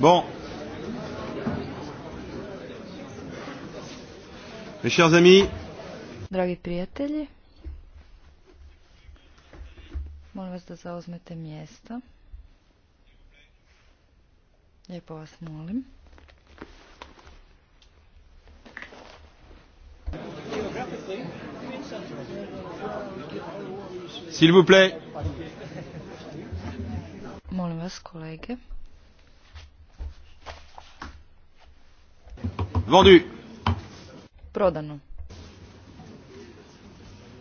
Bon. Mes chers amis. Dragi prijatelji. Molim vas da zauzmete mjesta. Lijepo vas molim. S'il vous plaît. Molim vas kolege. Vendu. Prodano.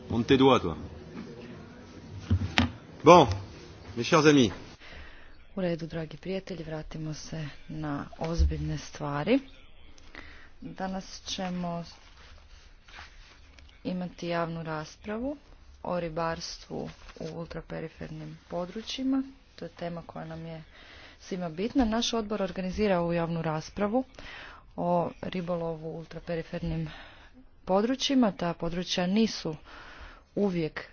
Monte tes doigts, Bon, mes chers amis. U redu, dragi prijatelji, vratimo se na ozbiljne stvari. Danas ćemo imati javnu raspravu o ribarstvu u ultraperifernim područjima. To je tema koja nam je svima bitna. Naš odbor organizira ovu javnu raspravu o ribolovu u ultraperifernim područjima. Ta područja nisu uvijek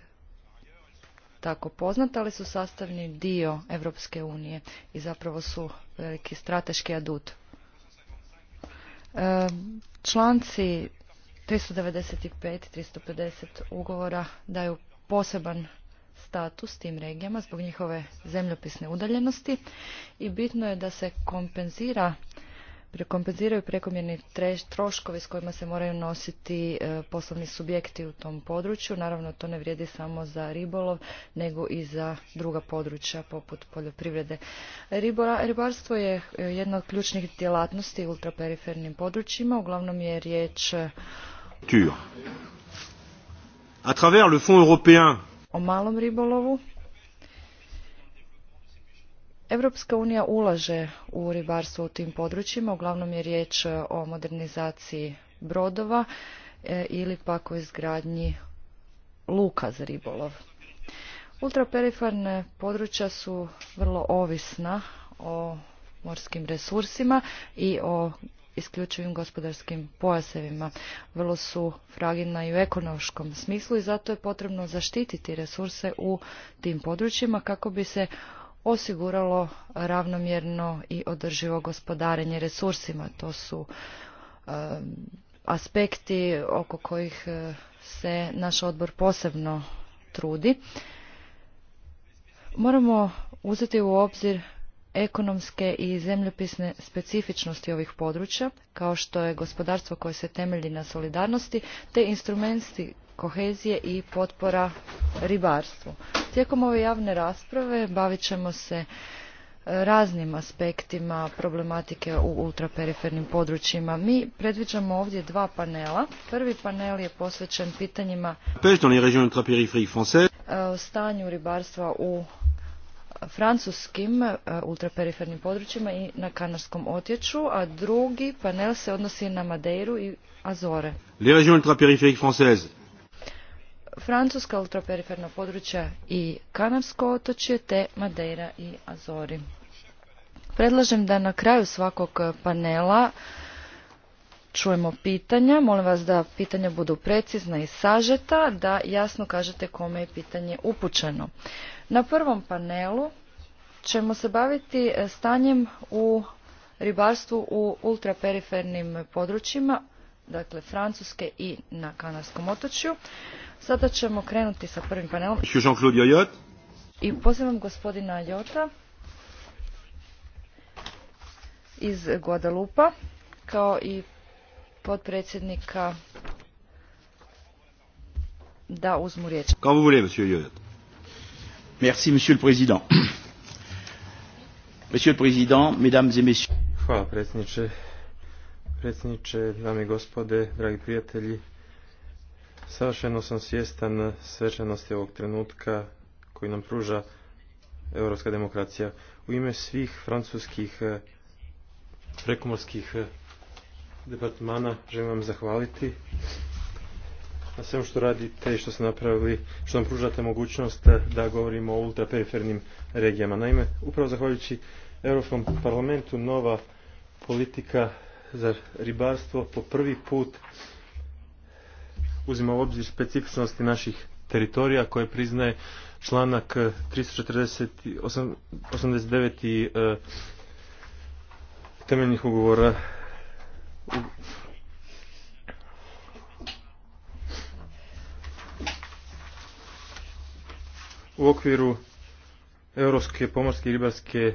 tako poznata, ali su sastavni dio Evropske unije i zapravo su veliki strateški adut. E, članci 395 350 ugovora daju poseban status tim regijama zbog njihove zemljopisne udaljenosti i bitno je da se kompenzira prekompenziraju prekomjerni troškovi s kojima se moraju nositi e, poslovni subjekti u tom području. Naravno, to ne vrijedi samo za ribolov, nego i za druga područja poput poljoprivrede. ribarstvo je e, jedna od ključnih djelatnosti u ultraperifernim područjima. Uglavnom je riječ o malom ribolovu Europska unija ulaže u ribarstvo u tim područjima, uglavnom je riječ o modernizaciji brodova e, ili pak o izgradnji luka za ribolov. Ultraperifarne područja su vrlo ovisna o morskim resursima i o isključivim gospodarskim pojasevima. Vrlo su fragilna i u ekonomskom smislu i zato je potrebno zaštititi resurse u tim područjima kako bi se osiguralo ravnomjerno i održivo gospodarenje resursima. To su aspekti oko kojih eh, se naš odbor posebno trudi. Moramo uzeti u obzir ekonomske i zemljopisne specifičnosti ovih područja, kao što je gospodarstvo koje se temelji na solidarnosti, te instrumenti kohezije i potpora ribarstvu. Tijekom ove javne rasprave bavit ćemo se e, raznim aspektima problematike u ultraperifernim područjima. Mi predviđamo ovdje dva panela. Prvi panel je posvećen pitanjima e, o stanju ribarstva u francuskim e, ultraperifernim područjima i na Kanarskom otječu, a drugi panel se odnosi na Madeiru i Azore. Les régions françaises Francuska ultraperiferna područja i Kanarsko otočje te Madeira i Azori. Predlažem da na kraju svakog panela čujemo pitanja. Molim vas da pitanja budu precizna i sažeta, da jasno kažete kome je pitanje upućeno. Na prvom panelu ćemo se baviti stanjem u ribarstvu u ultraperifernim područjima dakle Francuske i na Kanarskom otočju. Sada ćemo krenuti sa prvim panelom. I pozivam gospodina Jota iz Guadalupa kao i potpredsjednika da uzmu riječ. Kao vam voulez, monsieur Jot. Merci, monsieur le président. Monsieur le président, mesdames et messieurs. Hvala predsjedniče, predsjedniče, dame i gospode, dragi prijatelji. Savršeno sam svjestan svečanosti ovog trenutka koji nam pruža europska demokracija. U ime svih francuskih eh, prekomorskih eh, departmana želim vam zahvaliti na svemu što radite i što ste napravili, što nam pružate mogućnost eh, da govorimo o ultraperifernim regijama. Naime, upravo zahvaljujući Europskom parlamentu nova politika za ribarstvo po prvi put uzima u obzir specifičnosti naših teritorija koje priznaje članak 389. Eh, eh, temeljnih ugovora u okviru Europske pomorske i ribarske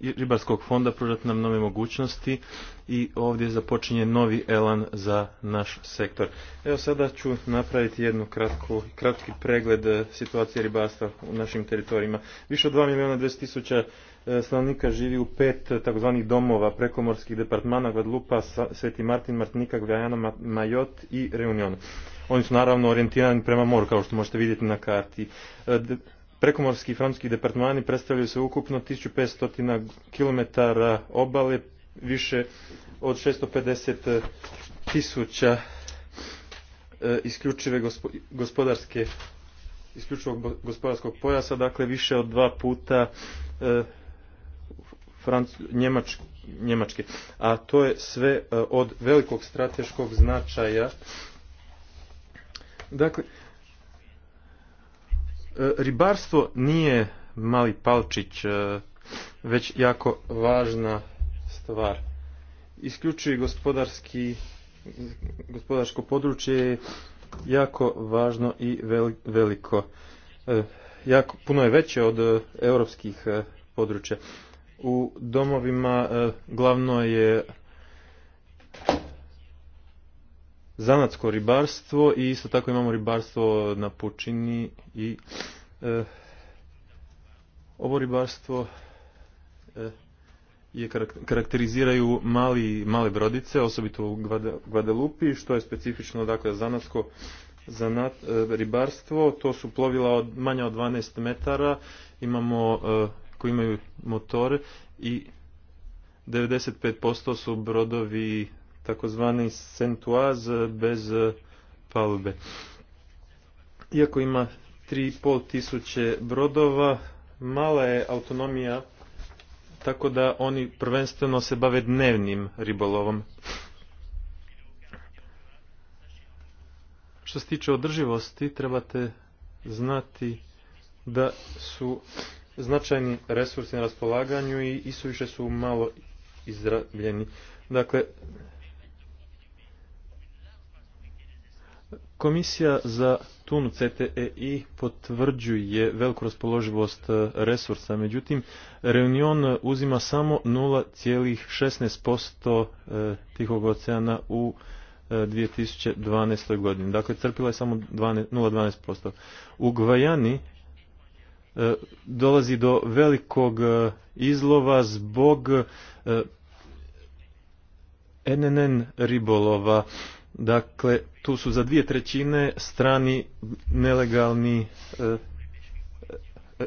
ribarskog fonda pružati nam nove mogućnosti i ovdje započinje novi elan za naš sektor. Evo sada ću napraviti jednu kratku, kratki pregled e, situacije ribarstva u našim teritorijima. Više od 2 milijuna 200 tisuća e, stanovnika živi u pet e, takozvanih domova prekomorskih departmana lupa, Sveti Martin, Martinika, Gvajana, Majot i Reunion. Oni su naravno orijentirani prema moru, kao što možete vidjeti na karti. Prekomorski i francuski departmani predstavljaju se ukupno 1500 km obale, više od 650 tisuća e, isključive gospodarske isključivog gospodarskog pojasa, dakle više od dva puta e, Njemačke. A to je sve e, od velikog strateškog značaja. Dakle, E, ribarstvo nije mali palčić, e, već jako važna stvar. Isključuje gospodarski, gospodarsko područje je jako važno i veliko. E, jako, puno je veće od europskih područja. U domovima glavno je zanatsko ribarstvo i isto tako imamo ribarstvo na pučini i e, ovo ribarstvo e, je karakteriziraju mali, male brodice, osobito u Guadelupi, što je specifično dakle, zanatsko e, ribarstvo. To su plovila od, manja od 12 metara, imamo, koji imaju motor i 95% su brodovi takozvani centuaz bez e, palube. Iako ima 3,5 tisuće brodova, mala je autonomija tako da oni prvenstveno se bave dnevnim ribolovom. Što se tiče održivosti, trebate znati da su značajni resursi na raspolaganju i isuviše su malo izrabljeni. Dakle, Komisija za tunu CTEI potvrđuje veliku raspoloživost e, resursa, međutim Reunion uzima samo 0,16% e, tihog oceana u 2012. E, godini. Dakle, crpila je samo 0,12%. U Gvajani dolazi do velikog izlova zbog NNN ribolova. Dakle, tu su za dvije trećine strani nelegalni e, e, e,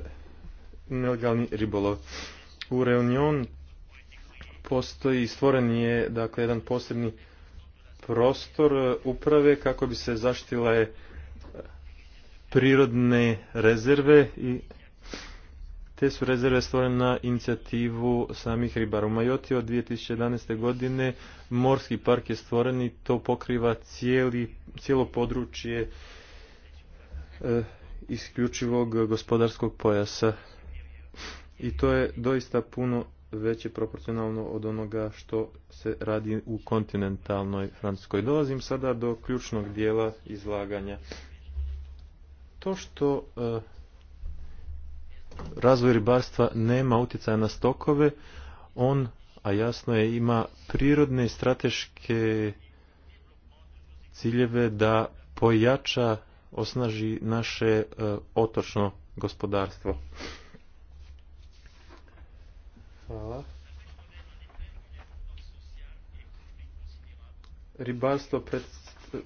nelegalni ribolov. U Reunion postoji, stvoren je dakle jedan posebni prostor e, uprave kako bi se zaštitile e, prirodne rezerve i te su rezerve stvorene na inicijativu samih ribara. U Majoti od 2011. godine morski park je stvoren i to pokriva cijeli, cijelo područje e, isključivog gospodarskog pojasa. I to je doista puno veće proporcionalno od onoga što se radi u kontinentalnoj Francuskoj. Dolazim sada do ključnog dijela izlaganja. To što e, razvoj ribarstva nema utjecaja na stokove, on, a jasno je, ima prirodne i strateške ciljeve da pojača, osnaži naše e, otočno gospodarstvo. Hvala. Ribarstvo pred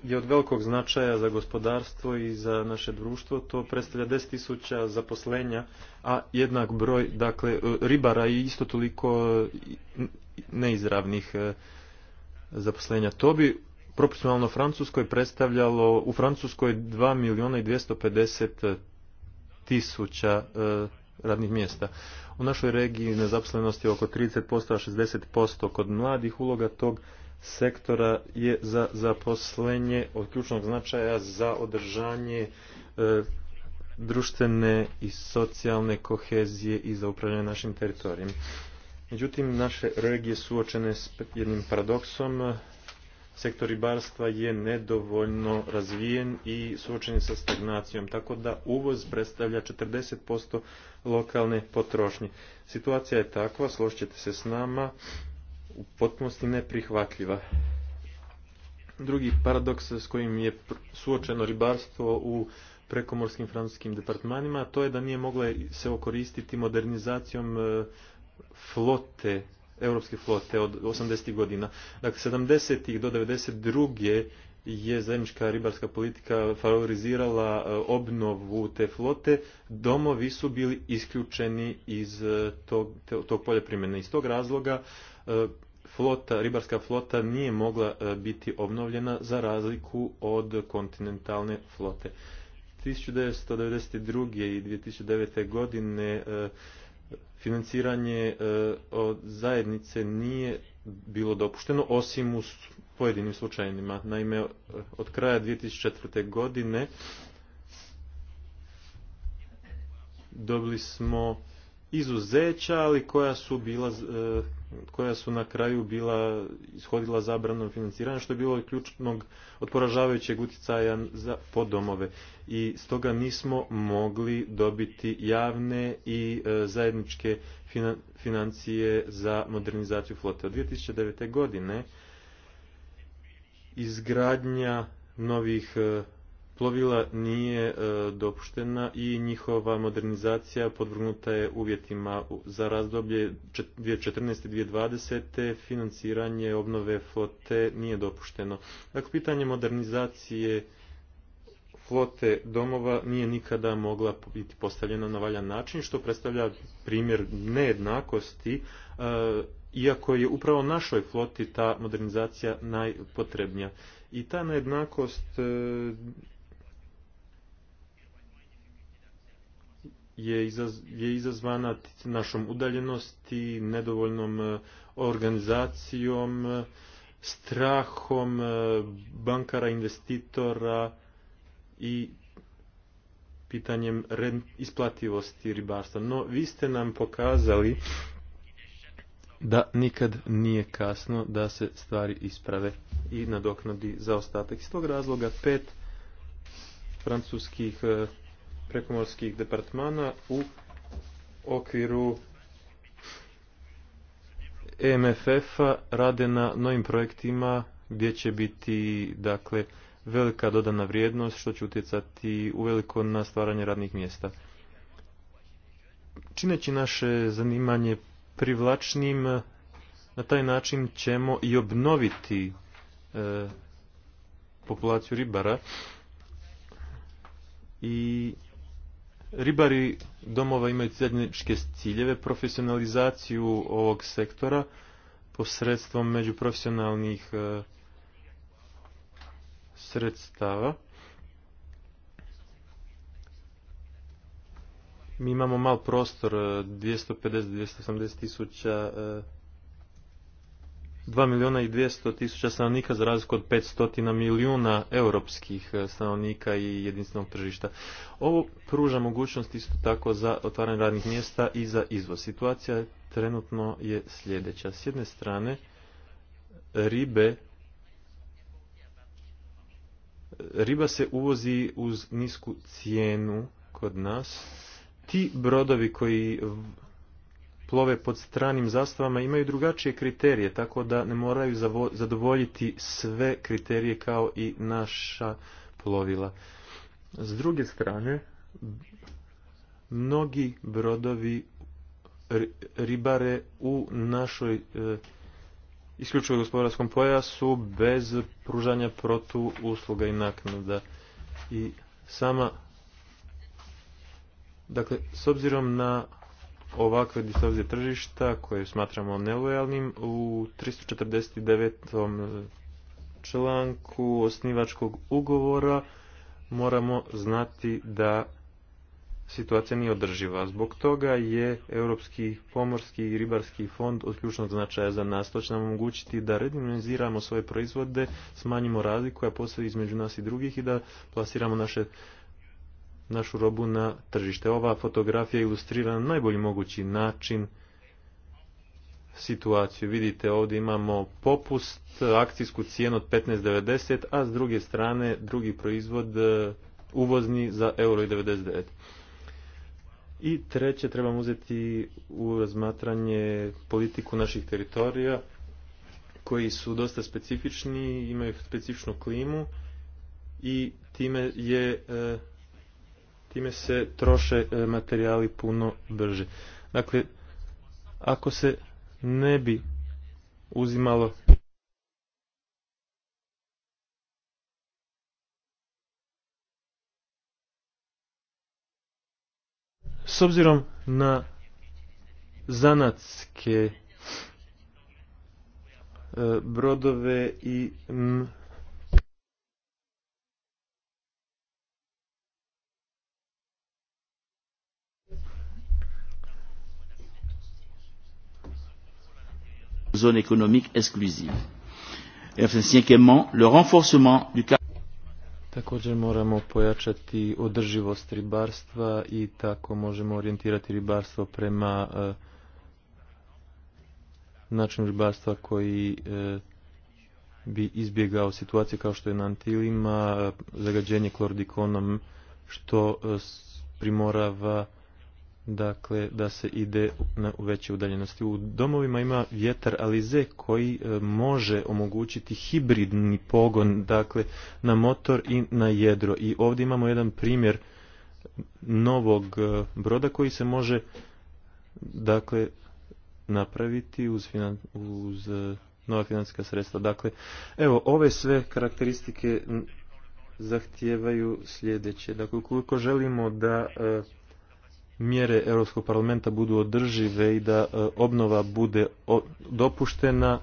je od velikog značaja za gospodarstvo i za naše društvo. To predstavlja 10.000 zaposlenja, a jednak broj dakle, ribara i isto toliko neizravnih e, zaposlenja. To bi proporcionalno Francuskoj predstavljalo u Francuskoj 2 milijuna i 250 tisuća e, radnih mjesta. U našoj regiji nezaposlenost je oko 30%, a 60% kod mladih uloga tog sektora je za zaposlenje od ključnog značaja za održanje e, društvene i socijalne kohezije i za upravljanje našim teritorijem. Međutim, naše regije suočene s jednim paradoksom. Sektor ribarstva je nedovoljno razvijen i suočen je sa stagnacijom, tako da uvoz predstavlja 40% lokalne potrošnje. Situacija je takva, složit ćete se s nama, u potpunosti neprihvatljiva. Drugi paradoks s kojim je suočeno ribarstvo u prekomorskim francuskim departmanima, to je da nije mogla se okoristiti modernizacijom e, flote, europske flote od 80. godina. Dakle, 70. do 92 je zajednička ribarska politika favorizirala e, obnovu te flote, domovi su bili isključeni iz e, tog, tog polja primjene. Iz tog razloga E, flota, ribarska flota nije mogla e, biti obnovljena za razliku od kontinentalne flote. 1992. i 2009. godine e, financiranje od zajednice nije bilo dopušteno, osim u pojedinim slučajima. Naime, od kraja 2004. godine dobili smo izuzeća, ali koja su bila e, koja su na kraju bila ishodila zabranom financiranja, što je bilo od ključnog, od poražavajućeg utjecaja za podomove. I stoga nismo mogli dobiti javne i e, zajedničke financije za modernizaciju flote. Od 2009. godine izgradnja novih e, plovila nije e, dopuštena i njihova modernizacija podvrgnuta je uvjetima za razdoblje 2014-2020. Financiranje obnove flote nije dopušteno. Dakle, pitanje modernizacije flote domova nije nikada mogla biti postavljena na valjan način, što predstavlja primjer nejednakosti, e, iako je upravo našoj floti ta modernizacija najpotrebnija. I ta nejednakost e, je izazvana našom udaljenosti, nedovoljnom e, organizacijom, e, strahom e, bankara, investitora i pitanjem isplativosti ribarstva. No, vi ste nam pokazali da nikad nije kasno da se stvari isprave i nadoknadi za ostatak. Iz tog razloga pet francuskih prekomorskih departmana u okviru EMFF-a rade na novim projektima gdje će biti dakle velika dodana vrijednost što će utjecati uveliko na stvaranje radnih mjesta. Čineći naše zanimanje privlačnim, na taj način ćemo i obnoviti e, populaciju ribara i Ribari domova imaju zajedničke ciljeve, profesionalizaciju ovog sektora posredstvom međuprofesionalnih e, sredstava. Mi imamo mal prostor, 250-280 e, tisuća e, 2 milijuna i 200 tisuća stanovnika za razliku od 500 milijuna europskih e, stanovnika i jedinstvenog tržišta. Ovo pruža mogućnost isto tako za otvaranje radnih mjesta i za izvoz. Situacija trenutno je sljedeća. S jedne strane, ribe riba se uvozi uz nisku cijenu kod nas. Ti brodovi koji plove pod stranim zastavama imaju drugačije kriterije, tako da ne moraju zadovoljiti sve kriterije kao i naša plovila. S druge strane, mnogi brodovi ribare u našoj e, isključivo gospodarskom pojasu bez pružanja protu usluga i naknada. I sama, dakle, s obzirom na ovakve distorzije tržišta koje smatramo nelojalnim u 349. E, članku osnivačkog ugovora moramo znati da situacija nije održiva. Zbog toga je Europski pomorski i ribarski fond od ključnog značaja za nas. To će nam omogućiti da redimenziramo svoje proizvode, smanjimo razliku koja postoji između nas i drugih i da plasiramo naše našu robu na tržište. Ova fotografija ilustrira na najbolji mogući način situaciju. Vidite ovdje imamo popust, akcijsku cijenu od 15,90, a s druge strane drugi proizvod e, uvozni za euro i 99. I treće, trebamo uzeti u razmatranje politiku naših teritorija koji su dosta specifični, imaju specifičnu klimu i time je e, time se troše e, materijali puno brže. Dakle, ako se ne bi uzimalo S obzirom na zanatske e, brodove i zone économique exclusive. Cinquièmement, le renforcement du Također moramo pojačati održivost ribarstva i tako možemo orijentirati ribarstvo prema eh, načinu ribarstva koji eh, bi izbjegao situacije kao što je na Antilima, eh, zagađenje klordikonom što primorava dakle da se ide na veće udaljenosti. U domovima ima vjetar alize koji e, može omogućiti hibridni pogon, dakle na motor i na jedro. I ovdje imamo jedan primjer novog e, broda koji se može dakle napraviti uz, uz e, nova financijska sredstva. Dakle, evo ove sve karakteristike zahtijevaju sljedeće. Dakle, ukoliko želimo da mjere Europskog parlamenta budu održive i da e, obnova bude dopuštena.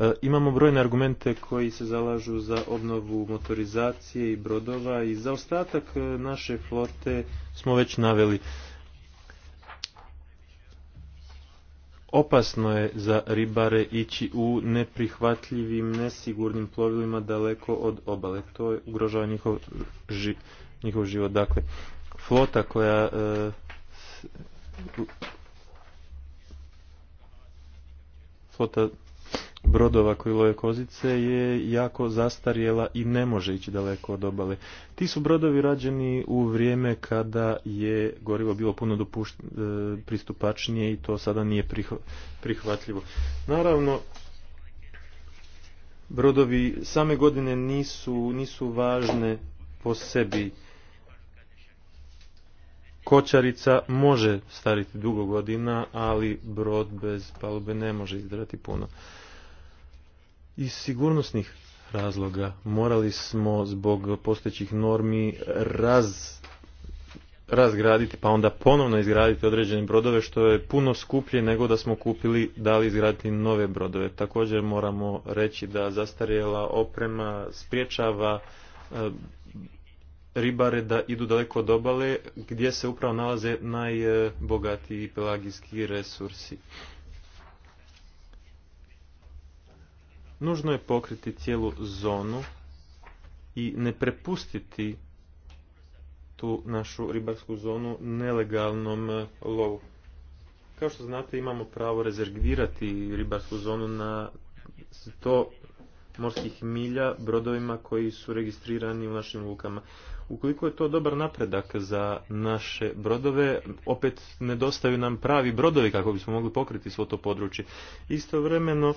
E, imamo brojne argumente koji se zalažu za obnovu motorizacije i brodova i za ostatak e, naše flote smo već naveli. Opasno je za ribare ići u neprihvatljivim, nesigurnim plovilima daleko od obale. To ugrožava njihov, njihov život. Dakle, flota koja e, flota brodova koji love kozice je jako zastarjela i ne može ići daleko od obale. Ti su brodovi rađeni u vrijeme kada je gorivo bilo puno dopušt, e, pristupačnije i to sada nije prihvatljivo. Naravno, brodovi same godine nisu, nisu važne po sebi kočarica može stariti dugo godina, ali brod bez palube ne može izdržati puno. Iz sigurnosnih razloga morali smo zbog postojećih normi raz, razgraditi, pa onda ponovno izgraditi određene brodove, što je puno skuplje nego da smo kupili, da li izgraditi nove brodove. Također moramo reći da zastarjela oprema spriječava e, ribare da idu daleko od obale gdje se upravo nalaze najbogatiji pelagijski resursi. Nužno je pokriti cijelu zonu i ne prepustiti tu našu ribarsku zonu nelegalnom e, lovu. Kao što znate imamo pravo rezervirati ribarsku zonu na sto morskih milja brodovima koji su registrirani u našim lukama. Ukoliko je to dobar napredak za naše brodove, opet nedostaju nam pravi brodovi kako bismo mogli pokriti svo to područje. Istovremeno,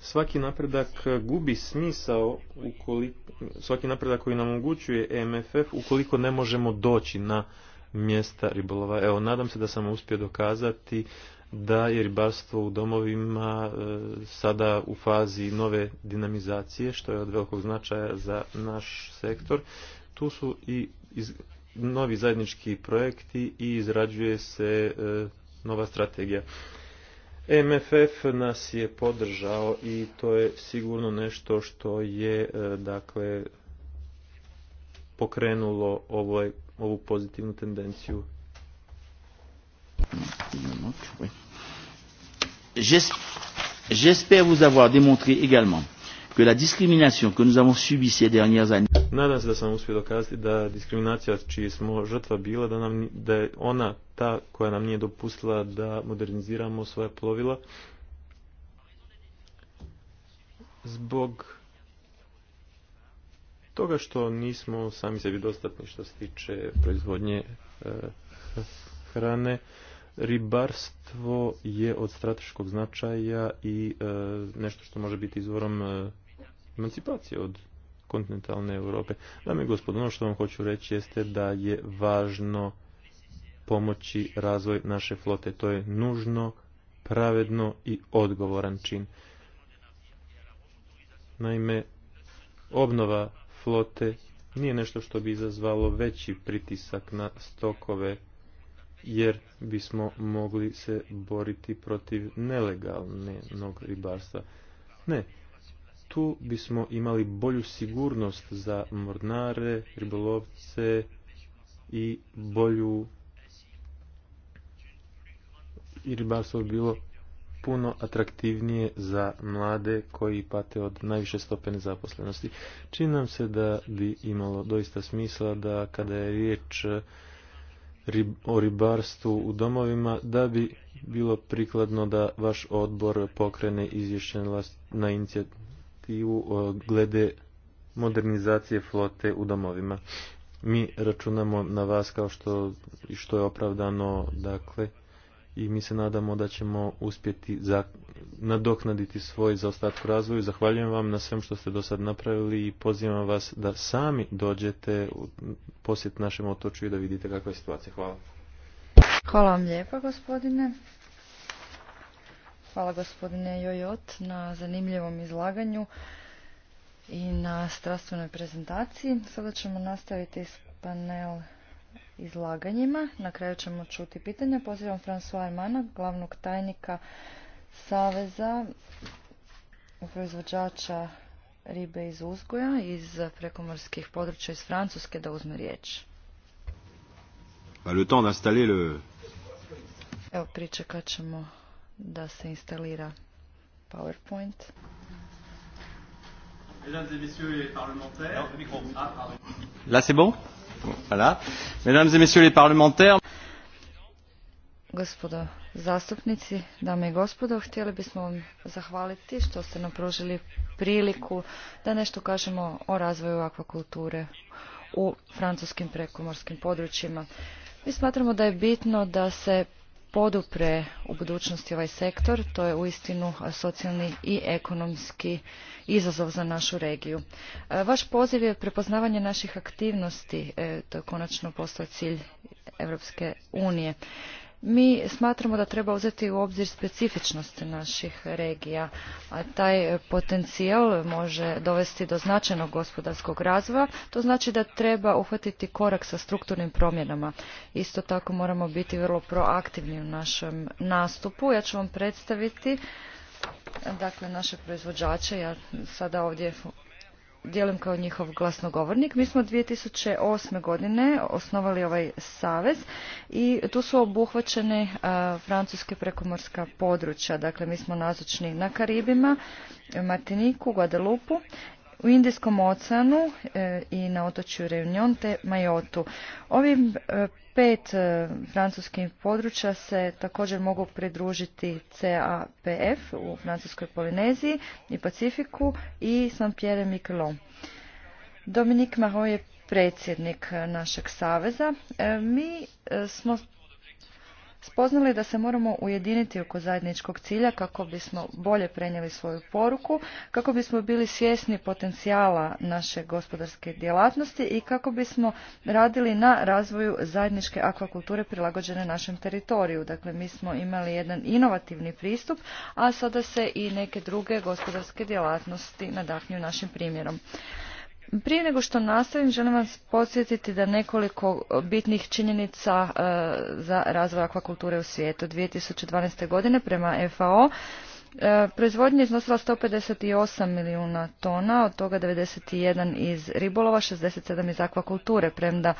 svaki napredak gubi smisao, ukoliko, svaki napredak koji nam omogućuje e MFF, ukoliko ne možemo doći na mjesta ribolova. Evo, nadam se da sam uspio dokazati da je ribarstvo u domovima e, sada u fazi nove dinamizacije, što je od velikog značaja za naš sektor. Tu su i novi zajednički projekti i izrađuje se e, nova strategija. E MFF nas je podržao i to je sigurno nešto što je dakle pokrenulo ovu pozitivnu tendenciju. J'espère vous avoir démontré également que la discrimination que nous avons subie ces dernières années Nadam se da sam uspio dokazati da diskriminacija čiji smo žrtva bila, da, nam, da je ona ta koja nam nije dopustila da moderniziramo svoje plovila. Zbog toga što nismo sami sebi dostatni što se tiče proizvodnje eh, hrane, ribarstvo je od strateškog značaja i e, nešto što može biti izvorom e, emancipacije od kontinentalne Europe. Dame i gospodo, ono što vam hoću reći jeste da je važno pomoći razvoj naše flote. To je nužno, pravedno i odgovoran čin. Naime, obnova flote nije nešto što bi izazvalo veći pritisak na stokove jer bismo mogli se boriti protiv nelegalnog ribarstva. Ne, tu bismo imali bolju sigurnost za mornare, ribolovce i bolju i ribarstvo bi bilo puno atraktivnije za mlade koji pate od najviše stope nezaposlenosti. Čini nam se da bi imalo doista smisla da kada je riječ o ribarstvu u domovima da bi bilo prikladno da vaš odbor pokrene izvješće na inicijativu glede modernizacije flote u domovima. Mi računamo na vas kao što i što je opravdano dakle i mi se nadamo da ćemo uspjeti nadoknaditi svoj zaostatak u razvoju. Zahvaljujem vam na svem što ste do sad napravili i pozivam vas da sami dođete u posjet našem otočju i da vidite kakva je situacija. Hvala. Hvala vam lijepa gospodine. Hvala gospodine Jojot na zanimljivom izlaganju i na strastvenoj prezentaciji. Sada ćemo nastaviti s panel izlaganjima. Na kraju ćemo čuti pitanja. Pozivam François Armana, glavnog tajnika saveza proizvođača ribe iz uzgoja iz prekomorskih područja iz Francuske da uzme riječ. Le temps d'installer le... Evo pričekat ćemo da se instalira PowerPoint. Mesdames et messieurs les parlementaires. Ah, Là, c'est bon Voilà. Mesdames et messieurs les parlementaires. Gospodo zastupnici, dame i gospodo. Htjeli bismo vam zahvaliti što ste nam pružili priliku da nešto kažemo o razvoju akvakulture u francuskim prekomorskim područjima. Mi smatramo da je bitno da se podupre u budućnosti ovaj sektor. To je uistinu socijalni i ekonomski izazov za našu regiju. E, vaš poziv je prepoznavanje naših aktivnosti. E, to je konačno postao cilj Europske unije. Mi smatramo da treba uzeti u obzir specifičnosti naših regija, a taj potencijal može dovesti do značajnog gospodarskog razvoja. To znači da treba uhvatiti korak sa strukturnim promjenama. Isto tako moramo biti vrlo proaktivni u našem nastupu. Ja ću vam predstaviti dakle naše proizvođače. Ja sada ovdje djelujem kao njihov glasnogovornik. Mi smo 2008. godine osnovali ovaj savez i tu su obuhvaćene e, francuske prekomorska područja. Dakle, mi smo nazočni na Karibima, Martiniku, Guadalupu u Indijskom oceanu e, i na otočju Reunion te Majotu. Ovim e, pet e, francuskih područja se također mogu pridružiti CAPF u Francuskoj Polineziji i Pacifiku i Saint-Pierre Miquelon. Dominik Maho je predsjednik našeg saveza. Mi smo spoznali da se moramo ujediniti oko zajedničkog cilja kako bismo bolje prenijeli svoju poruku, kako bismo bili svjesni potencijala naše gospodarske djelatnosti i kako bismo radili na razvoju zajedničke akvakulture prilagođene našem teritoriju. Dakle, mi smo imali jedan inovativni pristup, a sada se i neke druge gospodarske djelatnosti nadahnju našim primjerom. Prije nego što nastavim, želim vas podsjetiti da nekoliko bitnih činjenica e, za razvoj akvakulture u svijetu. 2012. godine prema FAO e, proizvodnja je iznosila 158 milijuna tona, od toga 91 iz ribolova, 67 iz akvakulture, premda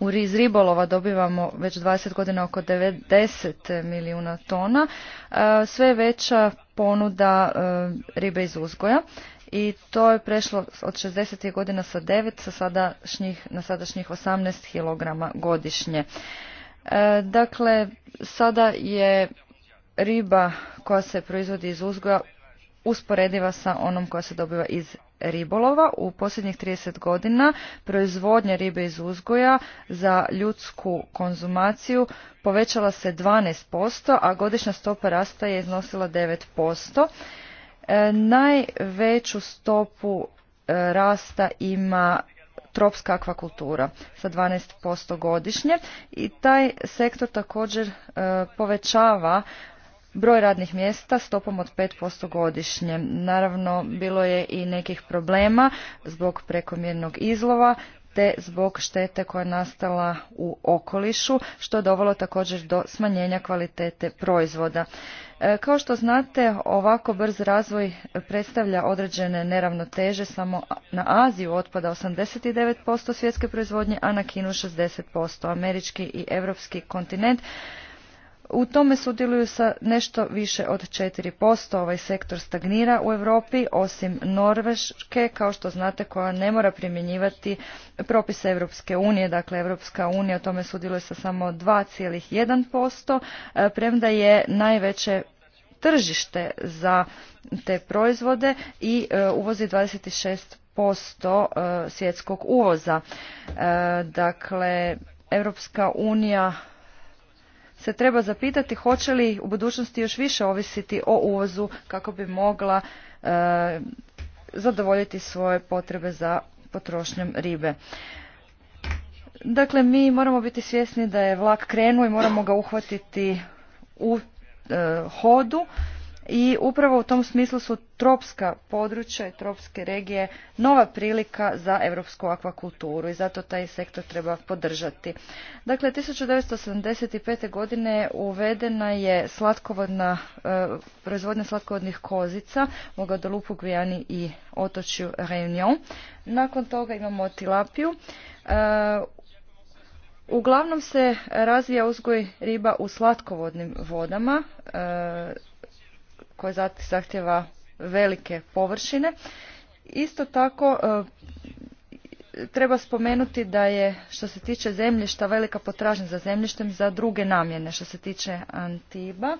u riz ribolova dobivamo već 20 godina oko 90 milijuna tona. E, sve je veća ponuda ribe iz uzgoja i to je prešlo od 60. godina sa 9 sa sadašnjih, na sadašnjih 18 kg godišnje. E, dakle, sada je riba koja se proizvodi iz uzgoja usporediva sa onom koja se dobiva iz ribolova. U posljednjih 30 godina proizvodnja ribe iz uzgoja za ljudsku konzumaciju povećala se 12%, a godišnja stopa rasta je iznosila 9%. E, najveću stopu e, rasta ima tropska akvakultura sa 12% godišnje i taj sektor također e, povećava broj radnih mjesta stopom od 5% godišnje. Naravno, bilo je i nekih problema zbog prekomjernog izlova, te zbog štete koja je nastala u okolišu, što je dovelo također do smanjenja kvalitete proizvoda. E, kao što znate, ovako brz razvoj predstavlja određene neravnoteže, samo na Aziju otpada 89% svjetske proizvodnje, a na Kinu 60%. Američki i evropski kontinent u tome sudjeluju sa nešto više od 4%. Ovaj sektor stagnira u Europi, osim Norveške, kao što znate, koja ne mora primjenjivati propise Europske unije. Dakle, Europska unija u tome sudjeluje sa samo 2,1%, e, premda je najveće tržište za te proizvode i e, uvozi 26% e, svjetskog uvoza. Dakle, Europska unija se treba zapitati hoće li u budućnosti još više ovisiti o uvozu kako bi mogla e, zadovoljiti svoje potrebe za potrošnjem ribe. Dakle, mi moramo biti svjesni da je vlak krenuo i moramo ga uhvatiti u e, hodu i upravo u tom smislu su tropska područja i tropske regije nova prilika za europsku akvakulturu i zato taj sektor treba podržati. Dakle, 1975. godine uvedena je slatkovodna, e, proizvodnja slatkovodnih kozica u Guadalupu, i otočju Reunion. Nakon toga imamo tilapiju. E, uglavnom se razvija uzgoj riba u slatkovodnim vodama, e, koje zahtjeva velike površine. Isto tako e, treba spomenuti da je što se tiče zemljišta velika potražnja za zemljištem za druge namjene što se tiče Antiba.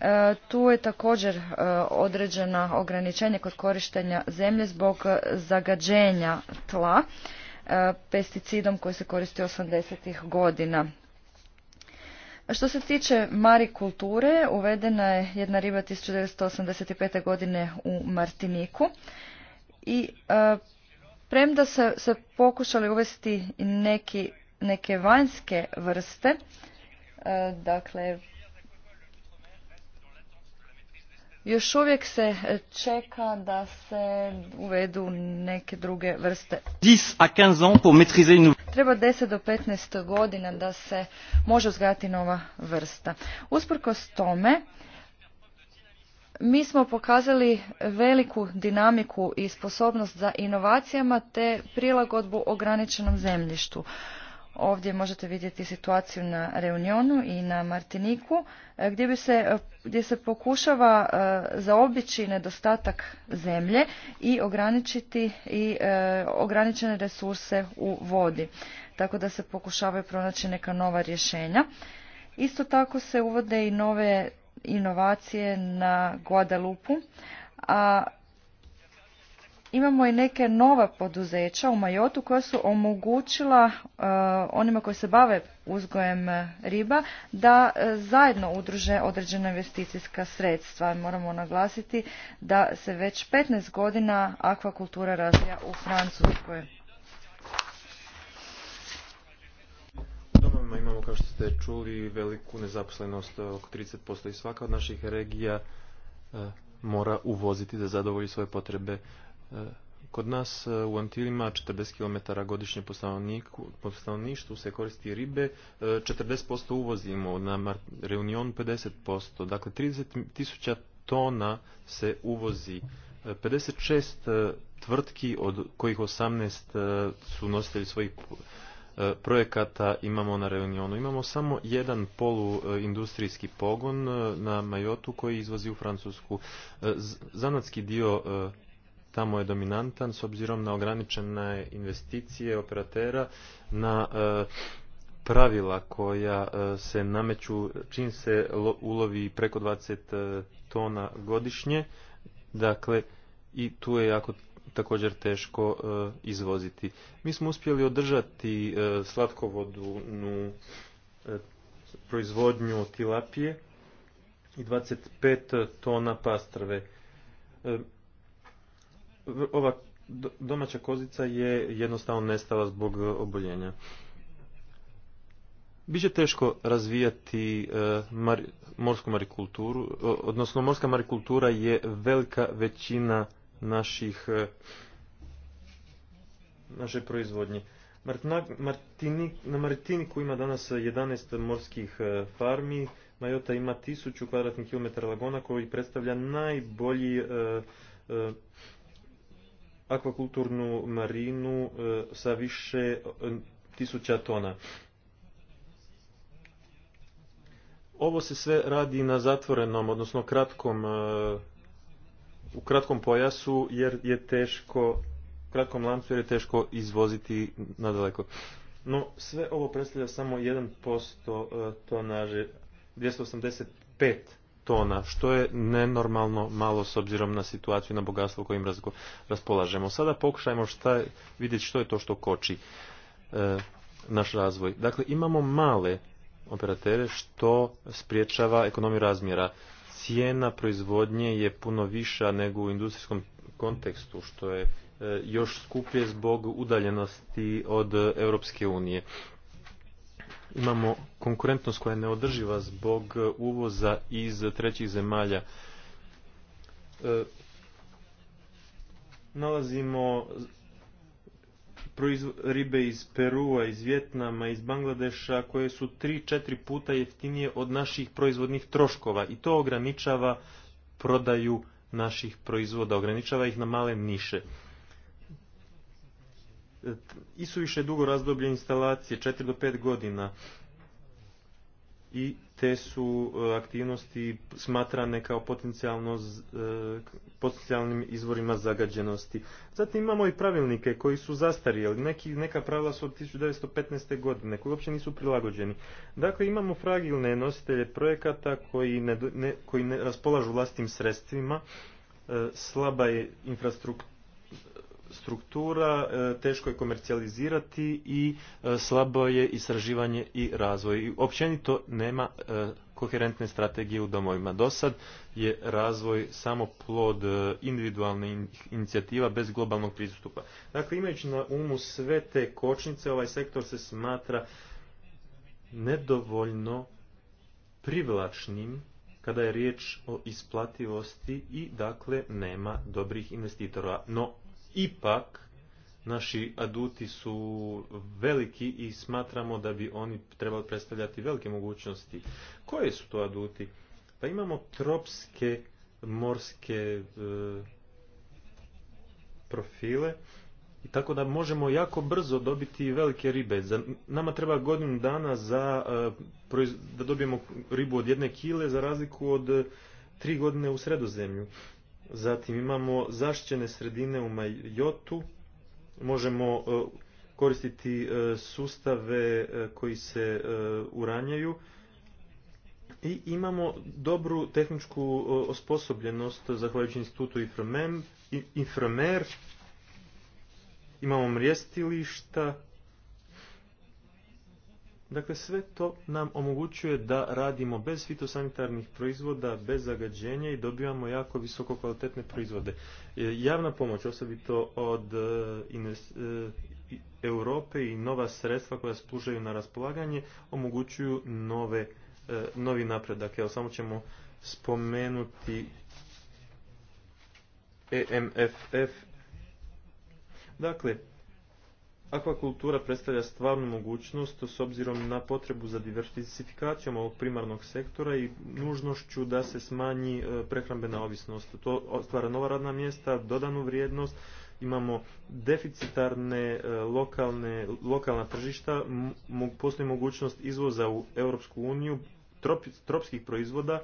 E, tu je također e, određena ograničenje kod korištenja zemlje zbog zagađenja tla pesticidom koji se koristi 80. godina. Što se tiče marikulture, uvedena je jedna riba 1985. godine u Martiniku i e, premda se, se pokušali uvesti neki, neke vanjske vrste, e, dakle još uvijek se čeka da se uvedu neke druge vrste. 10 a 15 ans pour maîtriser treba 10 do 15 godina da se može uzgajati nova vrsta. Usprkos tome, mi smo pokazali veliku dinamiku i sposobnost za inovacijama te prilagodbu ograničenom zemljištu. Ovdje možete vidjeti situaciju na Reunionu i na Martiniku e, gdje, bi se, e, gdje se pokušava e, zaobići nedostatak zemlje i ograničiti i ograničene resurse u vodi. Tako da se pokušavaju pronaći neka nova rješenja. Isto tako se uvode i nove inovacije na Guadalupu, a imamo i neke nova poduzeća u Majotu koja su omogućila e, onima koji se bave uzgojem riba da e, zajedno udruže određena investicijska sredstva. Moramo naglasiti da se već 15 godina akvakultura razvija u Francuskoj. imamo, kao što ste čuli, veliku nezaposlenost oko 30% i svaka od naših regija e, mora uvoziti da zadovolji svoje potrebe E, kod nas e, u Antilima 40 km godišnje po stanovništvu se koristi ribe, 40% e, uvozimo, na Reunion 50%, dakle 30 tisuća tona se uvozi. 56 tvrtki, od kojih 18 su nositelji svojih projekata imamo na Reunionu. Imamo samo jedan poluindustrijski pogon na Majotu koji izvozi u Francusku. Zanatski dio tamo je dominantan s obzirom na ograničene investicije operatera na e, pravila koja e, se nameću čim se ulovi preko 20 e, tona godišnje dakle i tu je jako također teško izvoziti. Mi smo uspjeli održati slatkovodnu proizvodnju tilapije i 25 tona pastrve ova domaća kozica je jednostavno nestala zbog e, oboljenja. Biće teško razvijati e, morsku marikulturu, odnosno morska marikultura je velika većina naših e, naše proizvodnje. na Martiniku ima danas 11 morskih farmi, Majota ima 1000 kvadratnih kilometara lagona koji predstavlja najbolji akvakulturnu marinu e, sa više e, tisuća tona. Ovo se sve radi na zatvorenom, odnosno kratkom, e, u kratkom pojasu jer je teško, kratkom lancu jer je teško izvoziti nadaleko. No, sve ovo predstavlja samo 1% tonaže, 285 tona, što je nenormalno malo s obzirom na situaciju na bogatstvo kojim raspolažemo. Sada pokušajmo šta, vidjeti što je to što koči e, naš razvoj. Dakle, imamo male operatere što spriječava ekonomiju razmjera. Cijena proizvodnje je puno viša nego u industrijskom kontekstu, što je e, još skuplje zbog udaljenosti od Europske unije imamo konkurentnost koja je neodrživa zbog uvoza iz trećih zemalja. E, nalazimo proizv... ribe iz Perua, iz Vjetnama, iz Bangladeša koje su 3-4 puta jeftinije od naših proizvodnih troškova i to ograničava prodaju naših proizvoda, ograničava ih na male niše više dugo razdoblje instalacije, 4 do 5 godina i te su e, aktivnosti smatrane kao potencijalno, e, potencijalnim izvorima zagađenosti. Zatim imamo i pravilnike koji su zastarjeli, Neki, neka pravila su od 1915. godine koji uopće nisu prilagođeni. Dakle, imamo fragilne nositelje projekata koji ne, koji ne raspolažu vlastnim sredstvima, e, slaba je infrastruktura struktura, e, teško je komercijalizirati i e, slabo je istraživanje i razvoj. općenito nema e, koherentne strategije u domovima. Do je razvoj samo plod individualnih inicijativa bez globalnog pristupa. Dakle, imajući na umu sve te kočnice, ovaj sektor se smatra nedovoljno privlačnim kada je riječ o isplativosti i dakle nema dobrih investitora. No, ipak naši aduti su veliki i smatramo da bi oni trebali predstavljati velike mogućnosti. Koje su to aduti? Pa imamo tropske morske e, profile i tako da možemo jako brzo dobiti velike ribe. Za, nama treba godinu dana za, e, da dobijemo ribu od jedne kile za razliku od tri godine u sredozemlju. Zatim imamo zaštićene sredine u Majotu. Možemo e, koristiti e, sustave e, koji se uranjaju. I imamo dobru tehničku osposobljenost zahvaljujući institutu Inframer. Imamo mrijestilišta Dakle, sve to nam omogućuje da radimo bez fitosanitarnih proizvoda, bez zagađenja i dobivamo jako visoko kvalitetne proizvode. E, javna pomoć, osobito od e, e, Europe i nova sredstva koja služaju na raspolaganje, omogućuju nove, novi napredak. Evo, samo ćemo spomenuti EMFF. Dakle, Akvakultura predstavlja stvarnu mogućnost s obzirom na potrebu za diversifikacijom ovog primarnog sektora i nužnošću da se smanji e, prehrambena ovisnost. To stvara nova radna mjesta, dodanu vrijednost, imamo deficitarne e, lokalne, lokalna tržišta, postoji mogućnost izvoza u Europsku uniju, tropskih proizvoda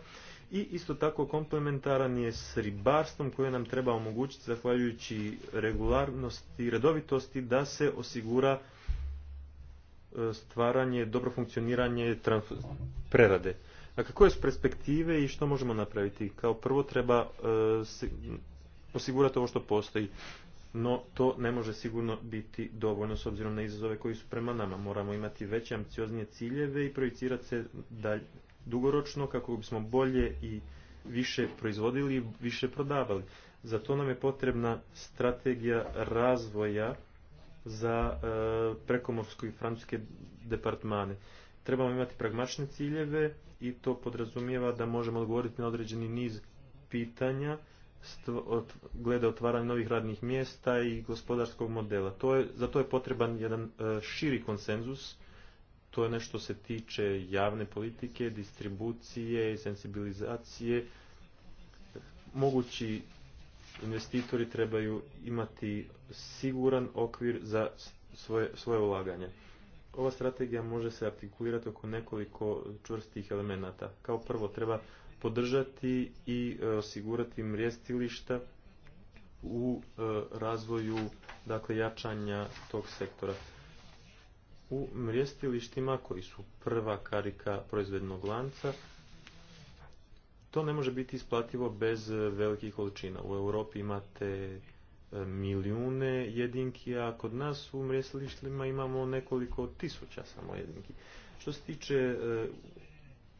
i isto tako komplementaran je s ribarstvom koje nam treba omogućiti zahvaljujući regularnosti i redovitosti da se osigura e, stvaranje, dobro funkcioniranje prerade. Dakle, koje su perspektive i što možemo napraviti? Kao prvo treba e, osigurati ovo što postoji, no to ne može sigurno biti dovoljno s obzirom na izazove koji su prema nama. Moramo imati veće ambicioznije ciljeve i projicirati se dalje, dugoročno kako bismo bolje i više proizvodili i više prodavali. Za to nam je potrebna strategija razvoja za e, i francuske departmane. Trebamo imati pragmačne ciljeve i to podrazumijeva da možemo odgovoriti na određeni niz pitanja od, glede otvaranja novih radnih mjesta i gospodarskog modela. To je, za to je potreban jedan e, širi konsenzus to je nešto se tiče javne politike, distribucije, sensibilizacije. Mogući investitori trebaju imati siguran okvir za svoje, svoje ulaganje. Ova strategija može se artikulirati oko nekoliko čvrstih elemenata. Kao prvo treba podržati i e, osigurati mrijestilišta u e, razvoju dakle jačanja tog sektora u mrjestilištima koji su prva karika proizvednog lanca. To ne može biti isplativo bez e, velikih količina. U Europi imate e, milijune jedinki, a kod nas u mrjestilištima imamo nekoliko tisuća samo jedinki. Što se tiče e,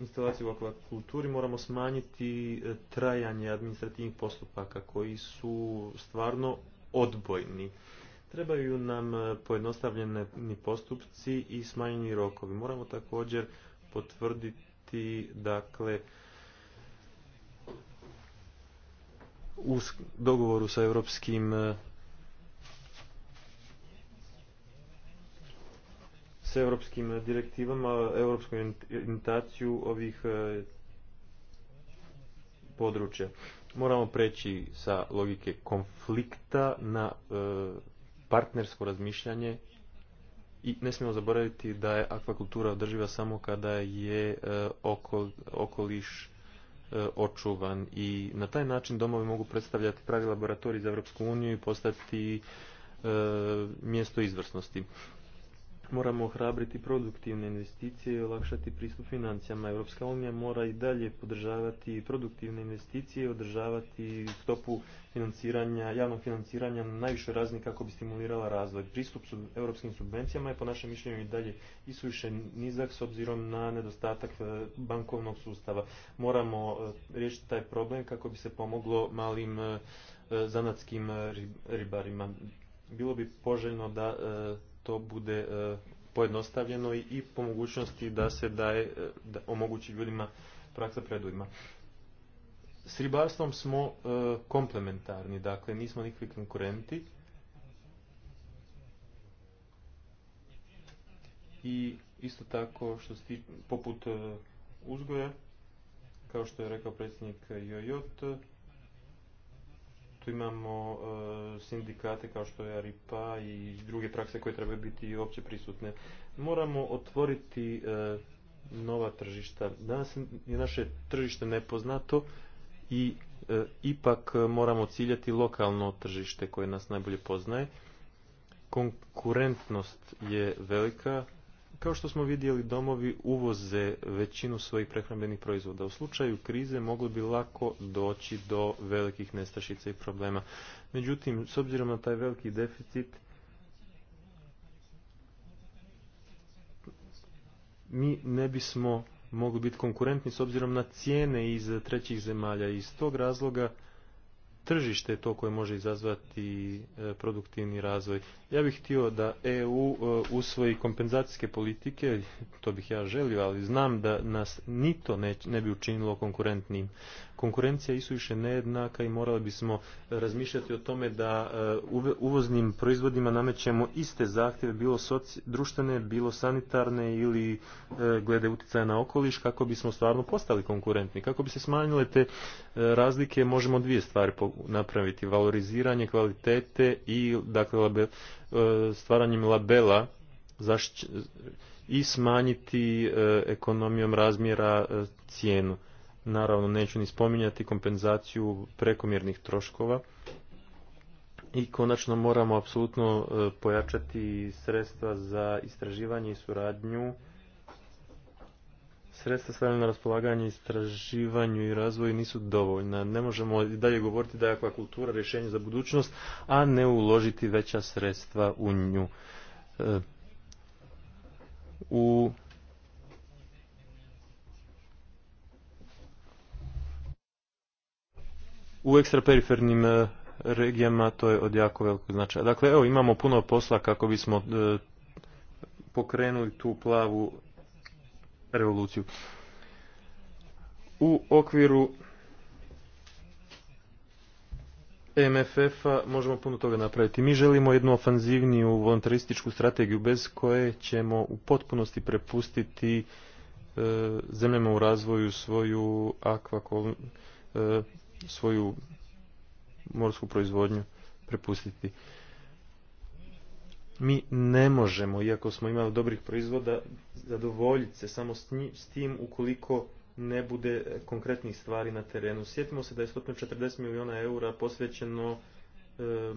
instalacije u akvakulturi moramo smanjiti trajanje administrativnih postupaka koji su stvarno odbojni. Trebaju nam e, pojednostavljeni postupci i smanjeni rokovi. Moramo također potvrditi dakle u dogovoru sa europskim e, sa europskim direktivama, europsku orientaciju ovih e, područja. Moramo preći sa logike konflikta na partnersko razmišljanje i ne smijemo zaboraviti da je akvakultura održiva samo kada je e, okoliš e, očuvan i na taj način domovi mogu predstavljati pravi laboratorij za Europsku uniju i postati e, mjesto izvrsnosti. Moramo ohrabriti produktivne investicije i olakšati pristup financijama. Europska unija mora i dalje podržavati produktivne investicije i održavati stopu financiranja, javnog financiranja na najvišoj razini kako bi stimulirala razvoj. Pristup europskim subvencijama je po našem mišljenju i dalje isuviše nizak s obzirom na nedostatak e, bankovnog sustava. Moramo e, riješiti taj problem kako bi se pomoglo malim e, zanatskim ribarima. Bilo bi poželjno da to bude e, pojednostavljeno i po mogućnosti da se daje, e, da omogući ljudima praksa predujma. S ribarstvom smo e, komplementarni, dakle nismo nikakvi konkurenti. I isto tako što poput uzgoja, kao što je rekao predsjednik Jojot, tu imamo e, sindikate kao što je Aripa i druge prakse koje trebaju biti opće prisutne. Moramo otvoriti e, nova tržišta. Danas je naše tržište nepoznato i e, ipak moramo ciljati lokalno tržište koje nas najbolje poznaje. Konkurentnost je velika, kao što smo vidjeli, domovi uvoze većinu svojih prehrambenih proizvoda. U slučaju krize mogli bi lako doći do velikih nestašica i problema. Međutim, s obzirom na taj veliki deficit, mi ne bismo mogli biti konkurentni s obzirom na cijene iz trećih zemalja. Iz tog razloga tržište je to koje može izazvati e, produktivni razvoj. Ja bih htio da EU e, usvoji kompenzacijske politike, to bih ja želio, ali znam da nas ni to ne, ne bi učinilo konkurentnim konkurencija isuviše nejednaka i morali bismo e, razmišljati o tome da e, uvoznim proizvodima namećemo iste zahtjeve, bilo društvene, bilo sanitarne ili e, glede utjecaja na okoliš, kako bismo stvarno postali konkurentni. Kako bi se smanjile te razlike, možemo dvije stvari napraviti. Valoriziranje kvalitete i dakle, stvaranjem labela i smanjiti ekonomijom razmjera cijenu. Naravno, neću ni spominjati kompenzaciju prekomjernih troškova. I konačno moramo apsolutno e, pojačati sredstva za istraživanje i suradnju. Sredstva stavljena na raspolaganje istraživanju i razvoju nisu dovoljna. Ne možemo dalje govoriti da je kultura rješenje za budućnost, a ne uložiti veća sredstva u nju. E, u u ekstraperifernim e, regijama to je od jako velikog značaja. Dakle, evo, imamo puno posla kako bismo e, pokrenuli tu plavu revoluciju. U okviru MFF-a možemo puno toga napraviti. Mi želimo jednu ofanzivniju volontarističku strategiju bez koje ćemo u potpunosti prepustiti e, zemljama u razvoju svoju akvakol svoju morsku proizvodnju prepustiti. Mi ne možemo, iako smo imali dobrih proizvoda, zadovoljiti se samo s tim ukoliko ne bude konkretnih stvari na terenu. Sjetimo se da je 140 milijuna eura posvećeno e, e,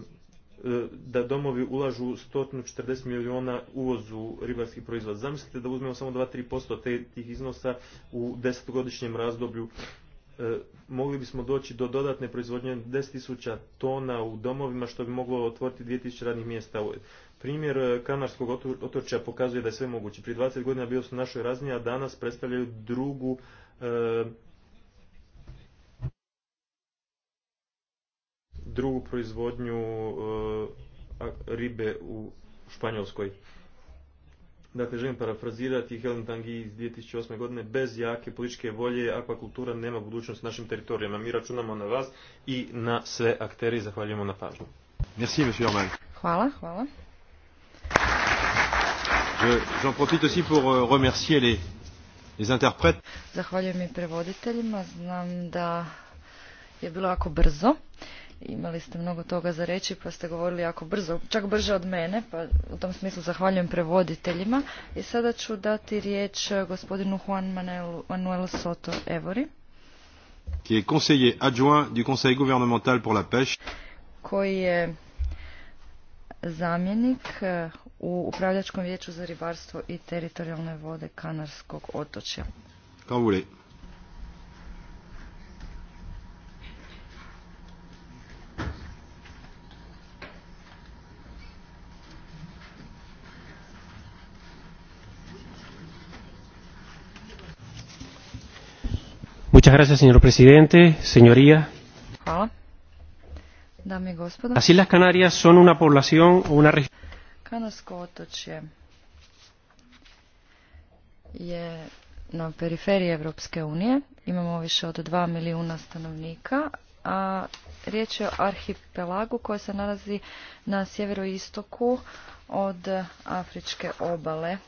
da domovi ulažu 140 milijuna uvozu ribarskih proizvoda. Zamislite da uzmemo samo 2-3% tih iznosa u desetogodišnjem razdoblju E, mogli bismo doći do dodatne proizvodnje 10.000 tona u domovima što bi moglo otvoriti 2000 radnih mjesta. Primjer e, Kanarskog otočja pokazuje da je sve moguće. Prije 20 godina bio su našoj razni, a danas predstavljaju drugu e, drugu proizvodnju ribe u Španjolskoj. Dakle, želim parafrazirati Helen Tangi iz 2008. godine, bez jake političke volje akvakultura nema budućnost našim teritorijama. Mi računamo na vas i na sve akteri. zahvaljujemo na pažnju. Merci, monsieur Hvala, hvala. J'en profite aussi pour euh, remercier les, les interprètes. Zahvaljujem i prevoditeljima, znam da je bilo jako brzo. Imali ste mnogo toga za reći pa ste govorili jako brzo, čak brže od mene, pa u tom smislu zahvaljujem prevoditeljima. I sada ću dati riječ eh, gospodinu Juan Manuel Soto Evori. Qui est conseiller adjoint du Conseil gouvernemental pour la pêche. Koji je zamjenik eh, u Upravljačkom vijeću za ribarstvo i teritorijalne vode Kanarskog otočja. Kao señor presidente, señoría. Hvala. Dame i gospodo. Las Islas Canarias son una población, o una región... otočje je na periferiji Evropske unije. Imamo više od 2 milijuna stanovnika, a riječ je o arhipelagu koji se nalazi na sjeveroistoku od Afričke obale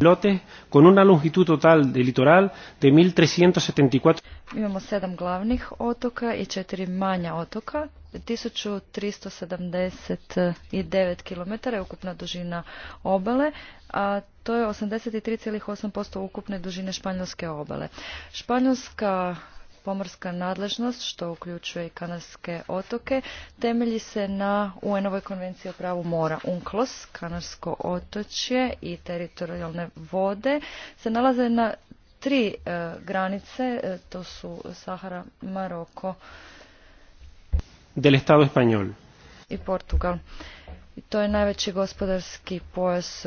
Lote, con una longitud total de litoral de 1374. Imamo sedam glavnih otoka i četiri manja otoka, 1379 km je ukupna dužina obale, a to je 83,8% ukupne dužine španjolske obale. Španjolska pomorska nadležnost, što uključuje i Kanarske otoke, temelji se na UN-ovoj konvenciji o pravu mora. UNCLOS, Kanarsko otočje i teritorijalne vode se nalaze na tri e, granice, e, to su Sahara, Maroko del i Portugal. I to je najveći gospodarski pojas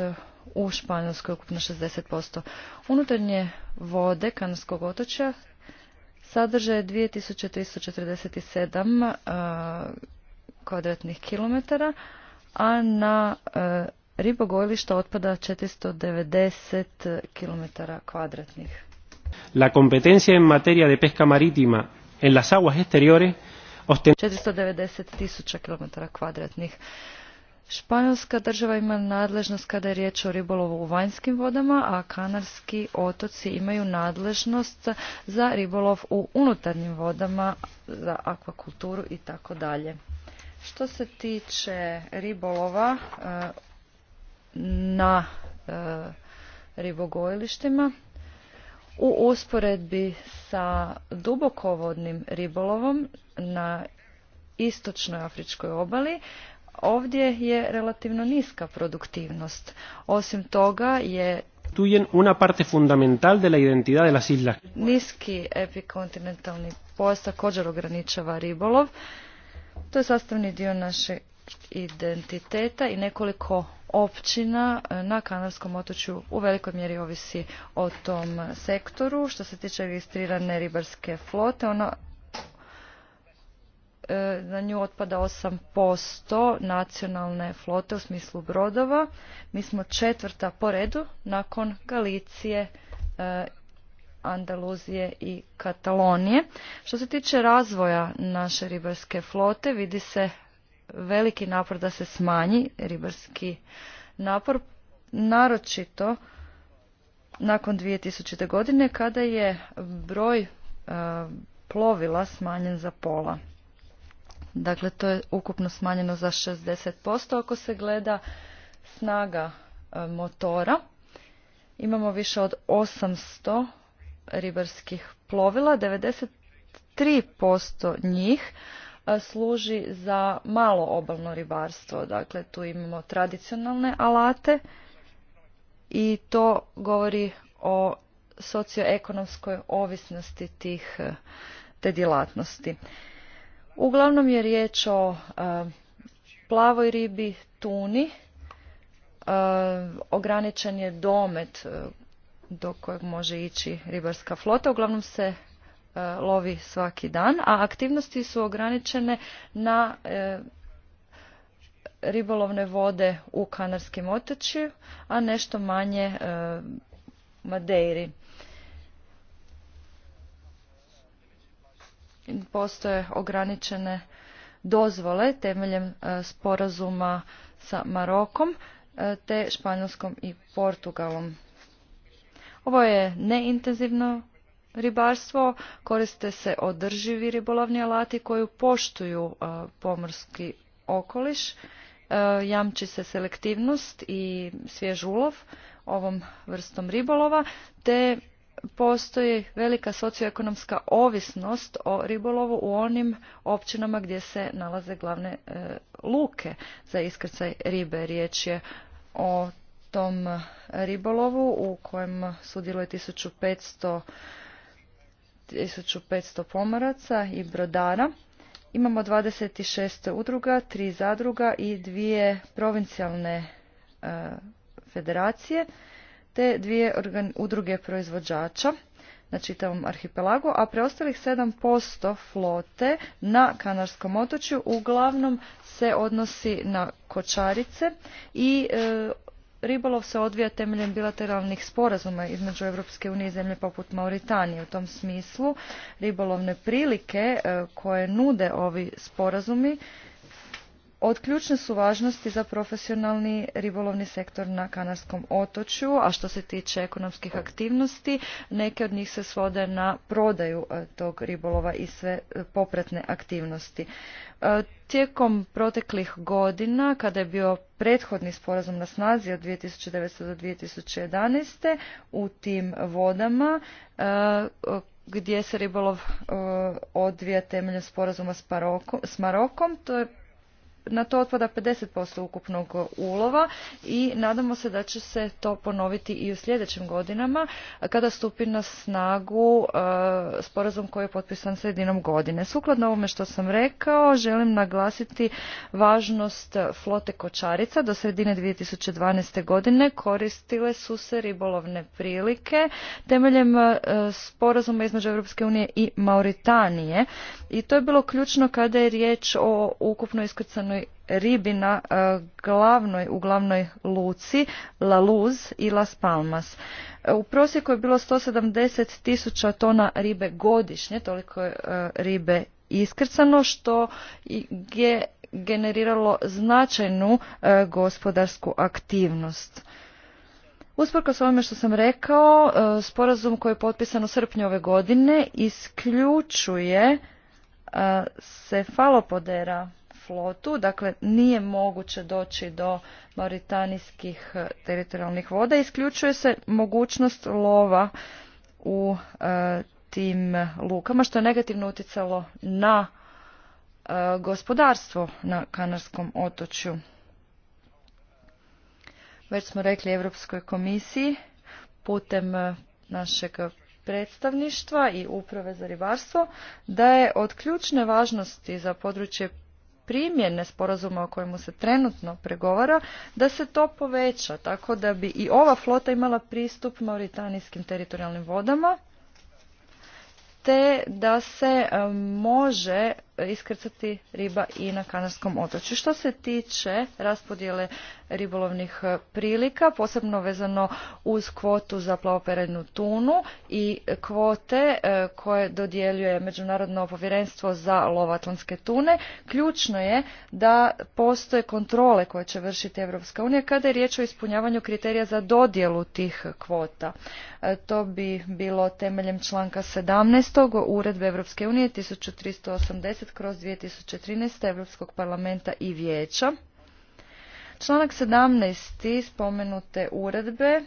u Španjolskoj ukupno 60%. Unutarnje vode Kanarskog otočja sadrže 2347 e, kvadratnih kilometara, a na e, ribogojlišta otpada 490 kilometara kvadratnih. La competencia en materia de pesca marítima en las aguas exteriores 490 tisuća kilometara kvadratnih. Španjolska država ima nadležnost kada je riječ o ribolovu u vanjskim vodama, a Kanarski otoci imaju nadležnost za ribolov u unutarnjim vodama, za akvakulturu i tako dalje. Što se tiče ribolova e, na e, ribogojilištima, u usporedbi sa dubokovodnim ribolovom na istočnoj afričkoj obali Ovdje je relativno niska produktivnost. Osim toga je una parte fundamental de la identidad de las islas. Niski epikontinentalni pojas također ograničava ribolov. To je sastavni dio naše identiteta i nekoliko općina e, na Kanarskom otočju u velikoj mjeri ovisi o tom sektoru. Što se tiče registrirane ribarske flote, ona E, na nju otpada 8% nacionalne flote u smislu brodova. Mi smo četvrta po redu nakon Galicije, e, Andaluzije i Katalonije. Što se tiče razvoja naše ribarske flote, vidi se veliki napor da se smanji ribarski napor, naročito nakon 2000. godine kada je broj e, plovila smanjen za pola. Dakle, to je ukupno smanjeno za 60%. Ako se gleda snaga e, motora, imamo više od 800 ribarskih plovila, 93% njih e, služi za malo obalno ribarstvo. Dakle, tu imamo tradicionalne alate i to govori o socioekonomskoj ovisnosti tih e, te djelatnosti. Uglavnom je riječ o e, plavoj ribi, tuni, e, ograničen je domet e, do kojeg može ići ribarska flota. Uglavnom se lovi svaki dan, a aktivnosti su ograničene na ribolovne vode u Kanarskim otočju, a nešto manje Madeiri. postoje ograničene dozvole temeljem e, sporazuma sa Marokom e, te Španjolskom i Portugalom. Ovo je neintenzivno ribarstvo, koriste se održivi ribolovni alati koji poštuju e, pomorski okoliš, jamči se selektivnost i svjež ulov ovom vrstom ribolova, te postoji velika socioekonomska ovisnost o ribolovu u onim općinama gdje se nalaze glavne e, luke za iskrcaj ribe. Riječ je o tom ribolovu u kojem sudjeluje 1500 1500 pomoraca i brodara. Imamo 26 udruga, 3 zadruga i dvije provincijalne e, federacije te dvije udruge proizvođača na čitavom arhipelagu, a preostalih 7% flote na Kanarskom otočju uglavnom se odnosi na kočarice i e, ribolov se odvija temeljem bilateralnih sporazuma između Europske unije i zemlje poput Mauritanije. U tom smislu ribolovne prilike e, koje nude ovi sporazumi od ključne su važnosti za profesionalni ribolovni sektor na Kanarskom otočju, a što se tiče ekonomskih aktivnosti, neke od njih se svode na prodaju e, tog ribolova i sve e, popratne aktivnosti. E, tijekom proteklih godina, kada je bio prethodni sporazum na snazi od 2009. do 2011. u tim vodama, gdje se ribolov odvija temeljem sporazuma s Marokom, to je na to otpada 50% ukupnog ulova i nadamo se da će se to ponoviti i u sljedećim godinama kada stupi na snagu e, sporazum koji je potpisan sredinom godine. Sukladno ovome što sam rekao, želim naglasiti važnost flote kočarica. Do sredine 2012. godine koristile su se ribolovne prilike temeljem e, sporazuma između Europske unije i Mauritanije i to je bilo ključno kada je riječ o ukupno iskrcanoj ribi na e, glavnoj, u glavnoj luci La Luz i Las Palmas. E, u prosjeku je bilo 170 tisuća tona ribe godišnje, toliko je e, ribe iskrcano, što je generiralo značajnu gospodarsku aktivnost. Usprkos ovome što sam rekao, sporazum koji je potpisan u srpnju ove godine isključuje se falopodera flotu, dakle nije moguće doći do maritanijskih teritorijalnih voda. Isključuje se mogućnost lova u e, tim lukama, što je negativno utjecalo na e, gospodarstvo na Kanarskom otočju. Već smo rekli Europskoj komisiji putem e, našeg predstavništva i uprave za ribarstvo da je od ključne važnosti za područje primjene sporazuma o kojemu se trenutno pregovara, da se to poveća, tako da bi i ova flota imala pristup mauritanijskim teritorijalnim vodama, te da se može iskrcati riba i na Kanarskom otočju. Što se tiče raspodjele ribolovnih e, prilika, posebno vezano uz kvotu za plavoperednu tunu i kvote e, koje dodjeljuje Međunarodno povjerenstvo za lovatlonske tune, ključno je da postoje kontrole koje će vršiti Europska unija kada je riječ o ispunjavanju kriterija za dodjelu tih kvota. E, to bi bilo temeljem članka 17. uredbe Europske unije 1380 kroz 2013 Europskog parlamenta i vijeća. Članak 17. spomenute uredbe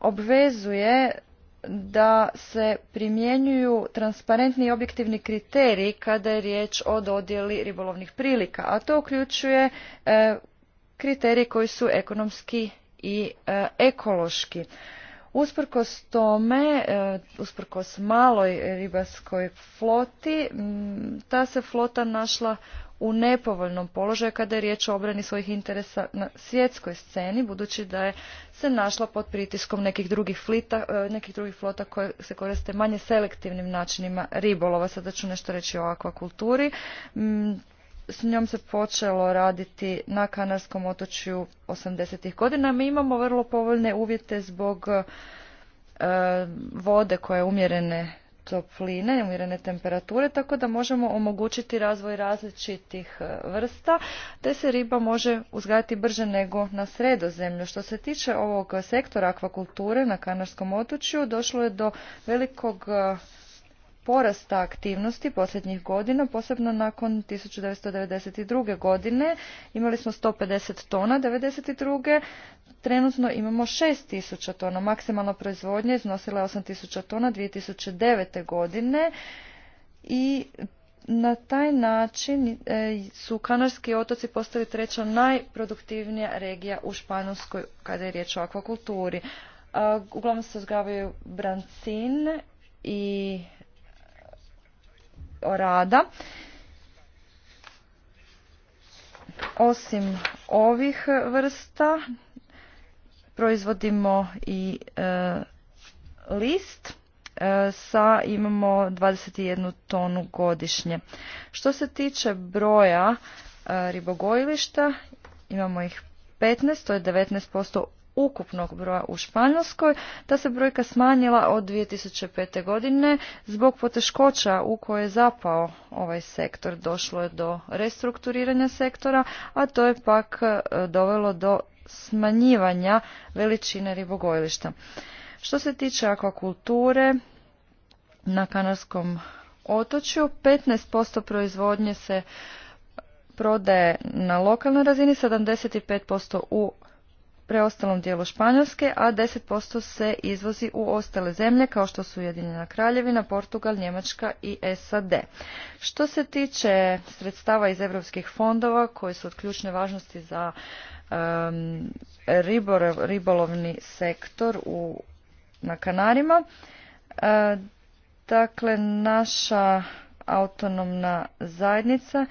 obvezuje da se primjenjuju transparentni i objektivni kriteriji kada je riječ o dodjeli ribolovnih prilika, a to uključuje e, kriterije koji su ekonomski i e, ekološki. Usprkos tome, e, usprkos maloj ribarskoj floti, ta se flota našla u nepovoljnom položaju kada je riječ o obrani svojih interesa na svjetskoj sceni, budući da je se našla pod pritiskom nekih drugih, flita, e, nekih drugih flota koje se koriste manje selektivnim načinima ribolova. Sada ću nešto reći o akvakulturi s njom se počelo raditi na Kanarskom otočju 80. godina. Mi imamo vrlo povoljne uvjete zbog e, vode koja je umjerene topline, umjerene temperature, tako da možemo omogućiti razvoj različitih e, vrsta, te se riba može uzgajati brže nego na sredozemlju. Što se tiče ovog sektora akvakulture na Kanarskom otočju, došlo je do velikog porasta aktivnosti posljednjih godina, posebno nakon 1992. godine. Imali smo 150 tona 1992. Trenutno imamo 6000 tona. Maksimalna proizvodnja iznosila je 8000 tona 2009. godine i na taj način e, su Kanarski otoci postali treća najproduktivnija regija u Španjolskoj kada je riječ o akvakulturi. Uglavnom se uzgavaju brancin i rada. Osim ovih vrsta proizvodimo i e, list e, sa imamo 21 tonu godišnje. Što se tiče broja e, ribogojilišta, imamo ih 15, to je 19% ukupnog broja u Španjolskoj, ta se brojka smanjila od 2005. godine zbog poteškoća u koje je zapao ovaj sektor. Došlo je do restrukturiranja sektora, a to je pak e, dovelo do smanjivanja veličine ribogojilišta. Što se tiče akvakulture, na Kanarskom otočju 15% proizvodnje se prodaje na lokalnoj razini, 75% u preostalom dijelu Španjolske, a 10% se izvozi u ostale zemlje kao što su Ujedinjena Kraljevina, Portugal, Njemačka i SAD. Što se tiče sredstava iz europskih fondova koji su od ključne važnosti za ribolovni sektor u, na Kanarima, e, dakle naša autonomna zajednica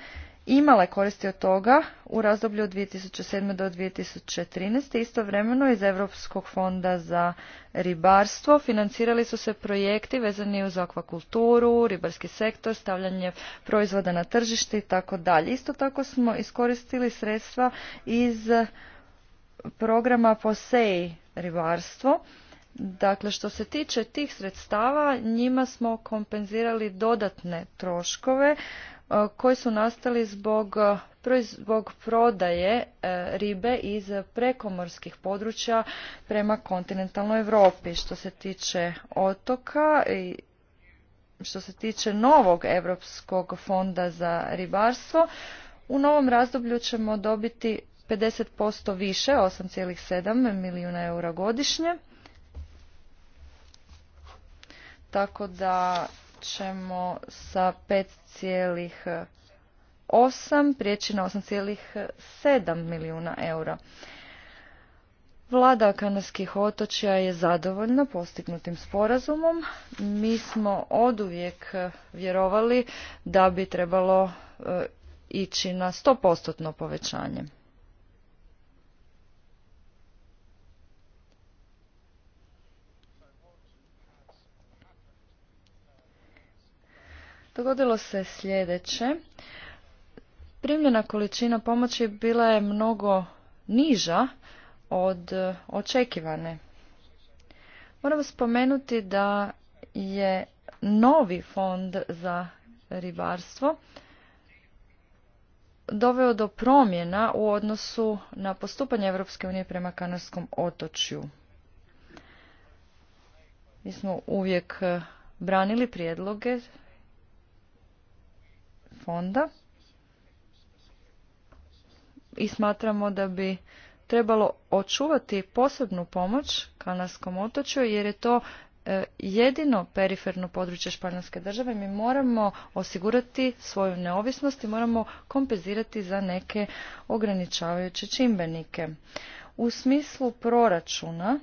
je koristi od toga u razdoblju od 2007. do 2013. Istovremeno iz Europskog fonda za ribarstvo financirali su se projekti vezani uz akvakulturu, ribarski sektor, stavljanje proizvoda na tržište i tako dalje. Isto tako smo iskoristili sredstva iz programa POSEI ribarstvo. Dakle, što se tiče tih sredstava, njima smo kompenzirali dodatne troškove koji su nastali zbog, e, prodaje e, ribe iz prekomorskih područja prema kontinentalnoj Europi. Što se tiče otoka i što se tiče novog Europskog fonda za ribarstvo, u novom razdoblju ćemo dobiti 50% više, 8,7 milijuna eura godišnje. Tako da ćemo sa 5,8 prijeći na 8,7 milijuna eura. Vlada Kanarskih otočja je zadovoljna postignutim sporazumom. Mi smo oduvijek vjerovali da bi trebalo e, ići na 100% povećanje. Dogodilo se sljedeće. Primljena količina pomoći bila je mnogo niža od e, očekivane. Moram spomenuti da je novi fond za ribarstvo doveo do promjena u odnosu na postupanje Europske unije prema Kanarskom otočju. Mi smo uvijek e, branili prijedloge fonda i smatramo da bi trebalo očuvati posebnu pomoć Kanarskom otočju jer je to e, jedino periferno područje Španjolske države. Mi moramo osigurati svoju neovisnost i moramo kompenzirati za neke ograničavajuće čimbenike. U smislu proračuna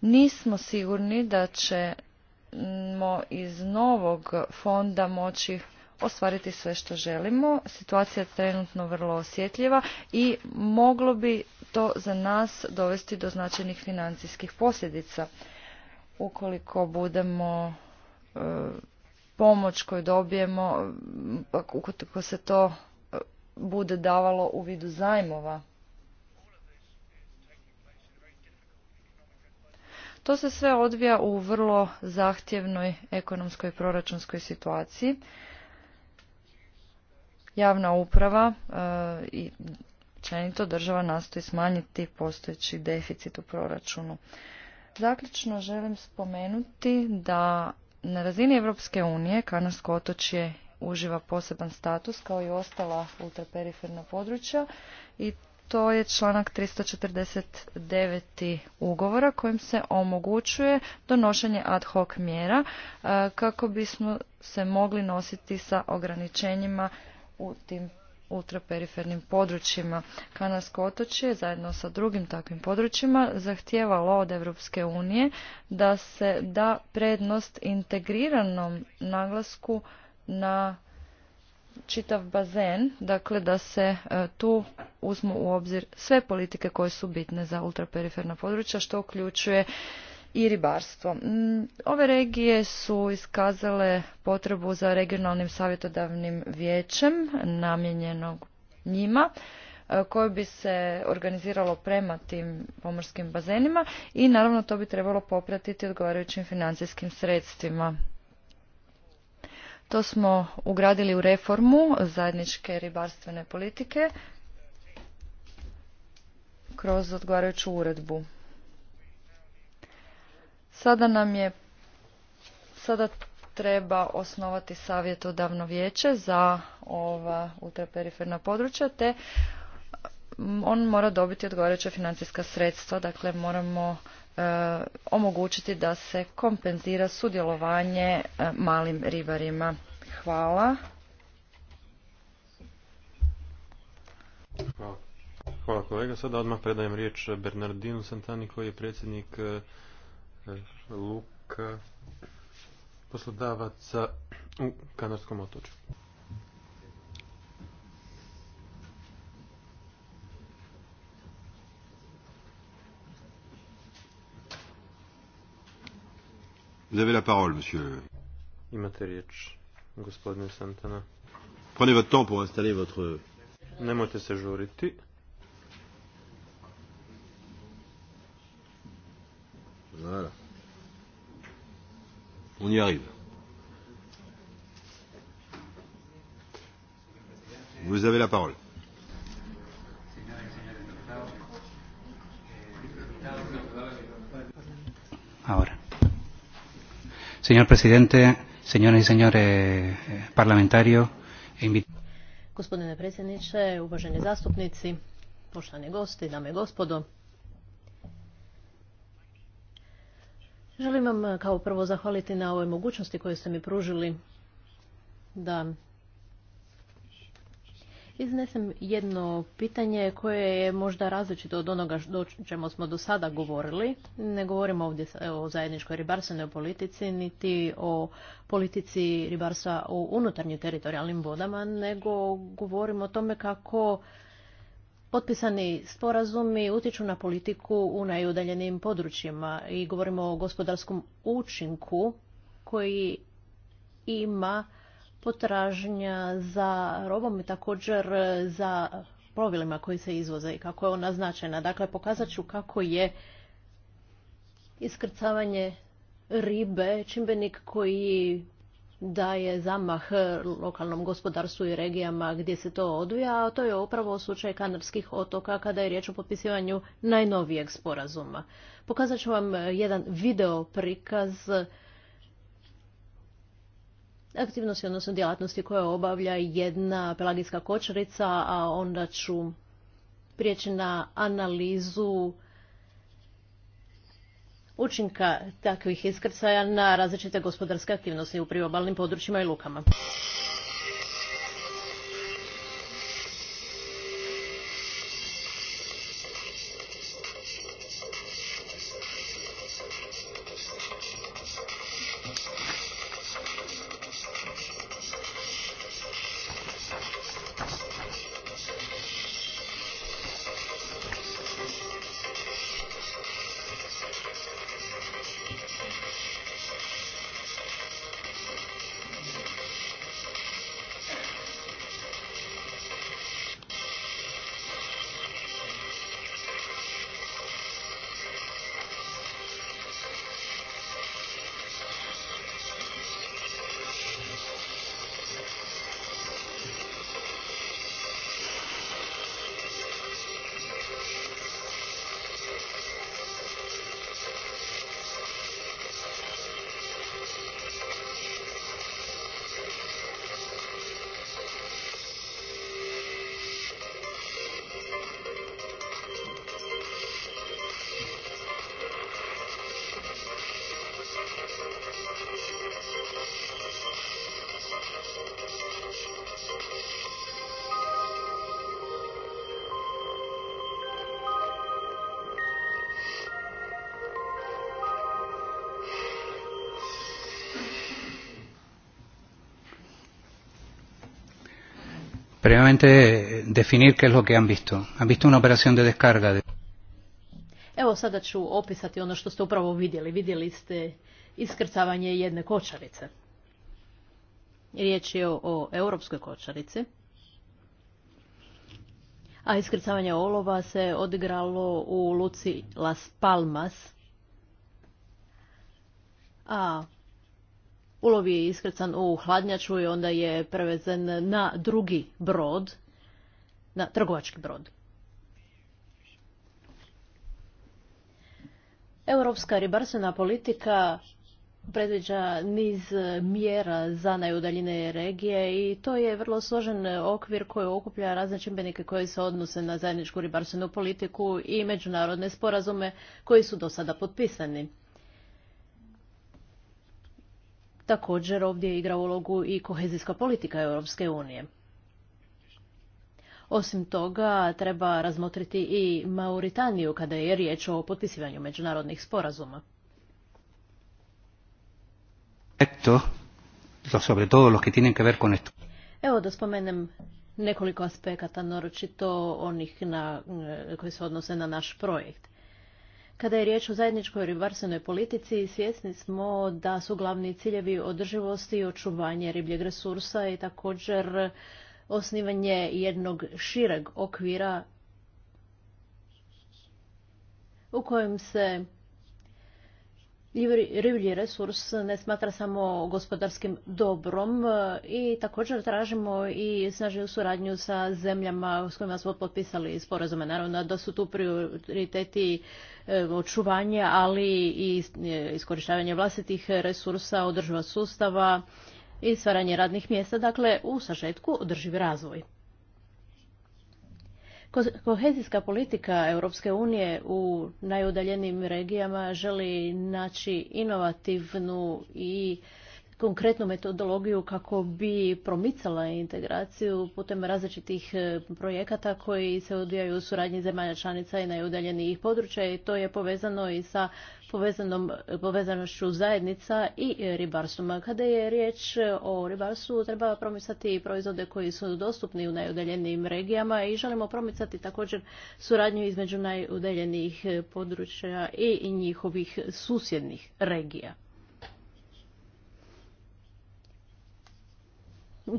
nismo sigurni da ćemo iz novog fonda moći ostvariti sve što želimo. Situacija je trenutno vrlo osjetljiva i moglo bi to za nas dovesti do značajnih financijskih posljedica. Ukoliko budemo e, pomoć koju dobijemo, ukoliko se to e, bude davalo u vidu zajmova. To se sve odvija u vrlo zahtjevnoj ekonomskoj proračunskoj situaciji. Javna uprava e, i općenito država nastoji smanjiti postojeći deficit u proračunu. Zaključno želim spomenuti da na razini Europske unije Kanarsko otočje uživa poseban status kao i ostala ultraperiferna područja i to je članak 349. ugovora kojim se omogućuje donošenje ad hoc mjera e, kako bismo se mogli nositi sa ograničenjima u tim ultraperifernim područjima. Kanarsko otočje zajedno sa drugim takvim područjima zahtijevalo od Europske unije da se da prednost integriranom naglasku na čitav bazen, dakle da se e, tu uzmu u obzir sve politike koje su bitne za ultraperiferna područja, što uključuje i ribarstvo. Mm, ove regije su iskazale potrebu za regionalnim savjetodavnim vijećem namijenjenog njima e, koje bi se organiziralo prema tim pomorskim bazenima i naravno to bi trebalo popratiti odgovarajućim financijskim sredstvima. To smo ugradili u reformu zajedničke ribarstvene politike kroz odgovarajuću uredbu. Sada nam je, sada treba osnovati savjetodavno vijeće za ova ultraperiferna područja, te mm, on mora dobiti odgovarajuća financijska sredstva, dakle moramo e, omogućiti da se kompenzira sudjelovanje e, malim ribarima. Hvala. Hvala. kolega. Sada odmah predajem riječ Bernardinu Santani koji je predsjednik e, luka poslodavaca u Kanarskom otoču. Vous avez la parole, monsieur. Imate riječ, gospodine Santana. Prenez votre temps pour installer votre... Nemojte se žuriti. Voilà. On y arrive. Vous avez la parole. Ahora. Señor presidente, señoras y señores eh, parlamentarios, e Gospodine predsjedniče, uvaženi zastupnici, poštovani gosti, dame i gospodo, Želim vam eh, kao prvo zahvaliti na ovoj mogućnosti koju ste mi pružili da iznesem jedno pitanje koje je možda različito od onoga o čemu smo do sada govorili. Ne govorimo ovdje o zajedničkoj ribarstvenoj politici, niti o politici ribarstva u unutarnjim teritorijalnim vodama, nego govorimo o tome kako Potpisani sporazumi utječu na politiku u najudaljenim područjima i govorimo o gospodarskom učinku koji ima potražnja za robom i također za plovilima koji se izvoze i kako je ona značajna. Dakle, pokazat ću kako je iskrcavanje ribe čimbenik koji da je zamah lokalnom gospodarstvu i regijama gdje se to oduja, a to je upravo slučaj Kanarskih otoka kada je riječ o potpisivanju najnovijeg sporazuma. Pokazat ću vam jedan video prikaz aktivnosti, odnosno djelatnosti koje obavlja jedna pelagijska kočarica, a onda ću prijeći na analizu učinka takvih iskrcaja na različite gospodarske aktivnosti u priobalnim područjima i lukama. previamente definir qué es lo que han visto. Han visto una Evo sada ću opisati ono što ste upravo vidjeli. Vidjeli ste iskrcavanje jedne kočarice. Riječ je o, o europskoj kočarici. A iskrcavanje olova se odigralo u luci Las Palmas. A Ulov je iskrcan u hladnjaču i onda je prevezen na drugi brod, na trgovački brod. Europska ribarstvena politika predviđa niz mjera za najudaljine regije i to je vrlo složen okvir koji okuplja razne čimbenike koji se odnose na zajedničku ribarstvenu politiku i međunarodne sporazume koji su do sada potpisani. Također ovdje igra ulogu i kohezijska politika Europske unije. Osim toga, treba razmotriti i Mauritaniju kada je riječ o potpisivanju međunarodnih sporazuma. Evo da spomenem nekoliko aspekata, naročito onih na, eh, koji se odnose na naš projekt. Kada je riječ o zajedničkoj ribarstvenoj politici, svjesni smo da su glavni ciljevi održivosti i očuvanje ribljeg resursa i također osnivanje jednog šireg okvira u kojem se Rivlji resurs ne smatra samo gospodarskim dobrom e, i također tražimo i snažnu suradnju sa zemljama s kojima smo potpisali sporazume. Naravno da su tu prioriteti e, očuvanja, ali i e, iskorištavanje vlastitih resursa, održiva sustava i stvaranje radnih mjesta, dakle u sažetku održivi razvoj. Kohezijska politika Europske unije u najudaljenijim regijama želi naći inovativnu i konkretnu metodologiju kako bi promicala integraciju putem različitih e, projekata koji se odvijaju u suradnji zemalja članica i najudaljenijih područja i to je povezano i sa povezanom, povezanošću zajednica i ribarstvom. Kada je riječ o ribarstvu, treba promicati proizvode koji su dostupni u najudaljenijim regijama i želimo promicati također suradnju između najudaljenijih područja i njihovih susjednih regija.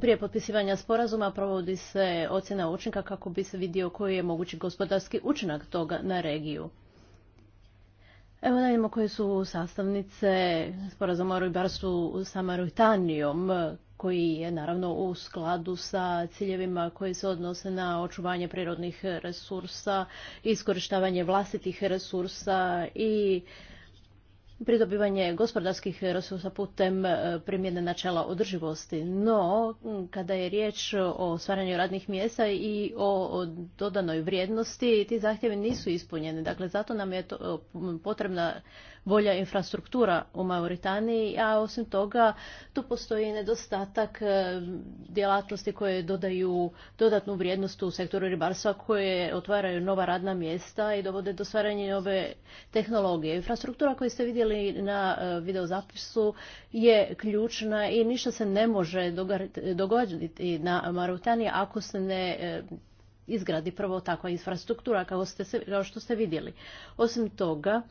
Prije potpisivanja sporazuma provodi se ocjena učinka kako bi se vidio koji je mogući gospodarski učinak toga na regiju. Evo da vidimo koje su sastavnice sporazuma o ribarstvu sa maritanijom koji je naravno u skladu sa ciljevima koji se odnose na očuvanje prirodnih resursa, iskorištavanje vlastitih resursa i pridobivanje gospodarskih resursa putem e, primjene načela održivosti. No, kada je riječ o stvaranju radnih mjesta i o dodanoj vrijednosti, ti zahtjevi nisu ispunjeni. Dakle, zato nam je e, potrebna bolja infrastruktura u Mauritaniji, a osim toga tu postoji nedostatak e, djelatnosti koje dodaju dodatnu vrijednost u sektoru ribarstva koje otvaraju nova radna mjesta i dovode do stvaranja nove tehnologije. Infrastruktura koju ste vidjeli na e, videozapisu je ključna i ništa se ne može dogoditi na Mauritaniji ako se ne e, izgradi prvo takva infrastruktura kao, kao što ste vidjeli. Osim toga,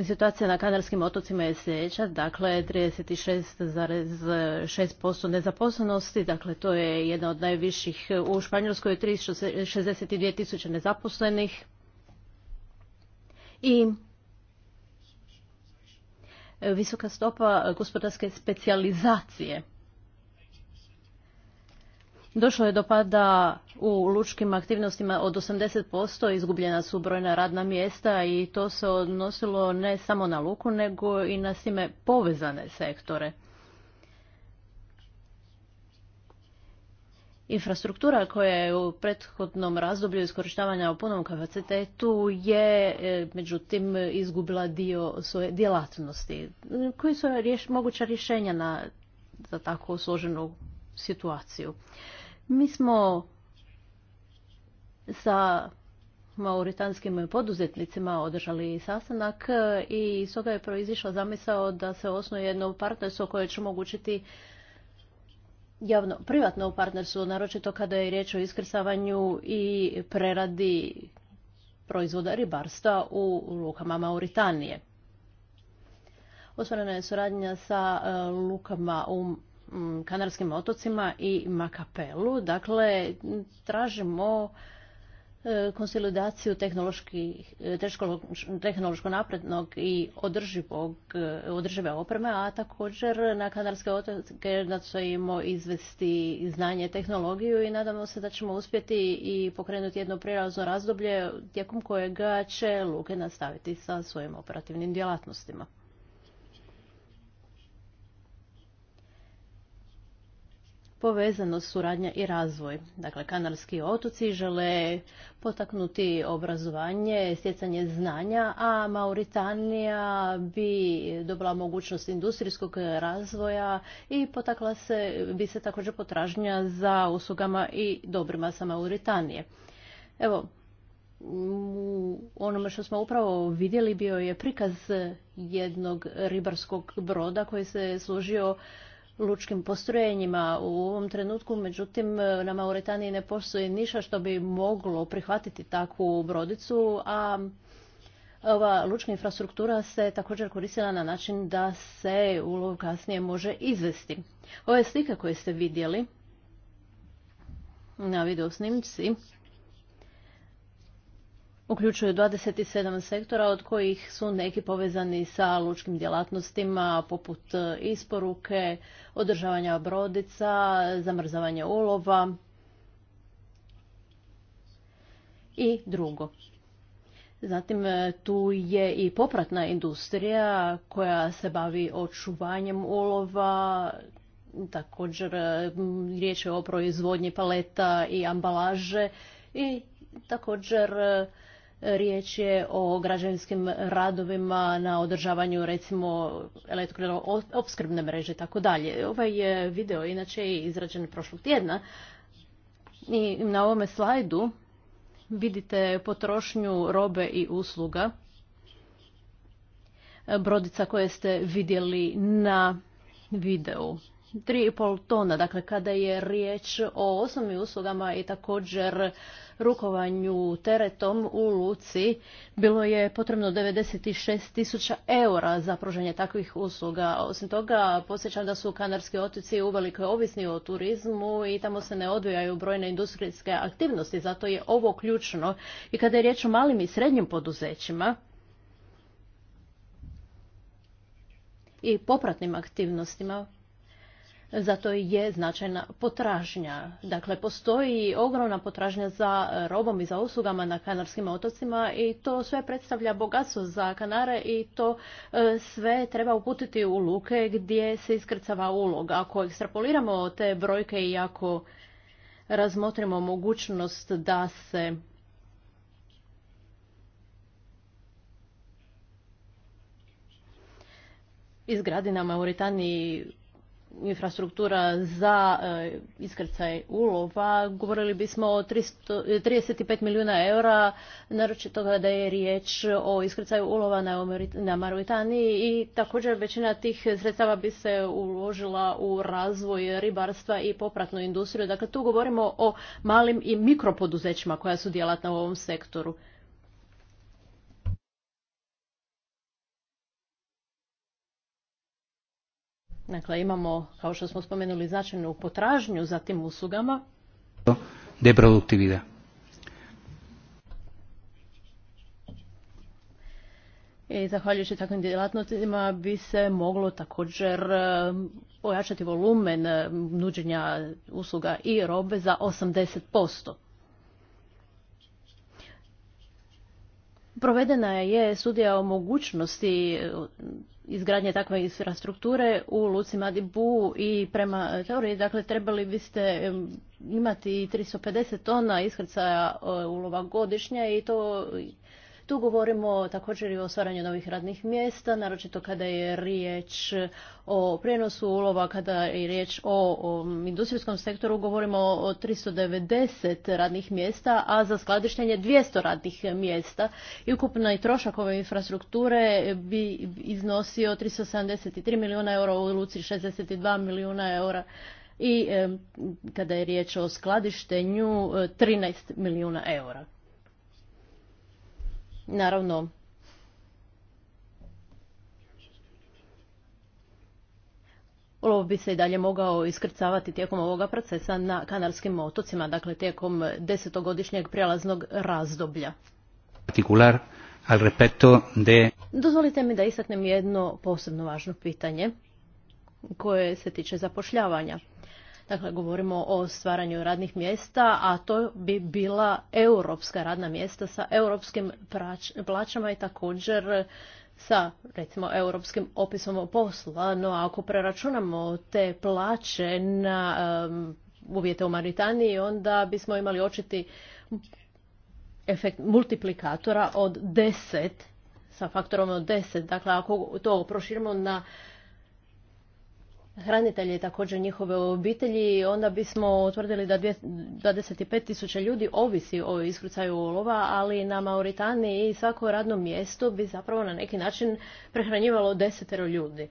Situacija na Kanarskim otocima je sljedeća, dakle 36,6% nezaposlenosti, dakle to je jedna od najviših u Španjolskoj, 362 tisuće nezaposlenih i visoka stopa gospodarske specijalizacije. Došlo je do pada u lučkim aktivnostima od 80%, izgubljena su brojna radna mjesta i to se odnosilo ne samo na luku, nego i na svime povezane sektore. Infrastruktura koja je u prethodnom razdoblju iskorištavanja u punom kapacitetu je e, međutim izgubila dio svoje djelatnosti. Koji su moguća rješenja na, za tako složenu situaciju? Mi smo sa mauritanskim poduzetnicima održali sastanak e, i iz toga je proizišla zamisao da se osnuje jedno partnerstvo koje će omogućiti javno privatno partnerstvo, naročito kada je riječ o iskrsavanju i preradi proizvoda ribarstva u lukama Mauritanije. Osvorena je suradnja sa e, lukama u Kanarskim otocima i Makapelu. Dakle, tražimo e, konsolidaciju e, tehnološko naprednog i e, održive opreme, a također na Kanarske otoke nastojimo izvesti znanje tehnologiju i nadamo se da ćemo uspjeti i pokrenuti jedno prirazno razdoblje tijekom kojega će luke nastaviti sa svojim operativnim djelatnostima. povezano suradnja i razvoj. Dakle, kanarski otoci žele potaknuti obrazovanje, stjecanje znanja, a Mauritanija bi dobila mogućnost industrijskog razvoja i potakla se, bi se također potražnja za uslugama i dobrima sa Mauritanije. Evo, u onome što smo upravo vidjeli bio je prikaz jednog ribarskog broda koji se služio lučkim postrojenjima. U ovom trenutku, međutim, e, na Mauretaniji ne postoji ništa što bi moglo prihvatiti takvu brodicu, a ova lučka infrastruktura se također koristila na način da se ulov kasnije može izvesti. Ove slike koje ste vidjeli na video snimci uključuju 27 sektora od kojih su neki povezani sa lučkim djelatnostima poput e, isporuke, održavanja brodica, zamrzavanja ulova i drugo. Zatim e, tu je i popratna industrija koja se bavi očuvanjem ulova, također e, riječ je o proizvodnji paleta i ambalaže i također Riječ je o građevinskim radovima na održavanju recimo elektroopskrbne mreže i tako dalje. Ovaj video inače je izrađen prošlog tjedna i na ovome slajdu vidite potrošnju robe i usluga brodica koje ste vidjeli na videu. 3,5 tona, dakle kada je riječ o osnovnim uslugama i također rukovanju teretom u Luci bilo je potrebno 96 tisuća eura za pružanje takvih usluga. Osim toga, posjećam da su Kanarski otoci uvelike ovisni o turizmu i tamo se ne odvijaju brojne industrijske aktivnosti, zato je ovo ključno. I kada je riječ o malim i srednjim poduzećima, i popratnim aktivnostima zato je značajna potražnja. Dakle, postoji ogromna potražnja za robom i za uslugama na Kanarskim otocima i to sve predstavlja bogatstvo za Kanare i to e, sve treba uputiti u luke gdje se iskrcava ulog. Ako ekstrapoliramo te brojke i ako razmotrimo mogućnost da se izgradi na Mauritaniji infrastruktura za e, iskrcaj ulova, govorili bismo o 300, 35 milijuna eura, naročito kada je riječ o iskrcaju ulova na Maritani i također većina tih sredstava bi se uložila u razvoj ribarstva i popratnu industriju. Dakle, tu govorimo o malim i mikropoduzećima koja su djelatna u ovom sektoru. Dakle, imamo, kao što smo spomenuli, značajnu potražnju za tim uslugama. I zahvaljujući takvim djelatnostima bi se moglo također e, pojačati volumen e, nuđenja usluga i robe za 80%. Provedena je studija o mogućnosti e, izgradnje takve infrastrukture u Luci Madibu i prema teoriji, dakle, trebali biste e, imati 350 tona iskrcaja e, ulova godišnje i to tu govorimo također i o stvaranju novih radnih mjesta, naročito kada je riječ o prijenosu ulova, kada je riječ o, industrijskom sektoru, govorimo o 390 radnih mjesta, a za skladištenje 200 radnih mjesta. I ukupno i trošak ove infrastrukture bi iznosio 373 milijuna eura u luci 62 milijuna eura i kada je riječ o skladištenju 13 milijuna eura. Naravno, Ulov bi se i dalje mogao iskrcavati tijekom ovoga procesa na Kanarskim otocima, dakle tijekom desetogodišnjeg prijelaznog razdoblja. Dozvolite mi da istaknem jedno posebno važno pitanje koje se tiče zapošljavanja. Dakle, govorimo o stvaranju radnih mjesta, a to bi bila europska radna mjesta sa europskim plaćama i također sa recimo europskim opisom posla, no ako preračunamo te plaće na um, uvjete u Maritaniji, onda bismo imali očiti efekt multiplikatora od 10 sa faktorom od 10. Dakle, ako to proširimo na hranitelji i također njihove obitelji, onda bismo utvrdili da 25 tisuća ljudi ovisi o iskrucaju olova, ali na Mauritaniji svako radno mjesto bi zapravo na neki način prehranjivalo desetero ljudi.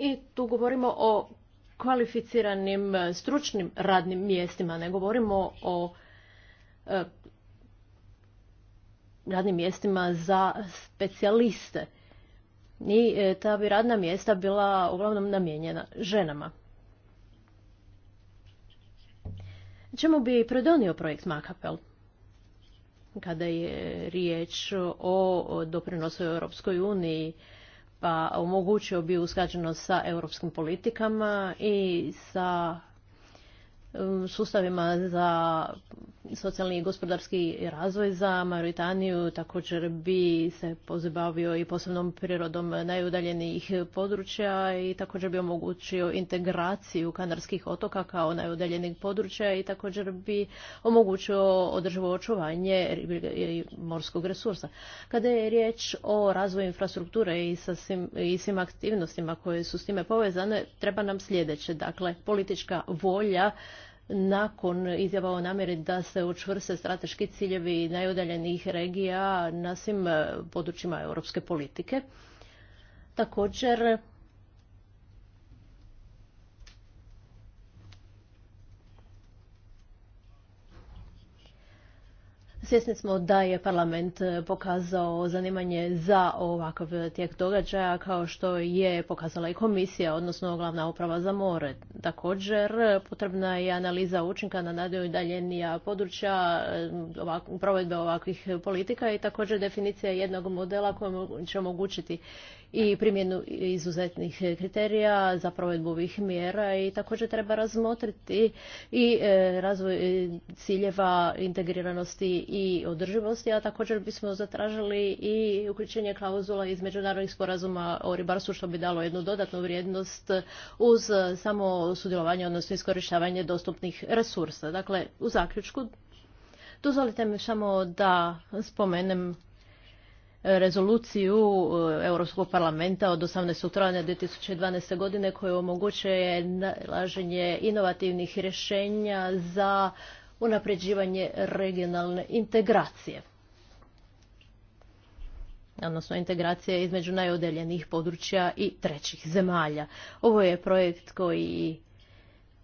I tu govorimo o kvalificiranim stručnim radnim mjestima, ne govorimo o e, radnim mjestima za specijaliste i e, ta bi radna mjesta bila uglavnom namijenjena ženama. Čemu bi predonio projekt Makapel? Kada je riječ o doprinosu Europskoj uniji, pa omogućio bi usklađenost sa europskim politikama i sa Um, sustavima za socijalni i gospodarski razvoj za Maritaniju također bi se pozabavio i posebnom prirodom najudaljenijih područja i također bi omogućio integraciju kanarskih otoka kao najudaljenih područja i također bi omogućio održivo očuvanje morskog resursa. Kada je riječ o razvoju infrastrukture i, sa svim, i svim aktivnostima koje su s time povezane, treba nam sljedeće. Dakle, politička volja nakon izjava o namjeri da se učvrste strateški ciljevi najudaljenih regija na svim eh, područjima europske politike. Također, Svjesni smo da je parlament e, pokazao zanimanje za ovakav tijek događaja kao što je pokazala i komisija, odnosno glavna uprava za more. Također potrebna je analiza učinka na daljenija područja e, ovak, provedbe ovakvih politika i također definicija jednog modela koji će omogućiti i primjenu izuzetnih kriterija za provedbu ovih mjera i također treba razmotriti i e, razvoj e, ciljeva integriranosti i održivosti, a također bismo zatražili i uključenje klauzula iz međunarodnih sporazuma o ribarstvu što bi dalo jednu dodatnu vrijednost uz samo sudjelovanje, odnosno iskorištavanje dostupnih resursa. Dakle, u zaključku dozvolite mi samo da spomenem rezoluciju e, Europskog parlamenta od 18. travnja 2012. godine koje omogućuje nalaženje inovativnih rješenja za unapređivanje regionalne integracije odnosno integracije između najodeljenih područja i trećih zemalja. Ovo je projekt koji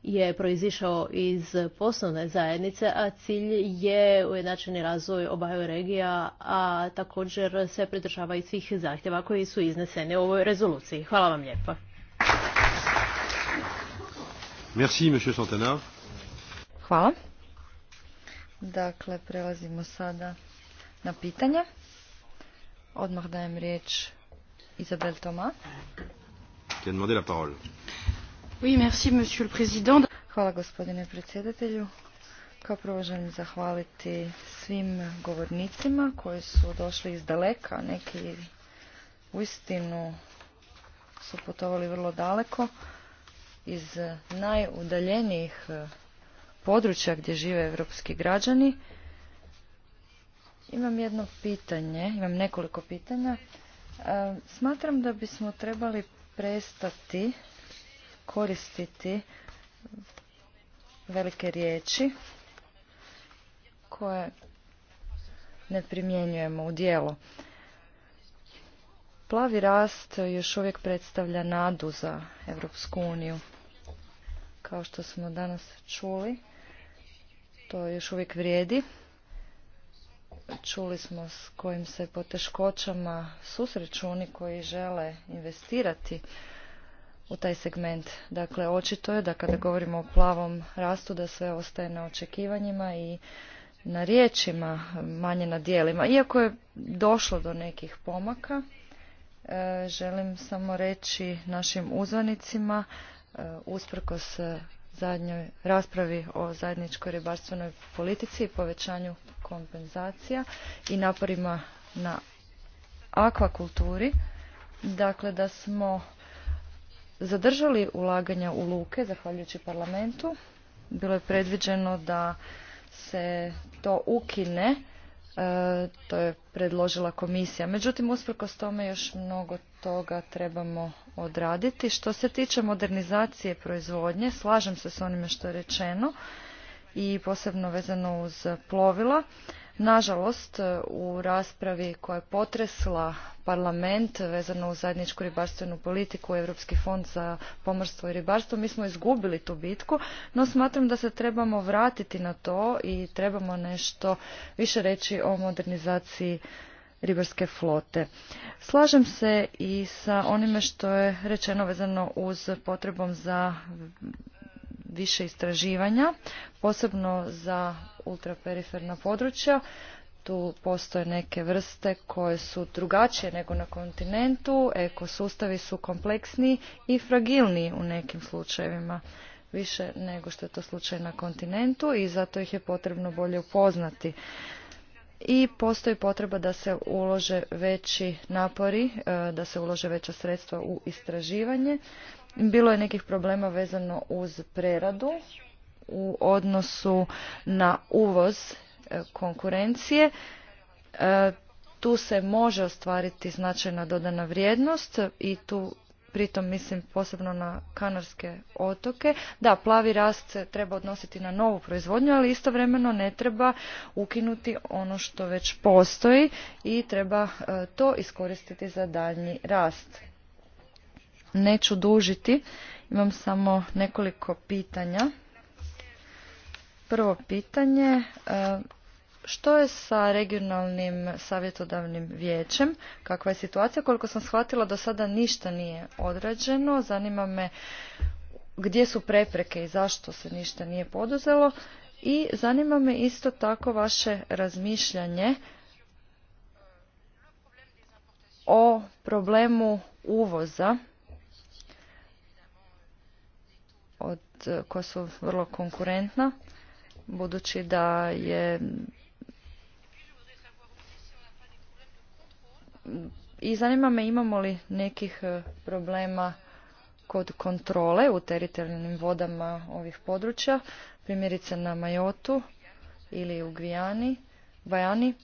je proizišao iz poslovne zajednice, a cilj je ujednačeni razvoj obaju regija, a također se pridržava i svih zahtjeva koji su izneseni u ovoj rezoluciji. Hvala vam lijepa. Hvala. Dakle, prelazimo sada na pitanja. Odmah dajem riječ Izabel Toma. Qui Hvala gospodine predsjedatelju. Kao prvo želim zahvaliti svim govornicima koji su došli iz daleka, neki uistinu su putovali vrlo daleko iz najudaljenijih eh, područja gdje žive europski građani. Imam jedno pitanje, imam nekoliko pitanja. Eh, smatram da bismo trebali prestati koristiti velike riječi koje ne primjenjujemo u dijelu. Plavi rast još uvijek predstavlja nadu za Europsku uniju. Kao što smo danas čuli, to još uvijek vrijedi. Čuli smo s kojim se poteškoćama susreću oni koji žele investirati u taj segment. Dakle, očito je da kada govorimo o plavom rastu da sve ostaje na očekivanjima i na riječima, manje na dijelima. Iako je došlo do nekih pomaka, e, želim samo reći našim uzvanicima, e, usprkos zadnjoj raspravi o zajedničkoj ribarstvenoj politici i povećanju kompenzacija i naporima na akvakulturi, dakle da smo zadržali ulaganja u luke, zahvaljujući parlamentu. Bilo je predviđeno da se to ukine, e, to je predložila komisija. Međutim, usprkos tome još mnogo toga trebamo odraditi. Što se tiče modernizacije proizvodnje, slažem se s onime što je rečeno i posebno vezano uz plovila. Nažalost, e, u raspravi koja je potresla parlament vezano uz zajedničku ribarstvenu politiku, Europski fond za pomorstvo i ribarstvo, mi smo izgubili tu bitku, no smatram da se trebamo vratiti na to i trebamo nešto više reći o modernizaciji ribarske flote. Slažem se i sa onime što je rečeno vezano uz potrebom za više istraživanja, posebno za ultraperiferna područja. Tu postoje neke vrste koje su drugačije nego na kontinentu, ekosustavi su kompleksniji i fragilniji u nekim slučajevima više nego što je to slučaj na kontinentu i zato ih je potrebno bolje upoznati. I postoji potreba da se ulože veći napori, e, da se ulože veća sredstva u istraživanje bilo je nekih problema vezano uz preradu u odnosu na uvoz e, konkurencije. E, tu se može ostvariti značajna dodana vrijednost i tu pritom mislim posebno na kanarske otoke. Da, plavi rast se treba odnositi na novu proizvodnju, ali istovremeno ne treba ukinuti ono što već postoji i treba e, to iskoristiti za daljnji rast neću dužiti. Imam samo nekoliko pitanja. Prvo pitanje, e, što je sa regionalnim savjetodavnim vijećem? Kakva je situacija? Koliko sam shvatila, do sada ništa nije odrađeno. Zanima me gdje su prepreke i zašto se ništa nije poduzelo. I zanima me isto tako vaše razmišljanje o problemu uvoza E, koja su vrlo konkurentna, budući da je i zanima me imamo li nekih e, problema kod kontrole u teritorijalnim vodama ovih područja, primjerice na Majotu ili u Gvijani, Bajani.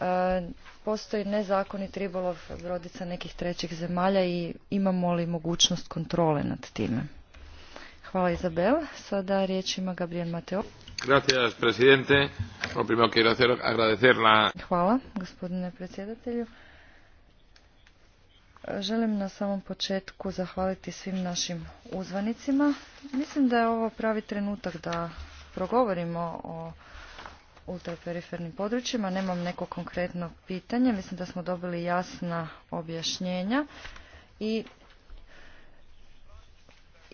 E, postoji nezakonit ribolov brodica nekih trećih zemalja i imamo li mogućnost kontrole nad time? Hvala Izabel. Sada riječ ima Gabriel Mateo. Gracias, presidente. Lo primero quiero hacer agradecer la... Hvala, gospodine predsjedatelju. Želim na samom početku zahvaliti svim našim uzvanicima. Mislim da je ovo pravi trenutak da progovorimo o ultraperifernim područjima. Nemam neko konkretno pitanje. Mislim da smo dobili jasna objašnjenja i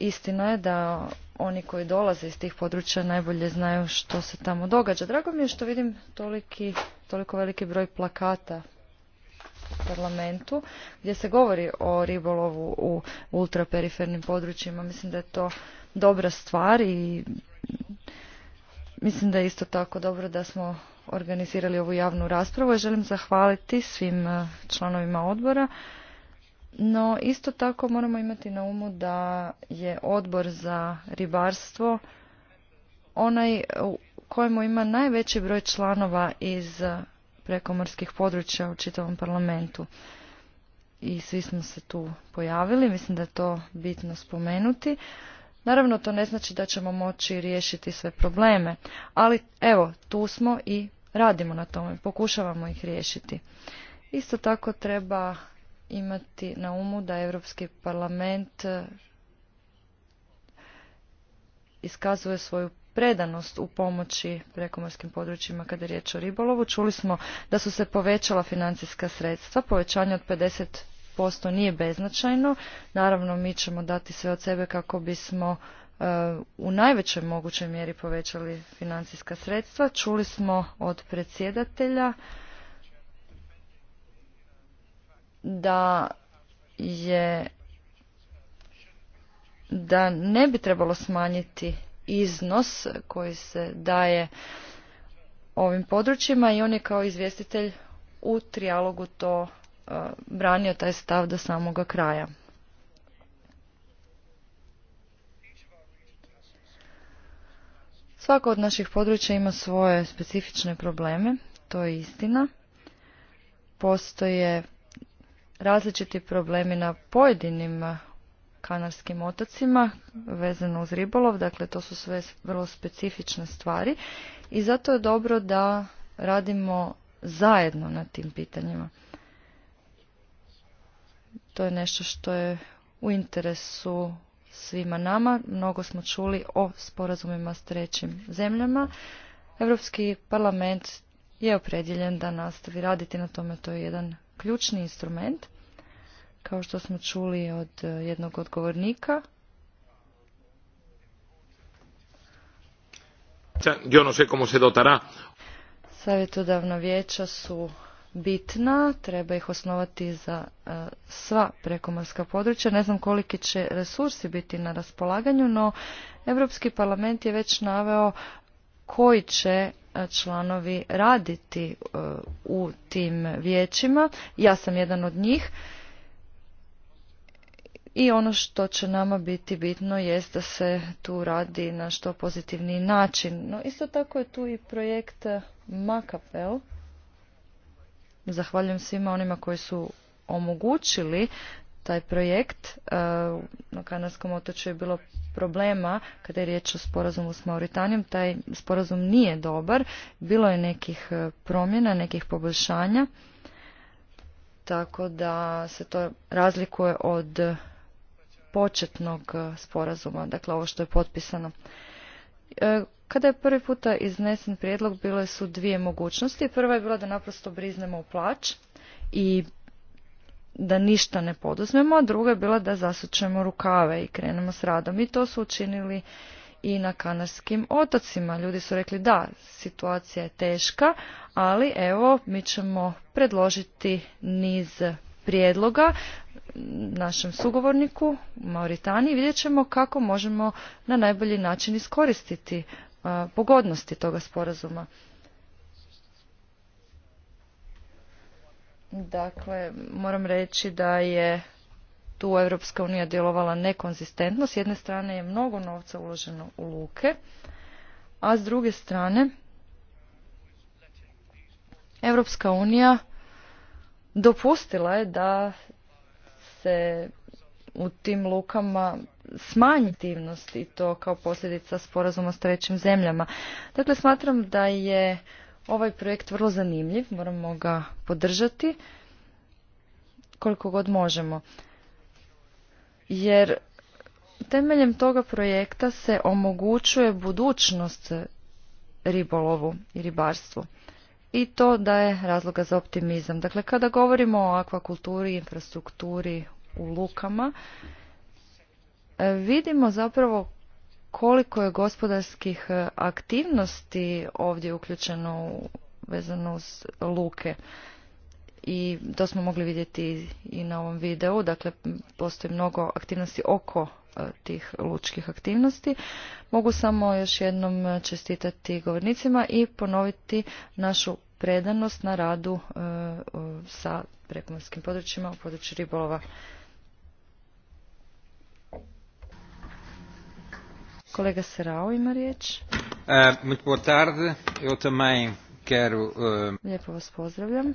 Istina je da oni koji dolaze iz tih područja najbolje znaju što se tamo događa. Drago mi je što vidim toliki, toliko veliki broj plakata u parlamentu gdje se govori o ribolovu u ultraperifernim područjima. Mislim da je to dobra stvar i mislim da je isto tako dobro da smo organizirali ovu javnu raspravu i želim zahvaliti svim eh, članovima odbora no, isto tako moramo imati na umu da je odbor za ribarstvo onaj kojemu ima najveći broj članova iz prekomorskih područja u čitavom parlamentu. I svi smo se tu pojavili, mislim da je to bitno spomenuti. Naravno, to ne znači da ćemo moći riješiti sve probleme, ali evo, tu smo i radimo na tome, pokušavamo ih riješiti. Isto tako treba imati na umu da Europski parlament e, iskazuje svoju predanost u pomoći prekomorskim područjima kada je riječ o ribolovu. Čuli smo da su se povećala financijska sredstva, povećanje od 50% nije beznačajno. Naravno, mi ćemo dati sve od sebe kako bismo e, u najvećoj mogućoj mjeri povećali financijska sredstva. Čuli smo od predsjedatelja da je da ne bi trebalo smanjiti iznos koji se daje ovim područjima i on je kao izvjestitelj u trijalogu to e, branio taj stav do samoga kraja. Svako od naših područja ima svoje specifične probleme, to je istina. Postoje različiti problemi na pojedinim kanarskim otocima vezano uz ribolov, dakle to su sve vrlo specifične stvari i zato je dobro da radimo zajedno na tim pitanjima. To je nešto što je u interesu svima nama. Mnogo smo čuli o sporazumima s trećim zemljama. Europski parlament je opredjeljen da nastavi raditi na tome. To je jedan ključni instrument, kao što smo čuli od e, jednog odgovornika. Yo no sé Savjetodavna vijeća su bitna, treba ih osnovati za e, sva prekomorska područja. Ne znam koliki će resursi biti na raspolaganju, no Europski parlament je već naveo koji će članovi raditi e, u tim vijećima. Ja sam jedan od njih. I ono što će nama biti bitno jest da se tu radi na što pozitivni način. No isto tako je tu i projekt Makapel. Zahvaljujem svima onima koji su omogućili taj projekt. E, na Kanarskom otoču je bilo problema kada je riječ o sporazumu s Mauritanijom. Taj sporazum nije dobar. Bilo je nekih e, promjena, nekih poboljšanja. Tako da se to razlikuje od početnog e, sporazuma, dakle ovo što je potpisano. Kada je prvi puta iznesen prijedlog, bile su dvije mogućnosti. Prva je bila da naprosto briznemo u plać i da ništa ne poduzmemo, a druga je bila da zasučemo rukave i krenemo s radom. I to su učinili i na Kanarskim otocima. Ljudi su rekli da, situacija je teška, ali evo mi ćemo predložiti niz prijedloga našem sugovorniku u Mauritaniji. Vidjet ćemo kako možemo na najbolji način iskoristiti pogodnosti toga sporazuma. Dakle, moram reći da je tu Europska unija djelovala nekonzistentno. S jedne strane je mnogo novca uloženo u luke, a s druge strane Europska unija dopustila je da se u tim lukama smanji aktivnost i to kao posljedica sporazuma s trećim zemljama. Dakle, smatram da je ovaj projekt vrlo zanimljiv, moramo ga podržati koliko god možemo. Jer temeljem toga projekta se omogućuje budućnost ribolovu i ribarstvu. I to daje razloga za optimizam. Dakle, kada govorimo o akvakulturi, i infrastrukturi u lukama, vidimo zapravo koliko je gospodarskih e, aktivnosti ovdje uključeno vezano uz luke i to smo mogli vidjeti i na ovom videu, dakle postoji mnogo aktivnosti oko e, tih lučkih aktivnosti. Mogu samo još jednom čestitati govornicima i ponoviti našu predanost na radu e, sa prekomorskim područjima u području ribolova. Kolega Serao ima riječ. E, muito boa tarde. Eu e, Lijepo vas pozdravljam.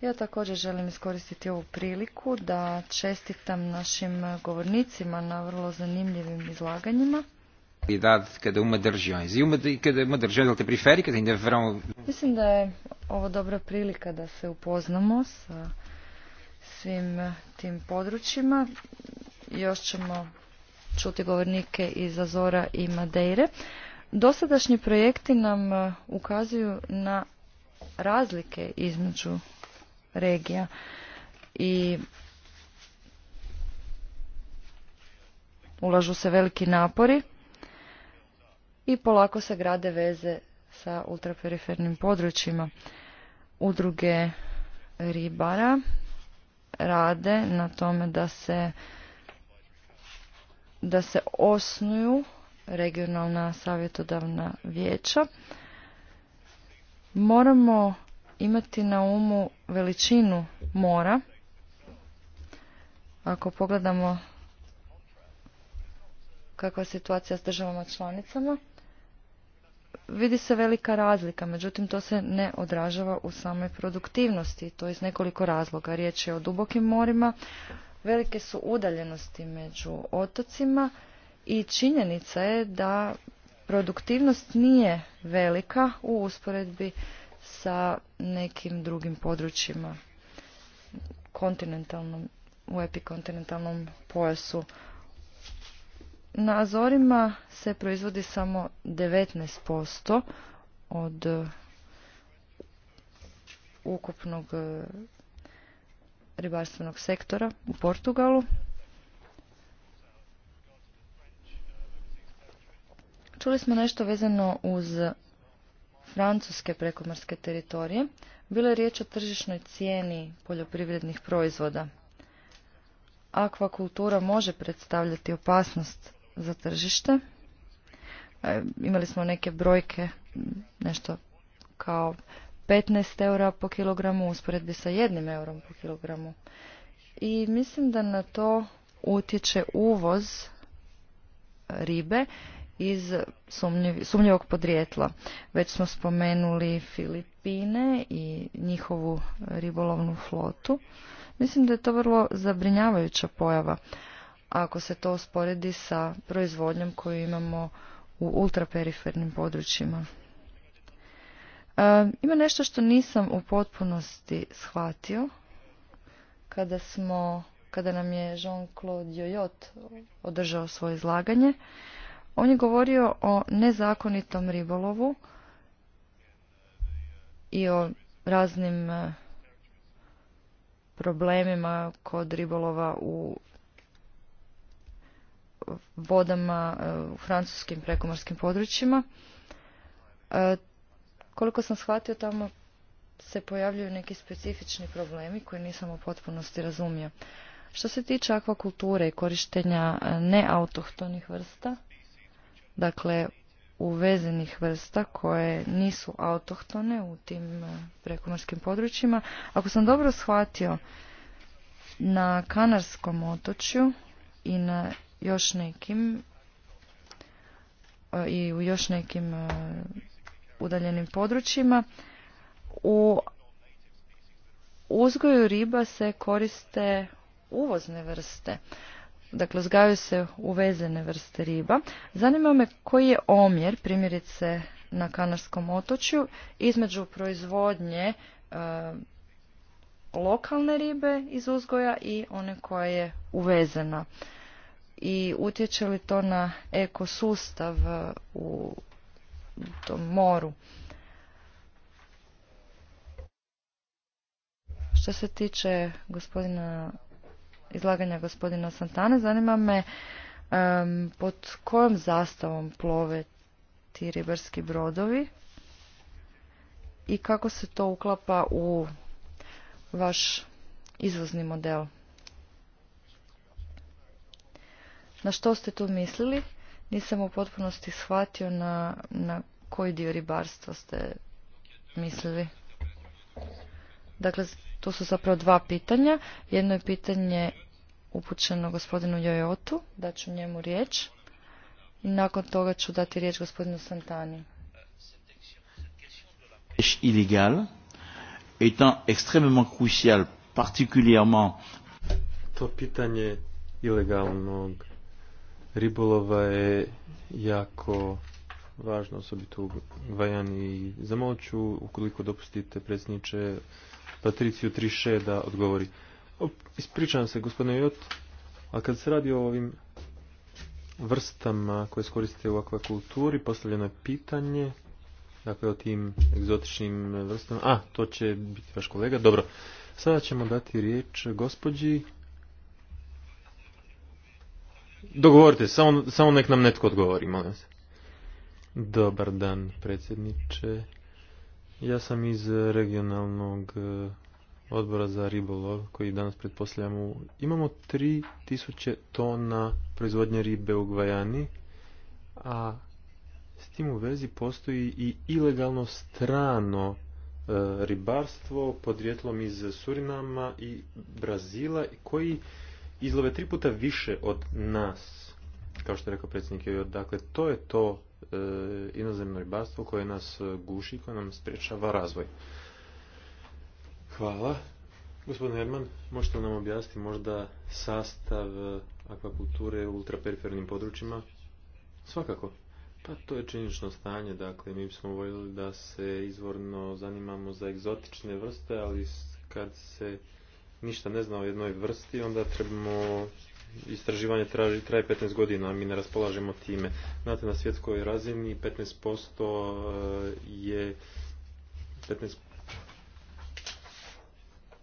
Ja također želim iskoristiti ovu priliku da čestitam našim govornicima na vrlo zanimljivim izlaganjima. kada uma regiões. uma de, uma regiões Mislim da je ovo dobra prilika da se upoznamo sa svim tim područjima. Još ćemo čuti govornike iz Azora i Madeire. Dosadašnji projekti nam e, ukazuju na razlike između regija i ulažu se veliki napori i polako se grade veze sa ultraperifernim područjima. Udruge ribara rade na tome da se da se osnuju regionalna savjetodavna vijeća, moramo imati na umu veličinu mora. Ako pogledamo kakva je situacija s državama članicama, vidi se velika razlika, međutim to se ne odražava u samoj produktivnosti, to iz nekoliko razloga. Riječ je o dubokim morima, velike su udaljenosti među otocima i činjenica je da produktivnost nije velika u usporedbi sa nekim drugim područjima kontinentalnom, u epikontinentalnom pojasu. Na Azorima se proizvodi samo 19% od ukupnog ribarstvenog sektora u Portugalu. Čuli smo nešto vezano uz francuske prekomorske teritorije. Bilo je riječ o tržišnoj cijeni poljoprivrednih proizvoda. Akvakultura može predstavljati opasnost za tržište. E, imali smo neke brojke, nešto kao 15 eura po kilogramu u usporedbi sa jednim eurom po kilogramu. I mislim da na to utječe uvoz ribe iz sumnjivog podrijetla. Već smo spomenuli Filipine i njihovu ribolovnu flotu. Mislim da je to vrlo zabrinjavajuća pojava ako se to usporedi sa proizvodnjom koju imamo u ultraperifernim područjima. E, ima nešto što nisam u potpunosti shvatio kada smo kada nam je Jean-Claude Jojot održao svoje izlaganje. On je govorio o nezakonitom ribolovu i o raznim e, problemima kod ribolova u vodama e, u francuskim prekomorskim područjima. Koliko sam shvatio, tamo se pojavljuju neki specifični problemi koje nisam u potpunosti razumio. Što se tiče akvakulture i korištenja e, neautohtonih vrsta, dakle uvezenih vrsta koje nisu autohtone u tim e, prekomorskim područjima, ako sam dobro shvatio, na Kanarskom otočju i na još nekim e, i u još nekim udaljenim područjima. U uzgoju riba se koriste uvozne vrste. Dakle, uzgajaju se uvezene vrste riba. Zanima me koji je omjer, primjerice na Kanarskom otočju, između proizvodnje e, lokalne ribe iz uzgoja i one koja je uvezena. I utječe li to na ekosustav e, u tom moru. Što se tiče gospodina, izlaganja gospodina Santana, zanima me pod kojom zastavom plove ti ribarski brodovi i kako se to uklapa u vaš izvozni model. Na što ste tu mislili? nisam u potpunosti shvatio na, na koji dio ribarstva ste mislili. Dakle, to su zapravo dva pitanja. Jedno je pitanje upućeno gospodinu Jojotu, ću njemu riječ. I nakon toga ću dati riječ gospodinu Santani. to pitanje ilegalnog ribolova je jako važno, osobito u za i Zamoću. Ukoliko dopustite predsjedniče Patriciju Triše da odgovori. ispričavam se, gospodine Jot, a kad se radi o ovim vrstama koje se koriste u akvakulturi, postavljeno je pitanje, dakle o tim egzotičnim vrstama. A, to će biti vaš kolega. Dobro, sada ćemo dati riječ gospođi Dogovorite, samo, samo nek nam netko odgovori, molim se. Dobar dan, predsjedniče. Ja sam iz regionalnog e, odbora za ribolov, koji danas pretpostavljamo. Imamo 3000 tona proizvodnje ribe u Gvajani, a s tim u vezi postoji i ilegalno strano e, ribarstvo podrijetlom iz Surinama i Brazila koji izlove tri puta više od nas, kao što je rekao predsjednik Jojor. Dakle, to je to e, inozemno ribarstvo koje nas e, guši, koje nam sprečava razvoj. Hvala. Gospodin Herman, možete li nam objasniti možda sastav e, akvakulture u ultraperifernim područjima? Svakako. Pa to je činično stanje, dakle mi bismo voljeli da se izvorno zanimamo za egzotične vrste, ali kad se ništa ne zna o jednoj vrsti, onda trebamo istraživanje traži, traje 15 godina, a mi ne raspolažemo time. Znate, na svjetskoj razini 15% e, je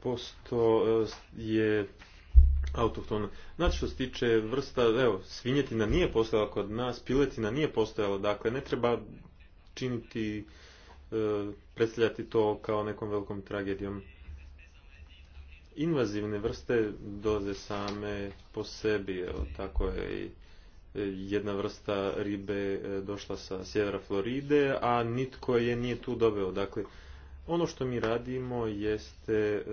15% e, je autohtona. Znači što se tiče vrsta, evo, svinjetina nije postojala kod nas, piletina nije postojala, dakle ne treba činiti, e, predstavljati to kao nekom velikom tragedijom invazivne vrste doze same po sebi. tako je i e, jedna vrsta ribe e, došla sa sjevera Floride, a nitko je nije tu doveo. Dakle, ono što mi radimo jeste e,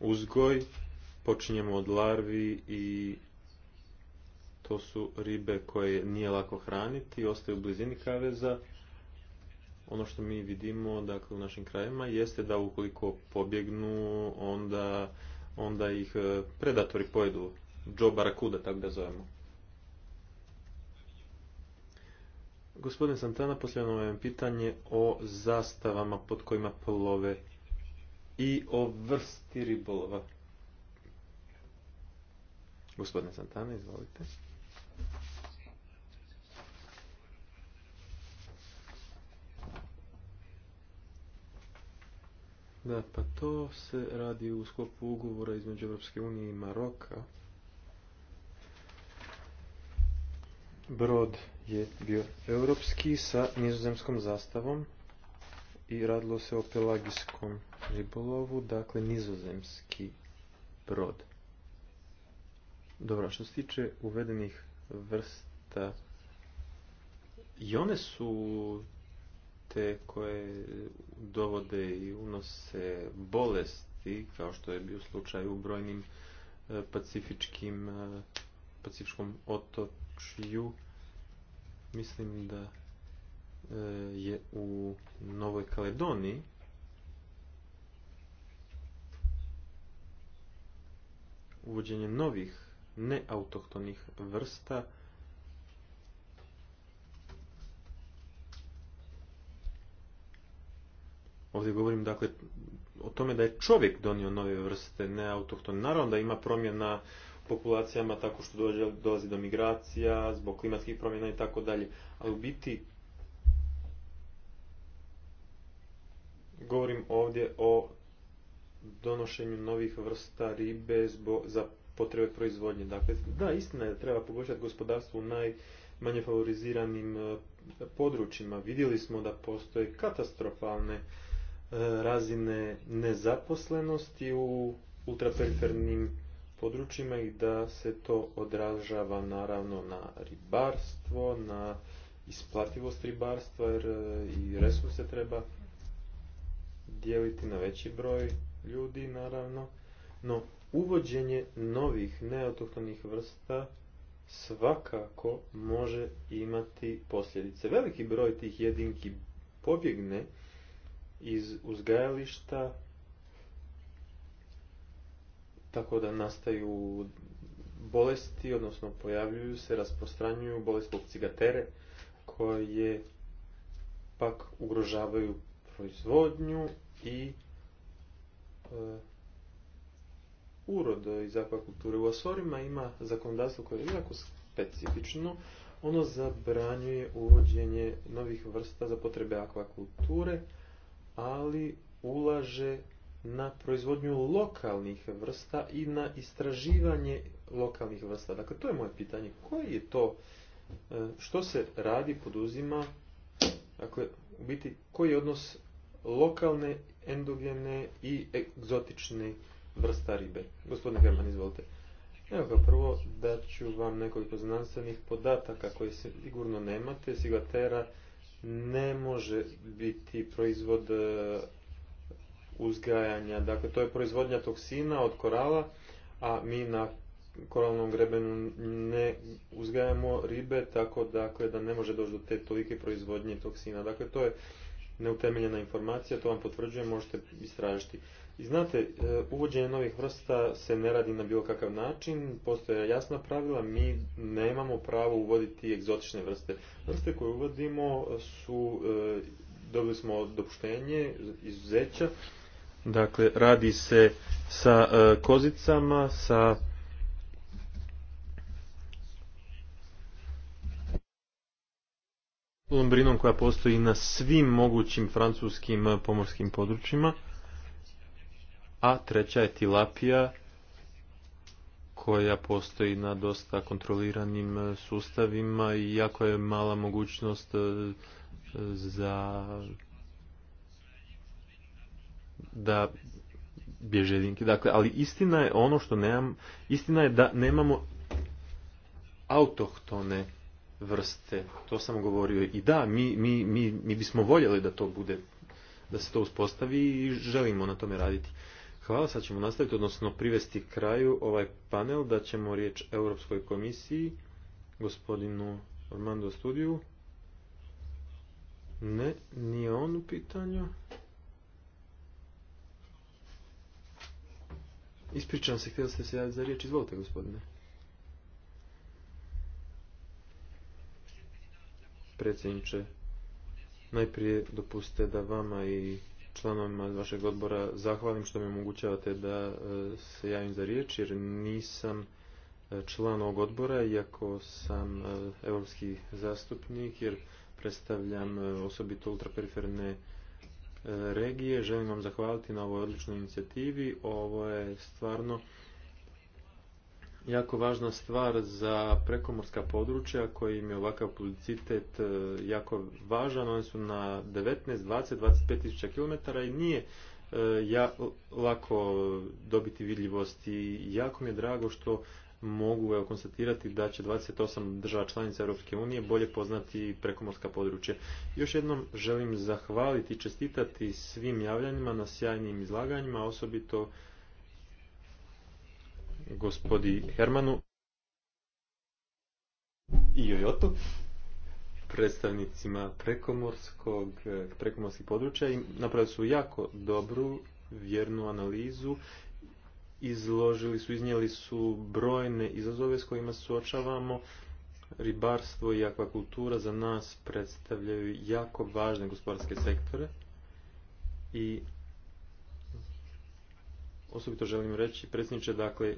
uzgoj, počinjemo od larvi i to su ribe koje nije lako hraniti, ostaju u blizini kaveza ono što mi vidimo dakle, u našim krajima jeste da ukoliko pobjegnu, onda, onda ih e, predatori pojedu. Joe Barakuda, tako da zovemo. Gospodin Santana, posljedno vam pitanje o zastavama pod kojima plove i o vrsti ribolova. Gospodine Santana, izvolite. Da, pa to se radi u sklopu ugovora između Europske unije i Maroka. Brod je bio europski sa nizozemskom zastavom i radilo se o pelagijskom ribolovu, dakle nizozemski brod. Dobro, što se tiče uvedenih vrsta i one su te koje dovode i unose bolesti, kao što je bio slučaj u brojnim e, pacifičkim, e, pacifičkom otočju, mislim da e, je u Novoj Kaledoniji uvođenje novih neautohtonih vrsta Ovdje govorim dakle o tome da je čovjek donio nove vrste, ne autohton. Naravno da ima promjena u populacijama tako što dođe, dolazi do migracija, zbog klimatskih promjena i tako dalje. Ali u biti govorim ovdje o donošenju novih vrsta ribe zbog, za potrebe proizvodnje. Dakle, da, istina je da treba poboljšati gospodarstvo u najmanje favoriziranim eh, područjima. Vidjeli smo da postoje katastrofalne E, razine nezaposlenosti u ultraperifernim područjima i da se to odražava naravno na ribarstvo, na isplativost ribarstva jer e, i resurse treba dijeliti na veći broj ljudi naravno. No, uvođenje novih neautohtonih vrsta svakako može imati posljedice. Veliki broj tih jedinki pobjegne iz uzgajališta tako da nastaju bolesti, odnosno pojavljuju se, rasprostranjuju bolest poput cigatere koje pak ugrožavaju proizvodnju i e, urod iz akvakulture. U Asorima ima zakonodavstvo koje je jako specifično. Ono zabranjuje uvođenje novih vrsta za potrebe akvakulture, ali ulaže na proizvodnju lokalnih vrsta i na istraživanje lokalnih vrsta. Dakle, to je moje pitanje. Koji je to, e, što se radi, poduzima, dakle, u biti, koji je odnos lokalne, endogene i egzotične vrsta ribe? Gospodine Herman, izvolite. Evo ga, prvo, daću vam nekoliko znanstvenih podataka koje sigurno nemate. Sigatera ne može biti proizvod e, uzgajanja. Dakle, to je proizvodnja toksina od korala, a mi na koralnom grebenu ne uzgajamo ribe, tako dakle, da ne može doći do te tolike proizvodnje toksina. Dakle, to je neutemeljena informacija, to vam potvrđujem, možete istražiti. I znate, e, uvođenje novih vrsta se ne radi na bilo kakav način, postoje jasna pravila, mi nemamo pravo uvoditi egzotične vrste. Vrste koje uvodimo su, e, dobili smo dopuštenje izuzeća, dakle radi se sa e, kozicama, sa lombrinom koja postoji na svim mogućim francuskim pomorskim područjima a treća je tilapija koja postoji na dosta kontroliranim e, sustavima i jako je mala mogućnost e, za da bježedinke. Dakle, ali istina je ono što nemam, istina je da nemamo autohtone vrste. To sam govorio i da, mi, mi, mi, mi bismo voljeli da to bude, da se to uspostavi i želimo na tome raditi. Hvala, sad ćemo nastaviti, odnosno privesti kraju ovaj panel, da ćemo riječ Europskoj komisiji, gospodinu Ormando Studiju. Ne, nije on u pitanju. Ispričam se, htjeli ste se javiti za riječ, izvolite gospodine. Predsjedniče, najprije dopustite da vama i članovima vašeg odbora zahvalim što mi omogućavate da e, se javim za riječ jer nisam e, član ovog odbora iako sam europski zastupnik jer predstavljam e, osobito ultraperiferne regije. Želim vam zahvaliti na ovoj odličnoj inicijativi. Ovo je stvarno jako važna stvar za prekomorska područja kojim je ovakav publicitet e, jako važan. Oni su na 19, 20, 25 tisuća kilometara i nije e, ja, lako dobiti vidljivost i jako mi je drago što mogu evo, konstatirati da će 28 država članica Europske unije bolje poznati prekomorska područja. Još jednom želim zahvaliti i čestitati svim javljanjima na sjajnim izlaganjima, osobito gospodi Hermanu i Jojotu, predstavnicima prekomorskog, prekomorskih područja i napravili su jako dobru vjernu analizu izložili su, iznijeli su brojne izazove s kojima se suočavamo. Ribarstvo i akvakultura za nas predstavljaju jako važne gospodarske sektore i osobito želim reći predsjedniče, dakle,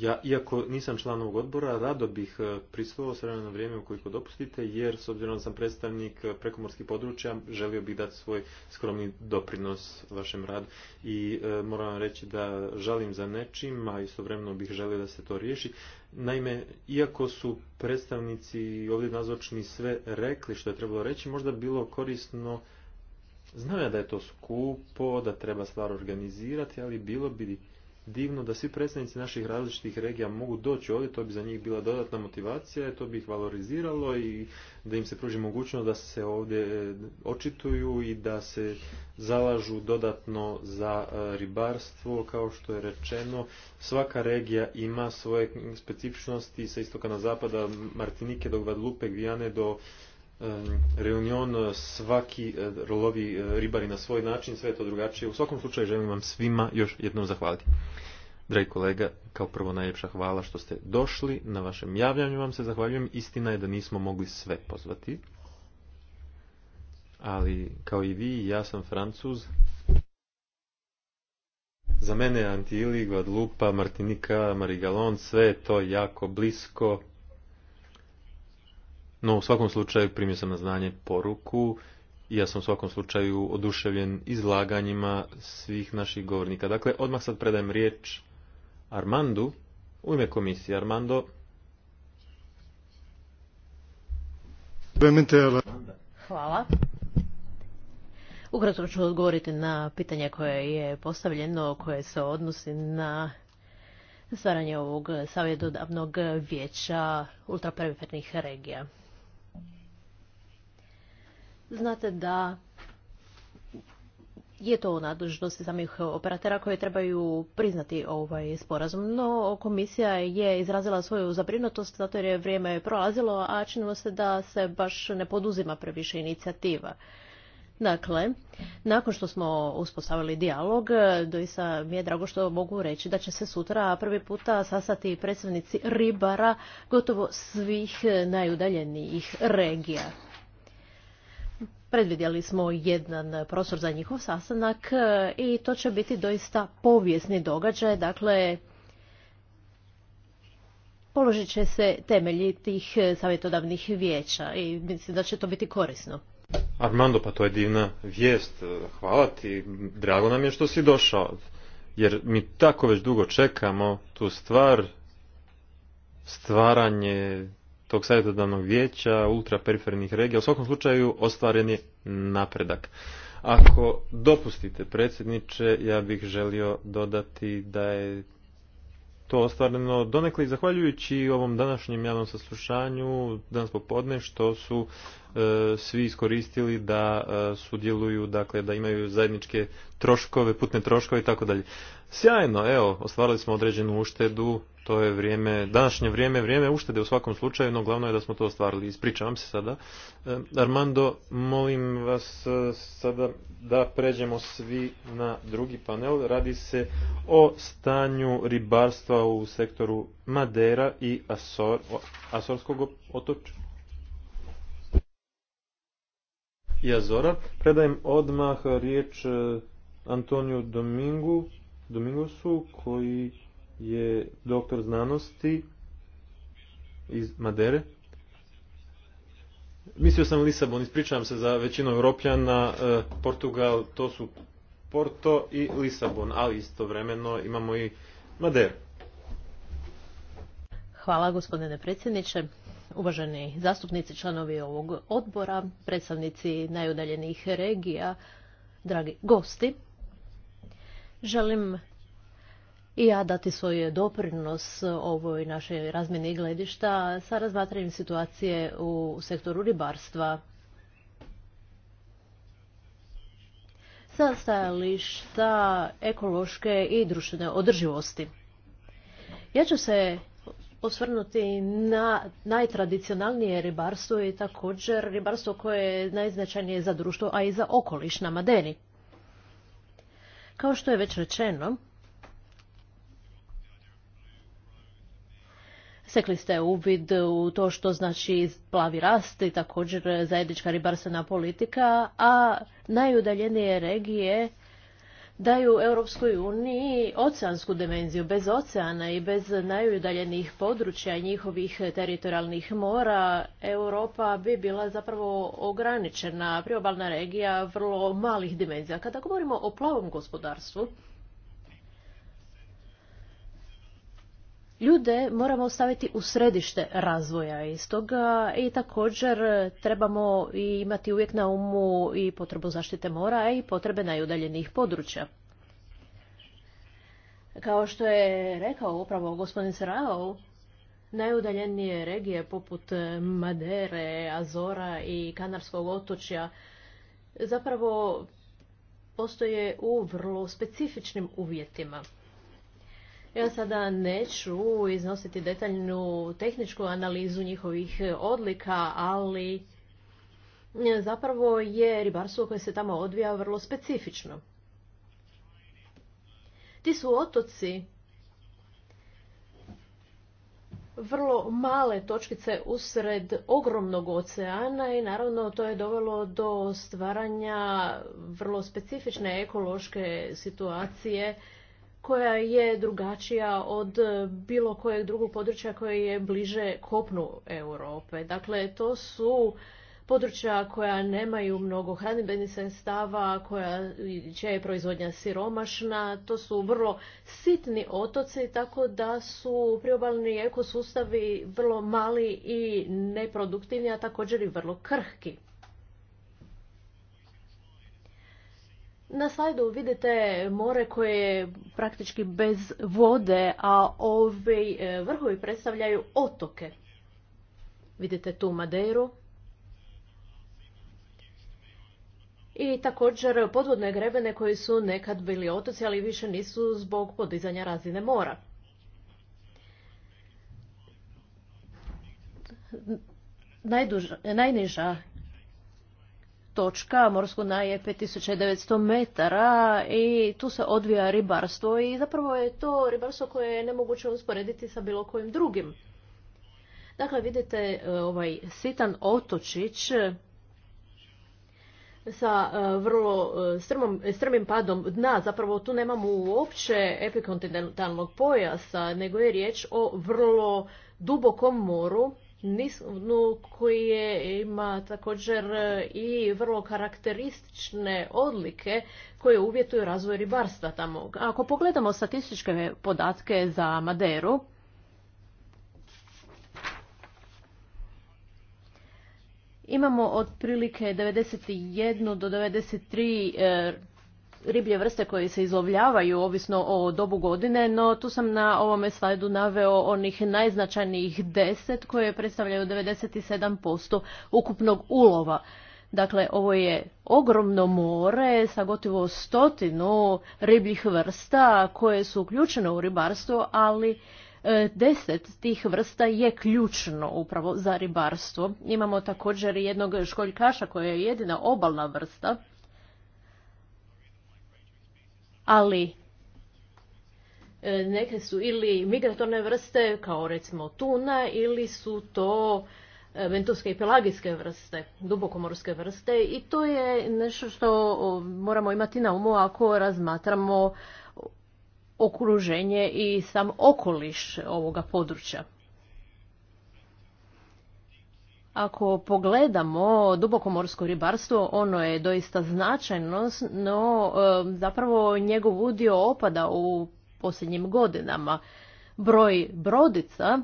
ja, iako nisam član ovog odbora, rado bih e, prisustvovao s vremena vrijeme ukoliko dopustite, jer s obzirom da sam predstavnik e, prekomorskih područja, želio bih dati svoj skromni doprinos vašem radu. I e, moram vam reći da žalim za nečim, a istovremeno bih želio da se to riješi. Naime, iako su predstavnici ovdje nazočni sve rekli što je trebalo reći, možda bilo korisno Znam ja da je to skupo, da treba stvar organizirati, ali bilo bi divno da svi predstavnici naših različitih regija mogu doći ovdje, to bi za njih bila dodatna motivacija, to bi ih valoriziralo i da im se pruži mogućnost da se ovdje e, očituju i da se zalažu dodatno za e, ribarstvo, kao što je rečeno. Svaka regija ima svoje specifičnosti, sa istoka na zapada, Martinike do Guadalupe, Gvijane do reunion, e, svaki rolovi e, e, ribari na svoj način, sve je to drugačije. U svakom slučaju želim vam svima još jednom zahvaliti. Dragi kolega, kao prvo najljepša hvala što ste došli, na vašem javljanju vam se zahvaljujem. Istina je da nismo mogli sve pozvati, ali kao i vi, ja sam francuz. Za mene Antili, Guadalupa, Martinika, Marigalon, sve je to jako blisko no u svakom slučaju primio sam na znanje poruku i ja sam u svakom slučaju oduševljen izlaganjima svih naših govornika. Dakle, odmah sad predajem riječ Armandu u ime komisije. Armando. Hvala. Ukratko ću odgovoriti na pitanje koje je postavljeno, koje se odnosi na stvaranje ovog savjetodavnog vijeća ultraperifernih regija znate da je to u nadležnosti samih operatera koje trebaju priznati ovaj sporazum. No, komisija je izrazila svoju zabrinutost zato jer je vrijeme prolazilo, a činilo se da se baš ne poduzima previše inicijativa. Dakle, nakon što smo uspostavili dijalog, doista mi je drago što mogu reći da će se sutra prvi puta sastati predstavnici ribara gotovo svih najudaljenijih regija. Predvidjeli smo jedan prostor za njihov sastanak e, i to će biti doista povijesni događaj. Dakle, položit će se temelji tih e, savjetodavnih vijeća i mislim da će to biti korisno. Armando, pa to je divna vijest. E, hvala ti. Drago nam je što si došao. Jer mi tako već dugo čekamo tu stvar, stvaranje tog savjetodavnog vijeća, ultraperifernih regija. U svakom slučaju ostvaren je napredak. Ako dopustite predsjedniče, ja bih želio dodati da je to ostvareno donekle i zahvaljujući ovom današnjem javnom saslušanju danas popodne što su e, svi iskoristili da e, sudjeluju, dakle da imaju zajedničke troškove, putne troškove i tako dalje. Sjajno, evo, ostvarili smo određenu uštedu, to je vrijeme, današnje vrijeme, vrijeme uštede u svakom slučaju, no glavno je da smo to ostvarili. Ispričavam se sada. E, Armando, molim vas e, sada da pređemo svi na drugi panel. Radi se o stanju ribarstva u sektoru Madera i Asor, Asorskog otoča. I Predajem odmah riječ e, Antoniju Domingu Domingosu koji je doktor znanosti iz Madere. Mislio sam Lisabon, ispričavam se za većinu Europljana, e, Portugal, to su Porto i Lisabon, ali istovremeno imamo i Madere. Hvala gospodine predsjedniče. Uvaženi zastupnici, članovi ovog odbora, predstavnici najudaljenijih regija, dragi gosti. Želim i ja dati svoj doprinos ovoj našoj razmjeni gledišta sa razmatranjem situacije u sektoru ribarstva. Sa stajališta ekološke i društvene održivosti. Ja ću se osvrnuti na najtradicionalnije ribarstvo i također ribarstvo koje je najznačajnije za društvo, a i za okoliš na Madeni. Kao što je već rečeno, Sekli ste uvid u to što znači plavi rast i također zajednička ribarstvena politika, a najudaljenije regije daju Europskoj uniji oceansku dimenziju. Bez oceana i bez najudaljenih područja njihovih teritorijalnih mora Europa bi bila zapravo ograničena priobalna regija vrlo malih dimenzija. Kada govorimo o plavom gospodarstvu, Ljude moramo staviti u središte razvoja iz toga i također trebamo i imati uvijek na umu i potrebu zaštite mora i potrebe najudaljenijih područja. Kao što je rekao upravo gospodin Serao, najudaljenije regije poput Madere, Azora i Kanarskog otočja zapravo postoje u vrlo specifičnim uvjetima. Ja sada neću iznositi detaljnu tehničku analizu njihovih e, odlika, ali e, zapravo je ribarstvo koje se tamo odvija vrlo specifično. Ti su otoci vrlo male točkice usred ogromnog oceana i naravno to je dovelo do stvaranja vrlo specifične ekološke situacije koja je drugačija od bilo kojeg drugog područja koje je bliže kopnu Europe. Dakle, to su područja koja nemaju mnogo hranidbenih sredstava, koja, čija je proizvodnja siromašna, to su vrlo sitni otoci, tako da su priobalni ekosustavi vrlo mali i neproduktivni, a također i vrlo krhki. Na slajdu vidite more koje je praktički bez vode, a ovi ovaj, e, vrhovi predstavljaju otoke. Vidite tu Maderu. I također podvodne grebene koji su nekad bili otoci, ali više nisu zbog podizanja razine mora. najniža točka, dna je 5900 metara i tu se odvija ribarstvo i zapravo je to ribarstvo koje je nemoguće usporediti sa bilo kojim drugim. Dakle, vidite e, ovaj sitan otočić e, sa e, vrlo strmom, strmim padom dna. Zapravo tu nemamo uopće epikontinentalnog pojasa, nego je riječ o vrlo dubokom moru koji je, ima također e, i vrlo karakteristične odlike koje uvjetuju razvoj ribarstva tamo. Ako pogledamo statističke podatke za Maderu, imamo otprilike 91 do 93 riblje vrste koje se izlovljavaju ovisno o dobu godine, no tu sam na ovome slajdu naveo onih najznačajnijih deset koje predstavljaju 97% ukupnog ulova. Dakle, ovo je ogromno more sa gotovo stotinu ribljih vrsta koje su uključene u ribarstvo, ali e, deset tih vrsta je ključno upravo za ribarstvo. Imamo također jednog školjkaša koja je jedina obalna vrsta ali e, neke su ili migratorne vrste kao recimo tuna ili su to ventovske e, i pelagijske vrste, dubokomorske vrste i to je nešto što moramo imati na umu ako razmatramo okruženje i sam okoliš ovoga područja. Ako pogledamo duboko morsko ribarstvo, ono je doista značajno, no e, zapravo njegov udio opada u posljednjim godinama. Broj brodica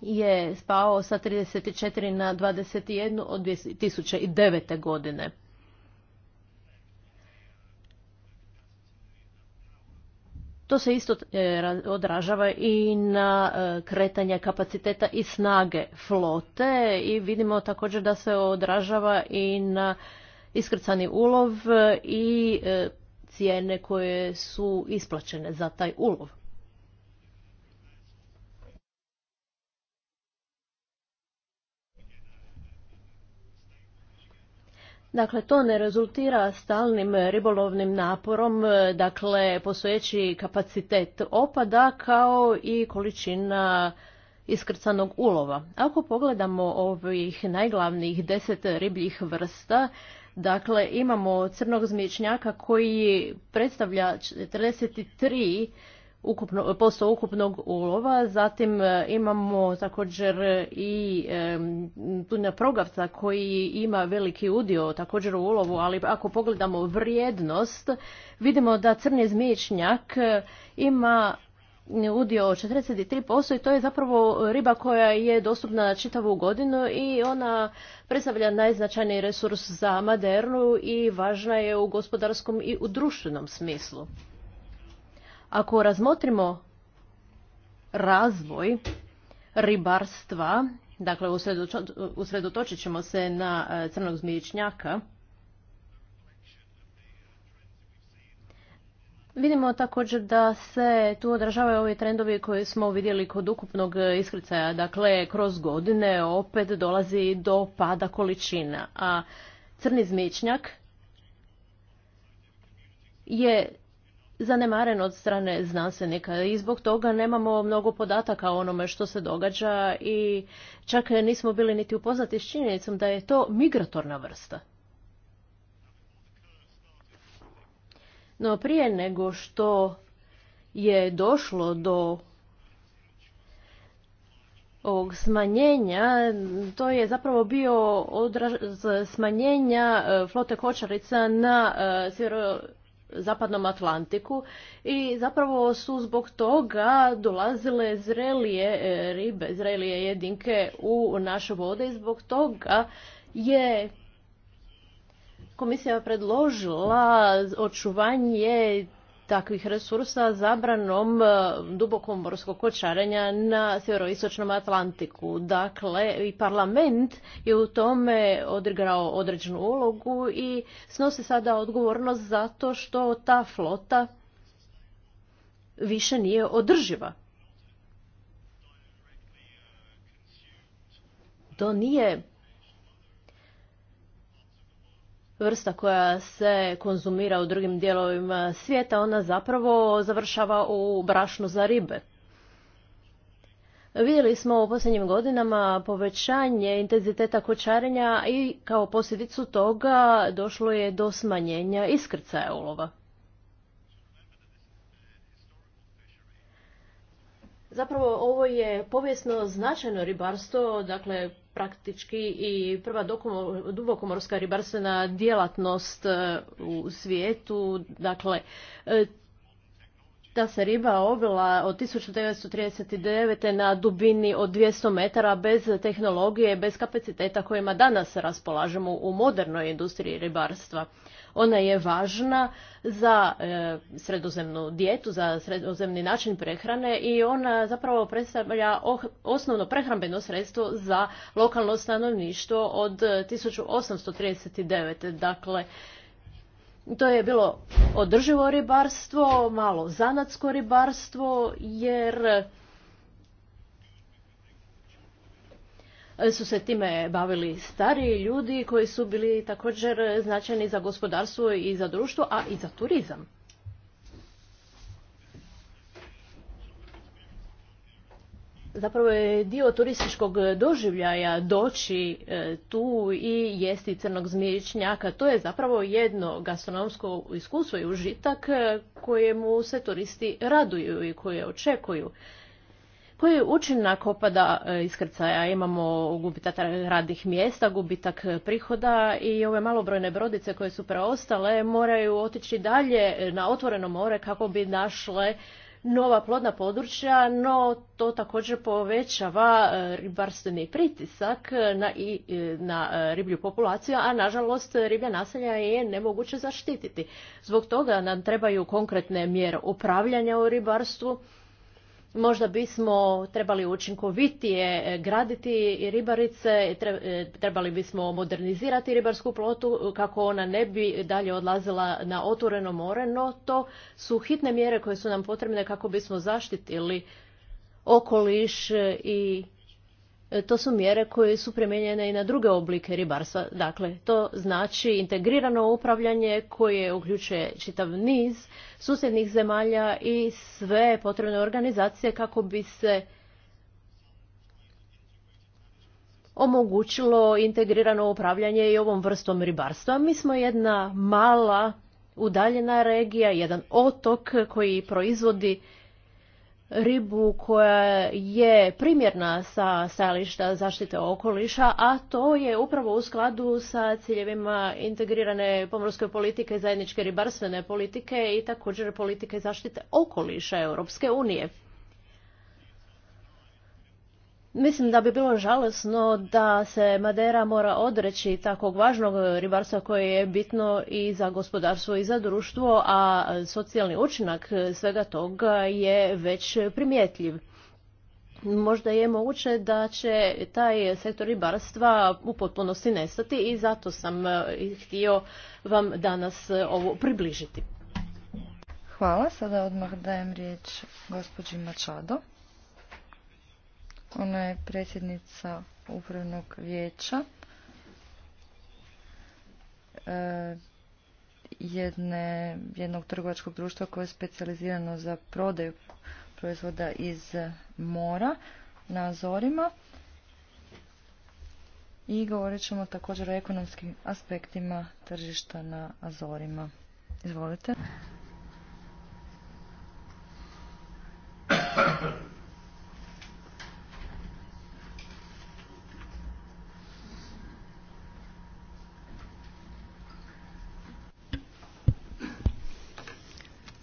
je spao sa 34 na 21 od 2009. godine. To se isto e, odražava i na e, kretanje kapaciteta i snage flote i vidimo također da se odražava i na iskrcani ulov i e, cijene koje su isplaćene za taj ulov. Dakle, to ne rezultira stalnim ribolovnim naporom, dakle, postojeći kapacitet opada kao i količina iskrcanog ulova. Ako pogledamo ovih najglavnijih deset ribljih vrsta, dakle, imamo crnog zmičnjaka koji predstavlja 43 ukupno, posto ukupnog ulova. Zatim e, imamo također i e, tunja progavca koji ima veliki udio također u ulovu, ali ako pogledamo vrijednost, vidimo da crni zmičnjak ima udio 43% i to je zapravo riba koja je dostupna čitavu godinu i ona predstavlja najznačajniji resurs za Madernu i važna je u gospodarskom i u društvenom smislu. Ako razmotrimo razvoj ribarstva, dakle usredotočit ćemo se na e, crnog zmijećnjaka, Vidimo također da se tu odražavaju ovi trendovi koje smo vidjeli kod ukupnog iskricaja. Dakle, kroz godine opet dolazi do pada količina. A crni zmičnjak je zanemaren od strane znanstvenika i zbog toga nemamo mnogo podataka o onome što se događa i čak nismo bili niti upoznati s činjenicom da je to migratorna vrsta. No prije nego što je došlo do ovog smanjenja, to je zapravo bio smanjenja e, flote kočarica na e, zapadnom Atlantiku i zapravo su zbog toga dolazile zrelije e, ribe, zrelije jedinke u naše vode i zbog toga je komisija predložila očuvanje takvih resursa zabranom e, dubokom morskog kočarenja na sjeveroistočnom Atlantiku. Dakle, i parlament je u tome odigrao određenu ulogu i snosi sada odgovornost zato što ta flota više nije održiva. To nije vrsta koja se konzumira u drugim dijelovima svijeta, ona zapravo završava u brašnu za ribe. Vidjeli smo u posljednjim godinama povećanje intenziteta kočarenja i kao posljedicu toga došlo je do smanjenja iskrcaja ulova. Zapravo ovo je povijesno značajno ribarstvo, dakle praktički i prva dubokomorska ribarstvena djelatnost e, u svijetu. Dakle, e, ta se riba obila od 1939. na dubini od 200 metara bez tehnologije, bez kapaciteta kojima danas raspolažemo u modernoj industriji ribarstva. Ona je važna za e, sredozemnu dijetu, za sredozemni način prehrane i ona zapravo predstavlja oh, osnovno prehrambeno sredstvo za lokalno stanovništvo od 1839. Dakle, to je bilo održivo ribarstvo, malo zanatsko ribarstvo, jer E, su se time bavili stariji ljudi koji su bili također značajni za gospodarstvo i za društvo, a i za turizam. Zapravo je dio turističkog doživljaja doći e, tu i jesti crnog zmijećnjaka. To je zapravo jedno gastronomsko iskustvo i užitak e, kojemu se turisti raduju i koje očekuju. Koji je učinak opada e, iskrcaja? Imamo gubitak radnih mjesta, gubitak e, prihoda i ove malobrojne brodice koje su preostale moraju otići dalje e, na otvoreno more kako bi našle nova plodna područja, no to također povećava ribarstveni pritisak na, i, na riblju populaciju, a nažalost riblja naselja je nemoguće zaštititi. Zbog toga nam trebaju konkretne mjere upravljanja u ribarstvu, Možda bismo trebali učinkovitije e, graditi ribarice, e, e, trebali bismo modernizirati ribarsku plotu kako ona ne bi dalje odlazila na otvoreno more, no to su hitne mjere koje su nam potrebne kako bismo zaštitili okoliš i E, to su mjere koje su primijenjene i na druge oblike ribarstva. Dakle, to znači integrirano upravljanje koje uključuje čitav niz susjednih zemalja i sve potrebne organizacije kako bi se omogućilo integrirano upravljanje i ovom vrstom ribarstva. Mi smo jedna mala udaljena regija, jedan otok koji proizvodi ribu koja je primjerna sa stajališta zaštite okoliša, a to je upravo u skladu sa ciljevima integrirane pomorske politike, zajedničke ribarstvene politike i također politike zaštite okoliša Europske unije. Mislim da bi bilo žalosno da se Madera mora odreći takvog važnog ribarstva koje je bitno i za gospodarstvo i za društvo, a socijalni učinak svega toga je već primjetljiv. Možda je moguće da će taj sektor ribarstva u potpunosti nestati i zato sam e, htio vam danas e, ovo približiti. Hvala, sada odmah dajem riječ gospođi Mačado. Ona je predsjednica upravnog vijeća e, jedne, jednog trgovačkog društva koje je specijalizirano za prodaju proizvoda iz mora na Azorima. I govorit ćemo također o ekonomskim aspektima tržišta na Azorima. Izvolite.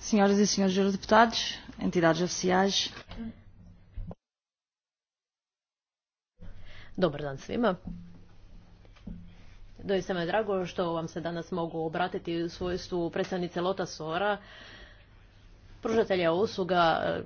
Senhoras e senhores deputados, entidades oficiais. Dobar dan svima. Doista me je drago što vam se danas mogu obratiti u svojstvu predstavnice Lota Sora, pružatelja usluga eh,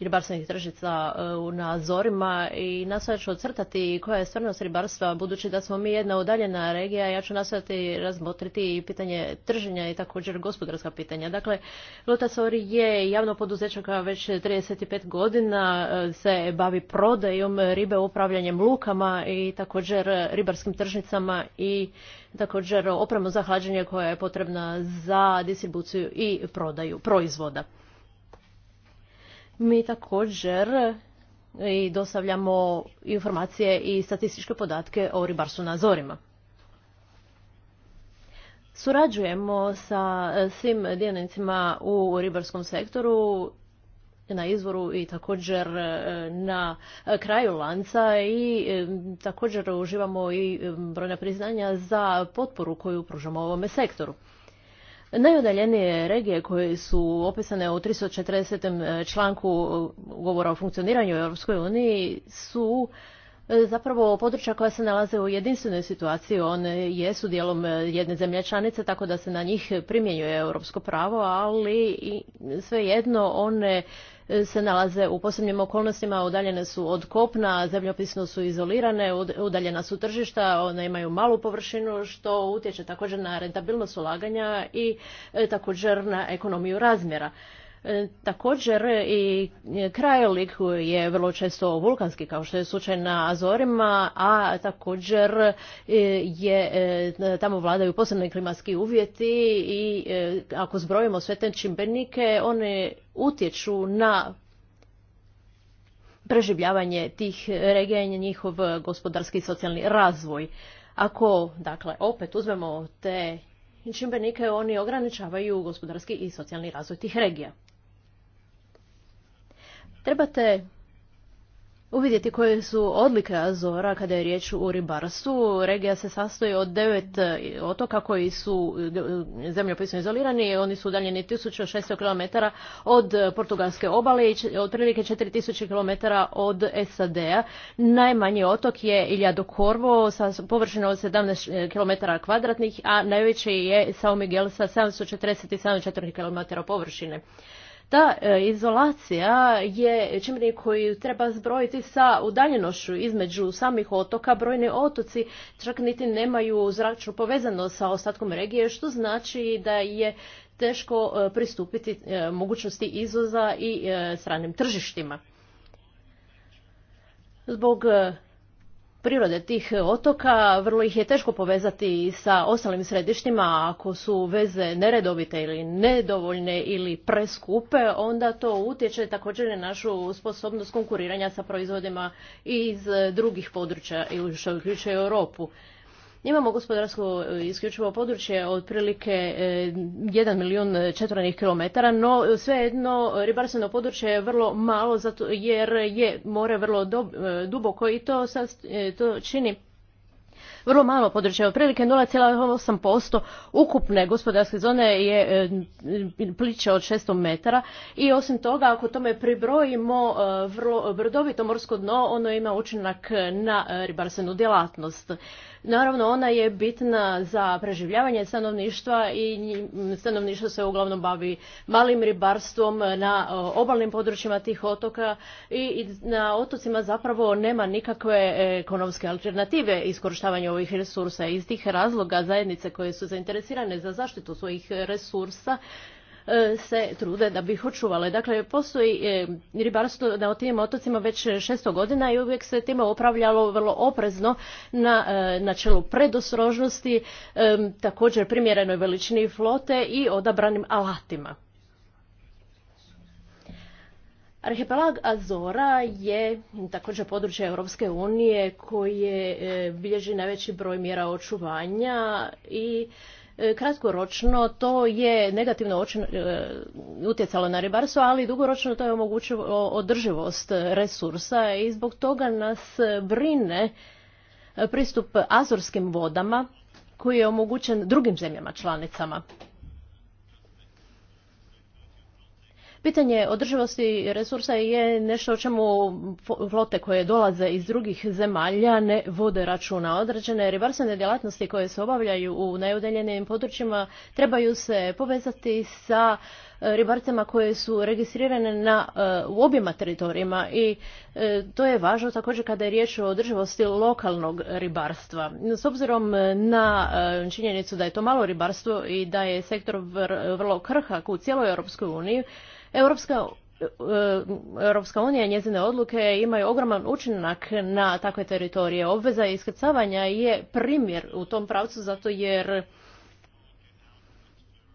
ribarstvenih tržica eh, u nazorima i nastojat ću ocrtati koja je stvarnost ribarstva, budući da smo mi jedna udaljena regija, ja ću nastojati razmotriti i pitanje trženja i također gospodarska pitanja. Dakle, Lutasori je javno poduzeće koja već 35 godina eh, se bavi prodajom ribe, upravljanjem lukama i također ribarskim tržnicama i također opremu za hlađenje koja je potrebna za distribuciju i prodaju proizvoda. Mi također eh, i dostavljamo informacije i statističke podatke o ribarstvu na Surađujemo sa eh, svim djenicima u ribarskom sektoru na izvoru i također eh, na kraju lanca i također uživamo i brojna priznanja za potporu koju pružamo ovome sektoru. Najudaljenije regije koje su opisane u 340. E, članku ugovora o funkcioniranju Europskoj uniji su e, zapravo područja koja se nalaze u jedinstvenoj situaciji. One jesu dijelom e, jedne zemlje članice, tako da se na njih primjenjuje europsko pravo, ali svejedno one E, se nalaze u posebnim okolnostima, udaljene su od kopna, zemljopisno su izolirane, udaljena su tržišta, one imaju malu površinu što utječe također na rentabilnost ulaganja i e, također na ekonomiju razmjera. E, također i krajolik je vrlo često vulkanski kao što je slučaj na Azorima, a također e, je e, tamo vladaju posebni klimatski uvjeti i ako zbrojimo sve te čimbenike, one utječu na preživljavanje tih regija i njihov gospodarski i socijalni razvoj. Ako, dakle, opet uzmemo te čimbenike, oni ograničavaju gospodarski i socijalni razvoj tih regija. Trebate uvidjeti koje su odlike Azora kada je riječ o ribarstvu. Regija se sastoji od devet otoka koji su eh, zemljopisno izolirani. Oni su udaljeni 1600 km od portugalske obale i otprilike 4000 km od SAD-a. Najmanji otok je Ilja do Corvo sa površinom od 17 eh, km kvadratnih, a najveći je Sao Miguel sa 747 km površine. Ta e, izolacija je čimbenik koji treba zbrojiti sa udaljenošću između samih otoka. Brojni otoci čak niti nemaju zračnu povezanost sa ostatkom regije, što znači da je teško e, pristupiti e, mogućnosti izvoza i stranim tržištima. Zbog prirode tih otoka, vrlo ih je teško povezati sa ostalim središtima. Ako su veze neredovite ili nedovoljne ili preskupe, onda to utječe također na našu sposobnost konkuriranja sa proizvodima iz drugih područja, što uključuje Europu. Imamo gospodarsko e, isključivo područje otprilike 1 e, milijun četvornih kilometara, no e, svejedno ribarstveno područje je vrlo malo zato jer je more vrlo duboko i to, to čini vrlo malo područje, otprilike 0,8% ukupne gospodarske zone je pliče od 600 metara i osim toga ako tome pribrojimo vrlo brdovito morsko dno, ono ima učinak na ribarstvenu djelatnost. Naravno, ona je bitna za preživljavanje stanovništva i stanovništvo se uglavnom bavi malim ribarstvom na obalnim područjima tih otoka i na otocima zapravo nema nikakve e, ekonomske alternative iskorištavanju ovih resursa. Iz tih razloga zajednice koje su zainteresirane za zaštitu svojih resursa E, se trude da bi ih očuvale. Dakle, postoji e, ribarstvo na tim otocima već šesto godina i uvijek se time opravljalo vrlo oprezno na e, načelu predosrožnosti, također primjerenoj veličini flote i odabranim alatima. Arhipelag Azora je također područje Europske unije koje bilježi najveći broj mjera očuvanja i E, kratkoročno to je negativno e, utjecalo na ribarstvo, ali dugoročno to je omogućilo održivost resursa i zbog toga nas brine pristup azorskim vodama koji je omogućen drugim zemljama članicama. Pitanje održivosti resursa je nešto o čemu flote koje dolaze iz drugih zemalja ne vode računa. Određene ribarstvene djelatnosti koje se obavljaju u najudeljenim područjima trebaju se povezati sa e, ribarcima koje su registrirane na, e, u objema teritorijima i e, to je važno također kada je riječ o održivosti lokalnog ribarstva. S obzirom na činjenicu da je to malo ribarstvo i da je sektor vrlo krhak u cijeloj Europskoj uniji, Europska e, Europska unija i njezine odluke imaju ogroman učinak na takve teritorije. Obveza iskrcavanja je primjer u tom pravcu zato jer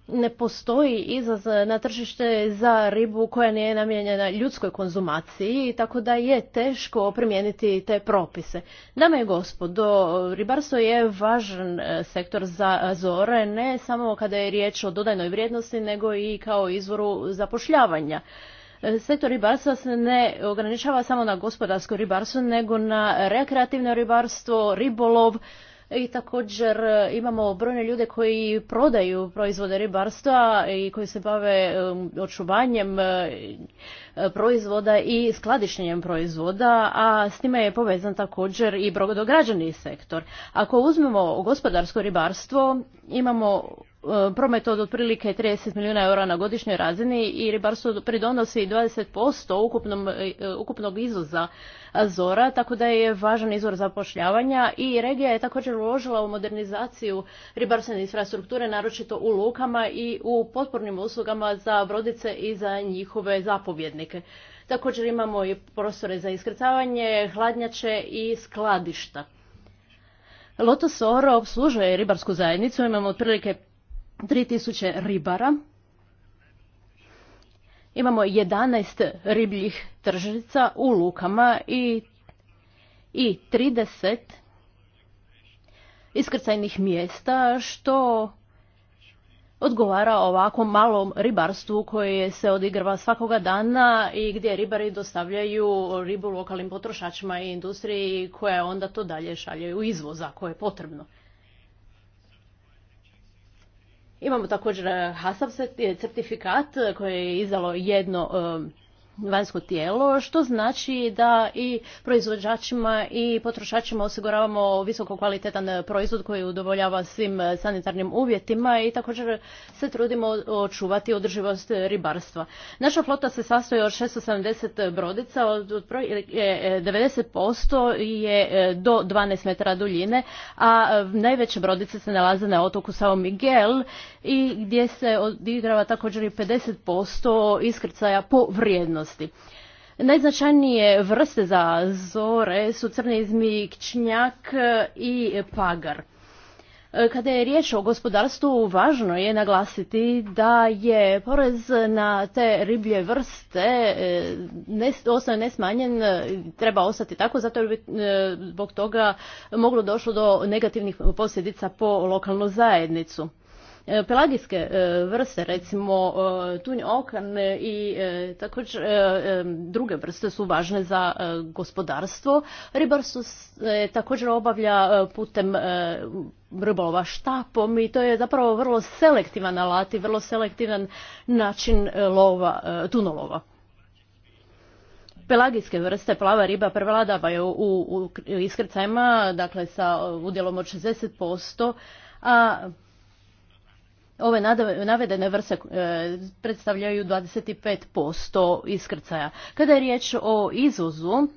ne postoji izlaz na tržište za ribu koja nije namijenjena ljudskoj konzumaciji, tako da je teško primijeniti te propise. Dame i gospodo, ribarstvo je važan e, sektor za zore, ne samo kada je riječ o dodajnoj vrijednosti, nego i kao izvoru zapošljavanja. E, sektor ribarstva se ne ograničava samo na gospodarsko ribarstvo, nego na rekreativno ribarstvo, ribolov, i također e, imamo brojne ljude koji prodaju proizvode ribarstva i koji se bave um, očuvanjem e, proizvoda i skladištenjem proizvoda, a s time je povezan također i brodograđani sektor. Ako uzmemo gospodarsko ribarstvo, imamo e, promet od otprilike 30 milijuna eura na godišnjoj razini i ribarstvo pridonosi 20% ukupnom, ukupnog izvoza Azora, tako da je važan izvor zapošljavanja i regija je također uložila u modernizaciju ribarske infrastrukture, naročito u lukama i u potpornim uslugama za brodice i za njihove zapovjednike. Također imamo i prostore za iskrcavanje, hladnjače i skladišta. Lotos Oro obslužuje ribarsku zajednicu, imamo otprilike 3000 ribara Imamo 11 ribljih tržnica u lukama i, trideset 30 iskrcajnih mjesta što odgovara ovakvom malom ribarstvu koje se odigrava svakoga dana i gdje ribari dostavljaju ribu lokalnim potrošačima i industriji koja onda to dalje šalje u izvoz ako je potrebno. Imamo također e, HASAP certifikat e, koje je izdalo jedno e, vanjsko tijelo, što znači da i proizvođačima i potrošačima osiguravamo visoko kvalitetan proizvod koji udovoljava svim sanitarnim uvjetima i također se trudimo očuvati održivost ribarstva. Naša flota se sastoji od 670 brodica, od 90% e, je e, do 12 metara duljine, a e, najveće brodice se nalaze na otoku Sao Miguel i gdje se odigrava također i 50% iskrcaja po vrijednosti. Najznačajnije vrste za zore su crni čnjak i pagar. Kada je riječ o gospodarstvu, važno je naglasiti da je porez na te riblje vrste e, ne, nesmanjen, treba ostati tako, zato je zbog toga moglo došlo do negativnih posljedica po lokalnu zajednicu. E, pelagijske e, vrste, recimo e, tunj okan i također druge vrste su važne za gospodarstvo. Ribarstvo se također obavlja putem ribolova štapom i to je zapravo vrlo selektivan alat i vrlo selektivan način lova, tunolova. Pelagijske vrste plava riba prevladavaju u, u iskrcajima, dakle sa udjelom od 60%, a ove navedene vrste e, predstavljaju 25% iskrcaja. Kada je riječ o izvozu,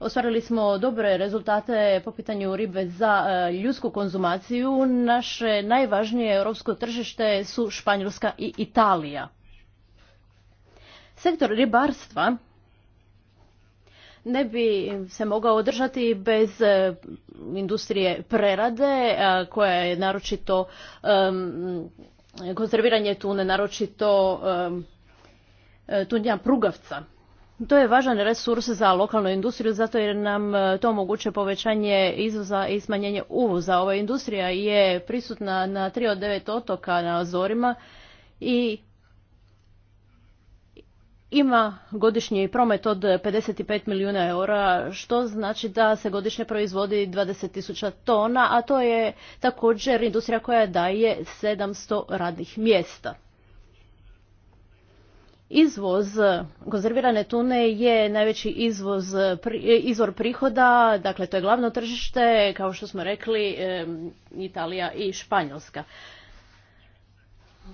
ostvarili smo dobre rezultate po pitanju ribe za e, ljudsku konzumaciju. Naše najvažnije europsko tržište su Španjolska i Italija. Sektor ribarstva ne bi se mogao održati bez e, industrije prerade e, koja je naročito konzerviranje tune, naročito e, tunja prugavca. To je važan resurs za lokalnu industriju zato jer nam to omogućuje povećanje izvoza i smanjenje uvoza. Ova industrija je prisutna na tri od devet otoka na Azorima i ima godišnji promet od 55 milijuna eura, što znači da se godišnje proizvodi 20 tisuća tona, a to je također industrija koja daje 700 radnih mjesta. Izvoz konzervirane tune je najveći izvoz, izvor prihoda, dakle to je glavno tržište, kao što smo rekli, Italija i Španjolska.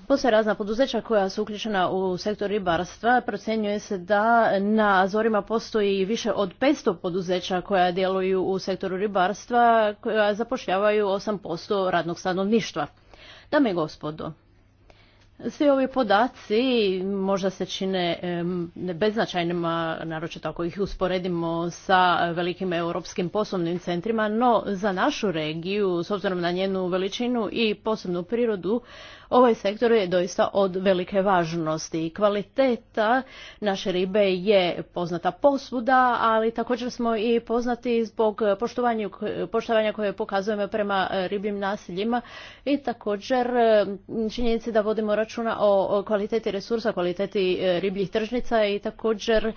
Postoje razna poduzeća koja su uključena u sektor ribarstva. Procjenjuje se da na Azorima postoji više od 500 poduzeća koja djeluju u sektoru ribarstva, koja zapošljavaju 8% radnog stanovništva. Dame i gospodo, svi ovi podaci možda se čine beznačajnima, naročito ako ih usporedimo sa velikim europskim poslovnim centrima, no za našu regiju, s obzirom na njenu veličinu i posebnu prirodu, Ovaj sektor je doista od velike važnosti i kvaliteta naše ribe je poznata posvuda, ali također smo i poznati zbog poštovanja koje pokazujemo prema ribljim nasiljima i također činjenici da vodimo računa o kvaliteti resursa, kvaliteti e, ribljih tržnica i također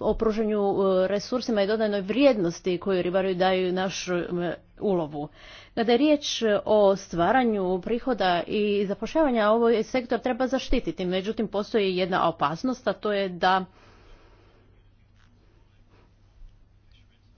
o pružanju e, resursima i dodanoj vrijednosti koju ribari daju našu ulovu. Kada je riječ o stvaranju prihoda i zapošljavanja, ovaj sektor treba zaštititi. Međutim, postoji jedna opasnost, a to je da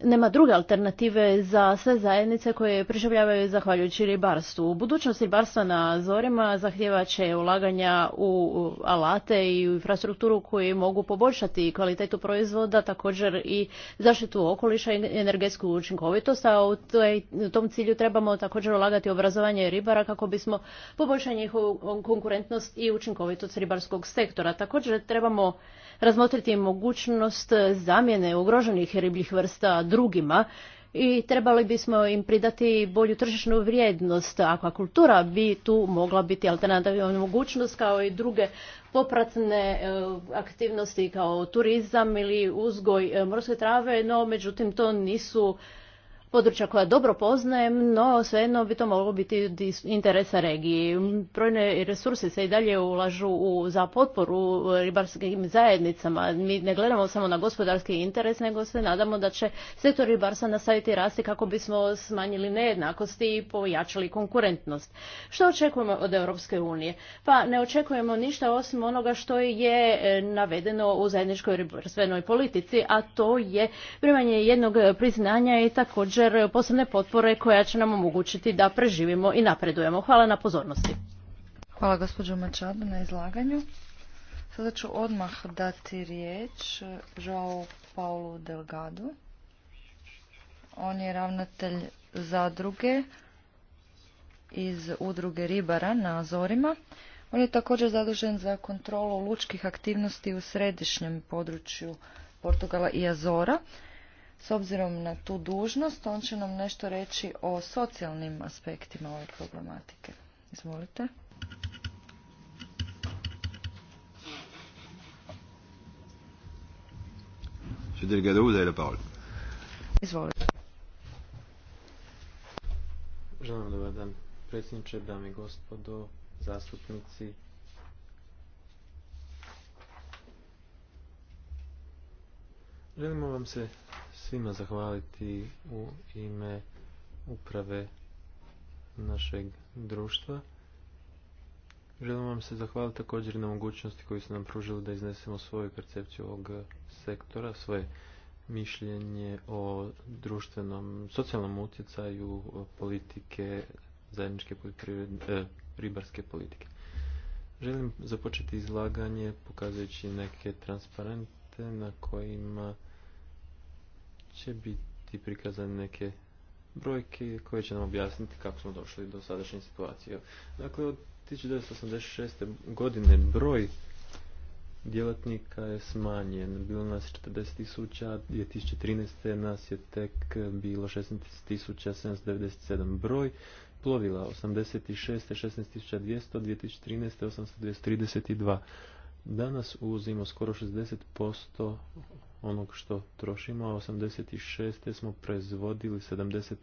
nema druge alternative za sve zajednice koje preživljavaju zahvaljujući ribarstvu. U ribarstva na Azorima zahtjeva će ulaganja u alate i u infrastrukturu koji mogu poboljšati kvalitetu proizvoda, također i zaštitu okoliša i energetsku učinkovitost, a u tom cilju trebamo također ulagati obrazovanje ribara kako bismo poboljšali njihovu konkurentnost i učinkovitost ribarskog sektora. Također trebamo razmotriti mogućnost zamjene ugroženih ribljih vrsta drugima i trebali bismo im pridati bolju tržišnu vrijednost. Akvakultura bi tu mogla biti alternativna mogućnost kao i druge popratne e, aktivnosti kao turizam ili uzgoj e, morske trave, no međutim to nisu područja koja dobro poznajem, no svejedno bi to moglo biti interesa regiji. Brojne resurse se i dalje ulažu za potporu ribarskim zajednicama. Mi ne gledamo samo na gospodarski interes, nego se nadamo da će sektor ribarstva nastaviti rasti kako bismo smanjili nejednakosti i pojačali konkurentnost. Što očekujemo od Europske unije? Pa ne očekujemo ništa osim onoga što je e, navedeno u zajedničkoj ribarstvenoj politici, a to je primanje jednog priznanja i također također e, posebne potpore koja će nam omogućiti da preživimo i napredujemo. Hvala na pozornosti. Hvala gospođo Mačado na izlaganju. Sada ću odmah dati riječ e, Joao Paulu Delgado. On je ravnatelj zadruge iz udruge ribara na Azorima. On je također zadužen za kontrolu lučkih aktivnosti u središnjem području Portugala i Azora. S obzirom na tu dužnost, on će nam nešto reći o socijalnim aspektima ove problematike. Izvolite. Izvolite. Želim dobar dan, predsjedniče, dame i gospodo, zastupnici. Želimo vam se svima zahvaliti u ime uprave našeg društva. Želim vam se zahvaliti također na mogućnosti koji ste nam pružili da iznesemo svoju percepciju ovog sektora, svoje mišljenje o društvenom, socijalnom utjecaju politike, zajedničke eh, ribarske politike. Želim započeti izlaganje pokazujući neke transparente na kojima će biti prikazane neke brojke koje će nam objasniti kako smo došli do sadašnje situacije. Dakle, od 1986. godine broj djelatnika je smanjen. Bilo nas 40.000, 2013. nas je tek bilo 16.797 broj. Plovila 86. 16.200, 2013. 832. Danas uzimo skoro 60% onog što trošimo, a 86. smo proizvodili 70%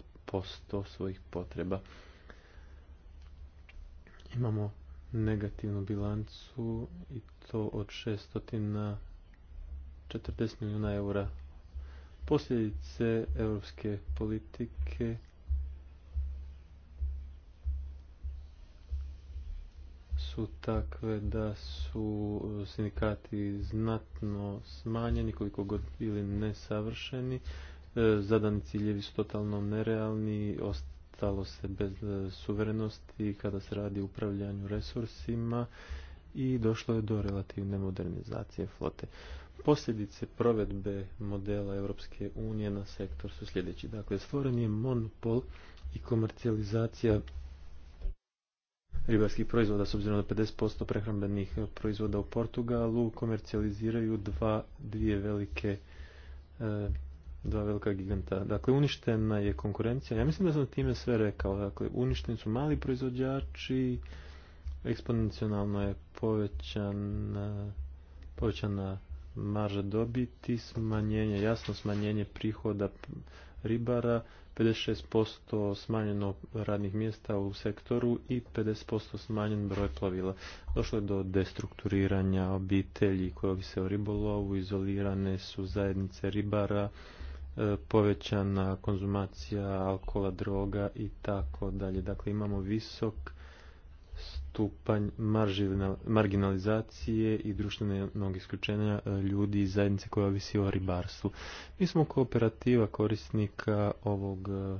svojih potreba. Imamo negativnu bilancu i to od 640 milijuna eura. Posljedice europske politike su takve da su e, sindikati znatno smanjeni, koliko god bili nesavršeni. E, zadani ciljevi su totalno nerealni, ostalo se bez e, suverenosti kada se radi o upravljanju resursima i došlo je do relativne modernizacije flote. Posljedice provedbe modela Europske unije na sektor su sljedeći. Dakle, stvoren je monopol i komercijalizacija ribarskih proizvoda, s obzirom da 50% prehrambenih proizvoda u Portugalu komercijaliziraju dva, dvije velike e, dva velika giganta. Dakle, uništena je konkurencija. Ja mislim da sam time sve rekao. Dakle, uništeni su mali proizvođači, eksponencionalno je povećana, povećana marža dobiti, smanjenje, jasno smanjenje prihoda ribara 56% smanjeno radnih mjesta u sektoru i 50% smanjen broj plovila. Došlo je do destrukturiranja obitelji koje se u ribolovu, izolirane su zajednice ribara, e, povećana konzumacija alkohola, droga i tako dalje. Dakle, imamo visok stupanj marginalizacije i društvenog isključenja e, ljudi iz zajednice koja ovisi o ribarstvu. Mi smo kooperativa korisnika ovog e,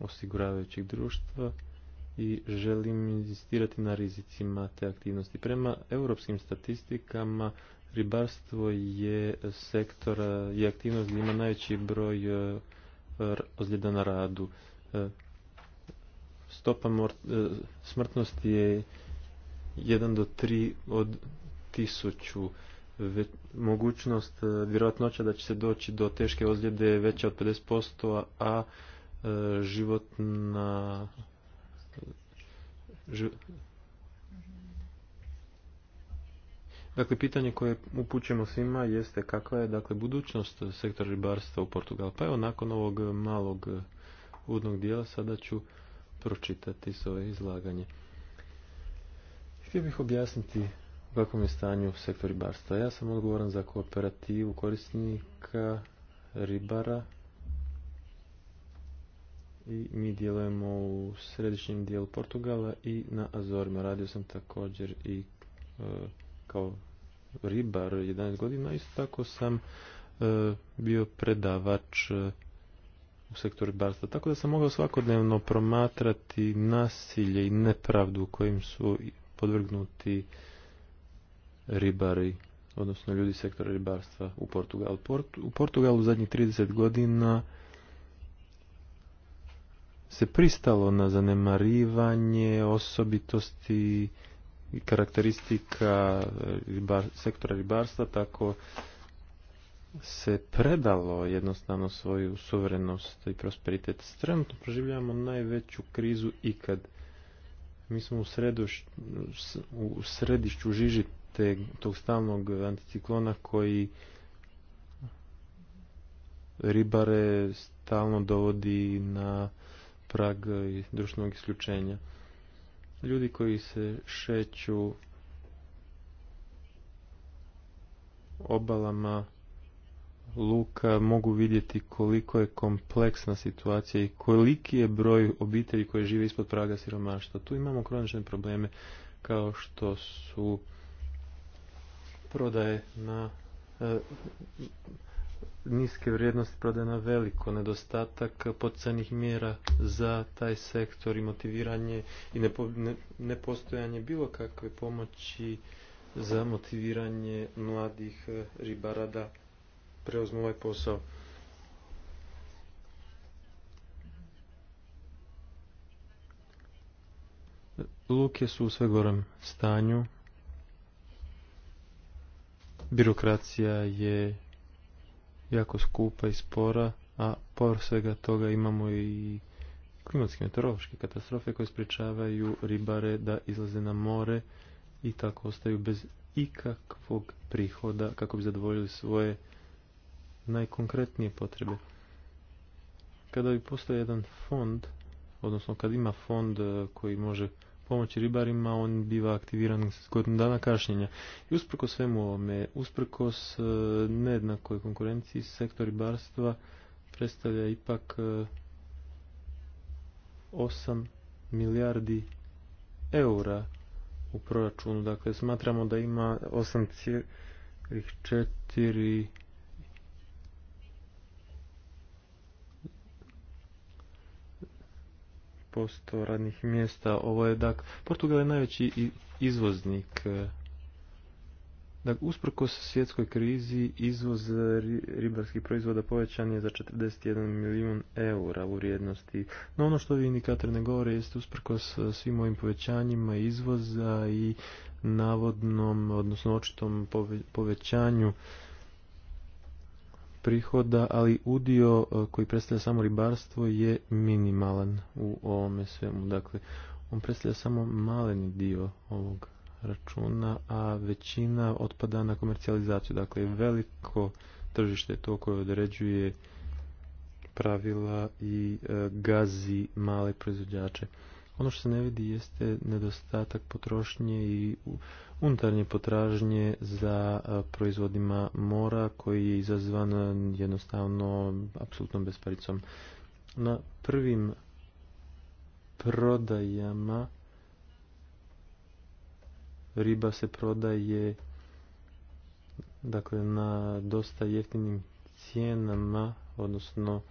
osiguravajućeg društva i želim inzistirati na rizicima te aktivnosti. Prema europskim statistikama ribarstvo je sektor i e, aktivnost gdje ima najveći broj ozljeda na radu stopa e, smrtnosti je 1 do 3 od tisuću. mogućnost e, vjerojatnoća da će se doći do teške ozljede veća od 50%, a život e, životna Dakle, pitanje koje upućujemo svima jeste kakva je dakle, budućnost sektora ribarstva u Portugalu. Pa evo, nakon ovog malog udnog dijela sada ću pročitati svoje izlaganje. Htio bih objasniti u kakvom je stanju sektor ribarstva. Ja sam odgovoran za kooperativu korisnika ribara i mi djelujemo u središnjem dijelu Portugala i na Azorima. Radio sam također i e, kao ribar 11 godina, isto tako sam e, bio predavač e, u sektoru ribarstva. Tako da sam mogao svakodnevno promatrati nasilje i nepravdu kojim su podvrgnuti ribari, odnosno ljudi sektora ribarstva u Portugalu. U Portugalu zadnjih 30 godina se pristalo na zanemarivanje osobitosti i karakteristika sektora ribarstva, tako se predalo jednostavno svoju suverenost i prosperitet. Trenutno proživljavamo najveću krizu ikad. Mi smo u, u središću žiži tog stalnog anticiklona koji ribare stalno dovodi na prag društvenog isključenja. Ljudi koji se šeću obalama luka mogu vidjeti koliko je kompleksna situacija i koliki je broj obitelji koje žive ispod praga siromaštva. Tu imamo kronične probleme kao što su prodaje na e, niske vrijednosti prodaje na veliko, nedostatak pocanih mjera za taj sektor i motiviranje i nepostojanje bilo kakve pomoći za motiviranje mladih e, ribarada preuzmu ovaj posao. Luke su u sve gorem stanju. Birokracija je jako skupa i spora, a por svega toga imamo i klimatske meteorološke katastrofe koje spričavaju ribare da izlaze na more i tako ostaju bez ikakvog prihoda kako bi zadovoljili svoje najkonkretnije potrebe. Kada bi postao jedan fond, odnosno kad ima fond e, koji može pomoći ribarima, on biva aktiviran s godinu dana kašnjenja. I usprko svemu ovome, usprkos e, nejednakoj konkurenciji, sektor ribarstva predstavlja ipak 8 e, milijardi eura u proračunu. Dakle, smatramo da ima 8,4 posto radnih mjesta. Ovo je, dak, Portugal je najveći izvoznik. E, dak, usprkos svjetskoj krizi, izvoz ribarskih proizvoda povećan je za 41 milijun eura u vrijednosti. No ono što vi indikatori ne govore jeste usprkos e, svim ovim povećanjima izvoza i navodnom, odnosno očitom povećanju prihoda, ali udio e, koji predstavlja samo ribarstvo je minimalan u ovome svemu. Dakle, on predstavlja samo maleni dio ovog računa, a većina otpada na komercijalizaciju. Dakle, veliko tržište je to koje određuje pravila i e, gazi male proizvođače. Ono što se ne vidi jeste nedostatak potrošnje i unutarnje potražnje za proizvodima mora koji je izazvan jednostavno apsolutnom besparicom. Na prvim prodajama riba se prodaje dakle na dosta jeftinim cijenama odnosno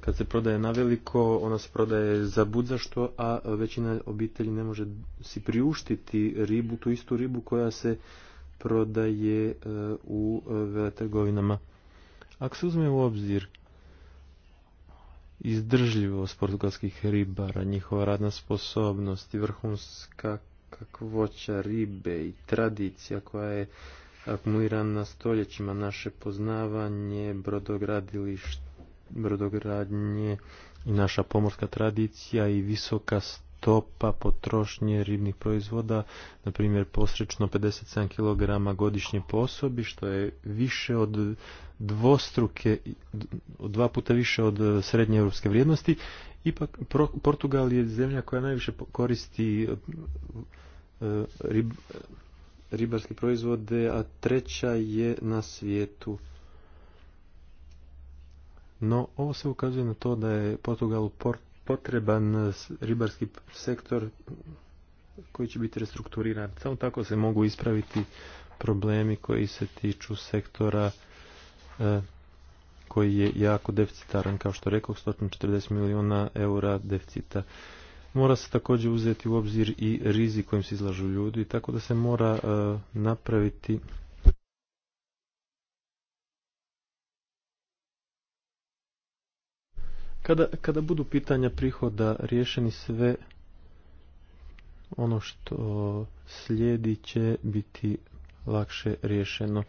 kad se prodaje na veliko, ona se prodaje za budzašto, a većina obitelji ne može si priuštiti ribu, tu istu ribu koja se prodaje e, u e, veletrgovinama. Ako se uzme u obzir izdržljivost portugalskih ribara, njihova radna sposobnost i vrhunska kakvoća ribe i tradicija koja je akumulirana stoljećima naše poznavanje, brodogradilište, brodogradnje i naša pomorska tradicija i visoka stopa potrošnje ribnih proizvoda, na primjer posrečno 57 kg godišnje po osobi, što je više od dvostruke, dva puta više od srednje europske vrijednosti. Ipak Portugal je zemlja koja najviše koristi e, ribarske proizvode, a treća je na svijetu. No, ovo se ukazuje na to da je Portugalu potreban ribarski sektor koji će biti restrukturiran. Samo tako se mogu ispraviti problemi koji se tiču sektora e, koji je jako deficitaran, kao što rekao, 140 milijuna eura deficita. Mora se također uzeti u obzir i rizik kojim se izlažu ljudi, tako da se mora e, napraviti Kada, kada budu pitanja prihoda riješeni sve, ono što slijedi će biti lakše riješeno.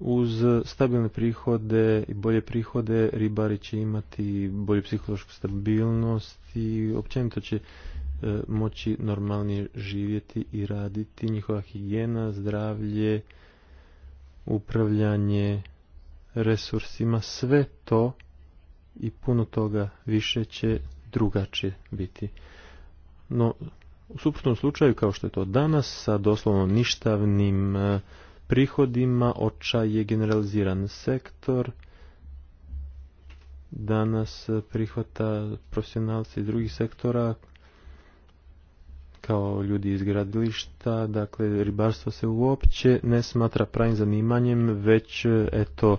Uz stabilne prihode i bolje prihode ribari će imati bolju psihološku stabilnost i općenito će e, moći normalnije živjeti i raditi. Njihova higijena, zdravlje, upravljanje resursima, sve to i puno toga više će drugačije biti. No, u suprotnom slučaju, kao što je to danas, sa doslovno ništavnim e, prihodima, očaj je generaliziran sektor, danas e, prihvata profesionalci iz drugih sektora, kao ljudi iz gradilišta, dakle ribarstvo se uopće ne smatra pravim zanimanjem, već e, eto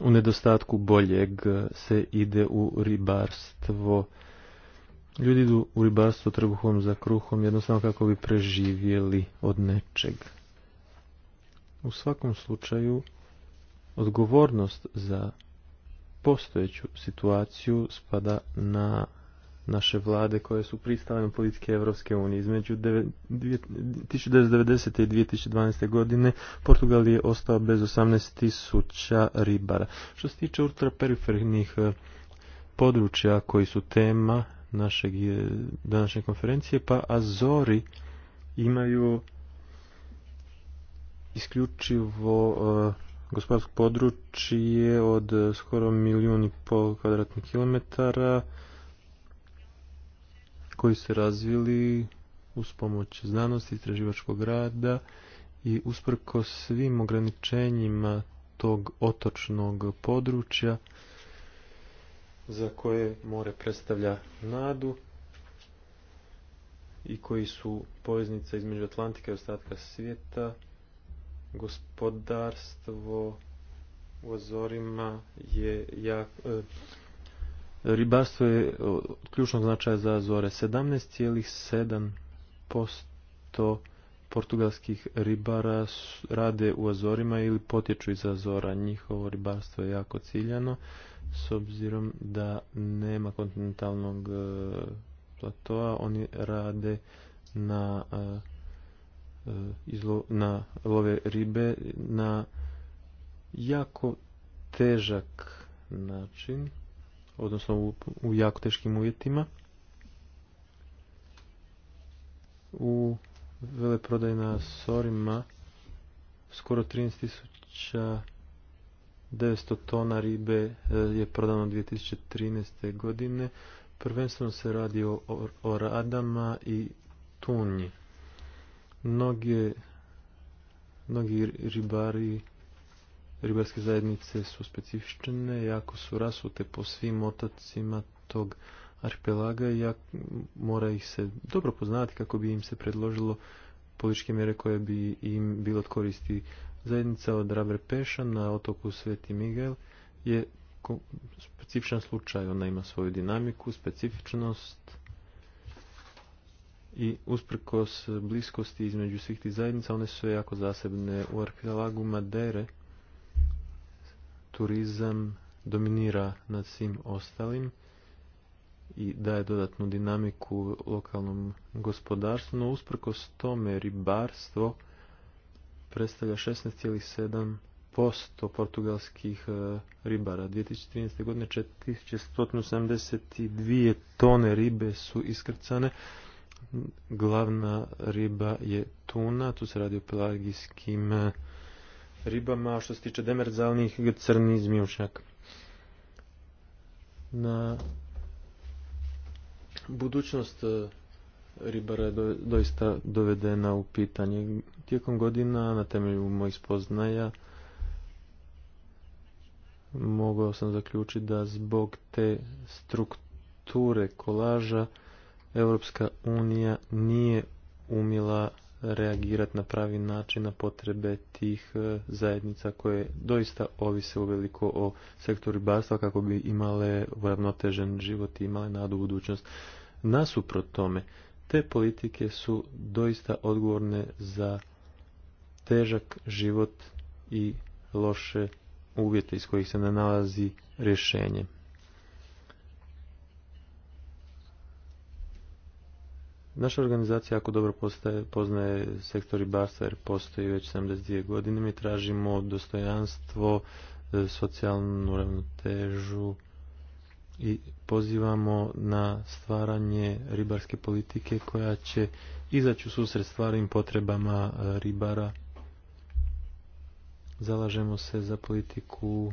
u nedostatku boljeg se ide u ribarstvo. Ljudi idu u ribarstvo trbuhom za kruhom, jednostavno kako bi preživjeli od nečeg. U svakom slučaju, odgovornost za postojeću situaciju spada na naše vlade koje su pristale na politike Europske unije. Između 1990. i 2012. godine Portugal je ostao bez 18.000 ribara. Što se tiče ultraperifernih eh, područja koji su tema našeg eh, današnje konferencije, pa Azori imaju isključivo eh, gospodarsko područje od skoro milijun i pol kvadratnih kilometara koji se razvili uz pomoć znanosti, istraživačkog rada i usprko svim ograničenjima tog otočnog područja za koje more predstavlja nadu i koji su poveznica između Atlantika i ostatka svijeta, gospodarstvo u ozorima je jako Ribarstvo je e, od ključnog značaja za Azore. 17,7% portugalskih ribara rade u Azorima ili potječu iz Azora. Njihovo ribarstvo je jako ciljano s obzirom da nema kontinentalnog e, platoa. Oni rade na, e, na love ribe na jako težak način odnosno u, u jako teškim uvjetima. U veleprodajna na Sorima skoro 13.900 tona ribe e, je prodano 2013. godine. Prvenstveno se radi o, radama i tunji. mnogi ribari ribarske zajednice su specifične, jako su rasute po svim otacima tog arhipelaga i mora ih se dobro poznati kako bi im se predložilo političke mjere koje bi im bilo koristi. Zajednica od Rabre Peša na otoku Sveti Miguel je specifičan slučaj, ona ima svoju dinamiku, specifičnost i usprkos bliskosti između svih tih zajednica one su jako zasebne u arhipelagu Madere turizam dominira nad svim ostalim i daje dodatnu dinamiku lokalnom gospodarstvu, no usprkos tome ribarstvo predstavlja 16,7% portugalskih e, ribara. 2013. godine 4172 tone ribe su iskrcane. Glavna riba je tuna, tu se radi o pelagijskim e, ribama, što se tiče demerzalnih crni zmijušnjak. Na budućnost e, ribara je doista dovedena u pitanje. Tijekom godina, na temelju mojih spoznaja, mogao sam zaključiti da zbog te strukture kolaža Europska unija nije umjela reagirati na pravi način na potrebe tih e, zajednica koje doista ovise veliko o sektoru ribarstva kako bi imale uravnotežen život i imale nadu u budućnost. Nasuprot tome, te politike su doista odgovorne za težak život i loše uvjete iz kojih se ne nalazi rješenje. Naša organizacija ako dobro poznaje sektor ribarstva jer postoji već 72 godine. Mi tražimo dostojanstvo, e, socijalnu ravnotežu i pozivamo na stvaranje ribarske politike koja će izaći u susret stvarnim potrebama e, ribara. Zalažemo se za politiku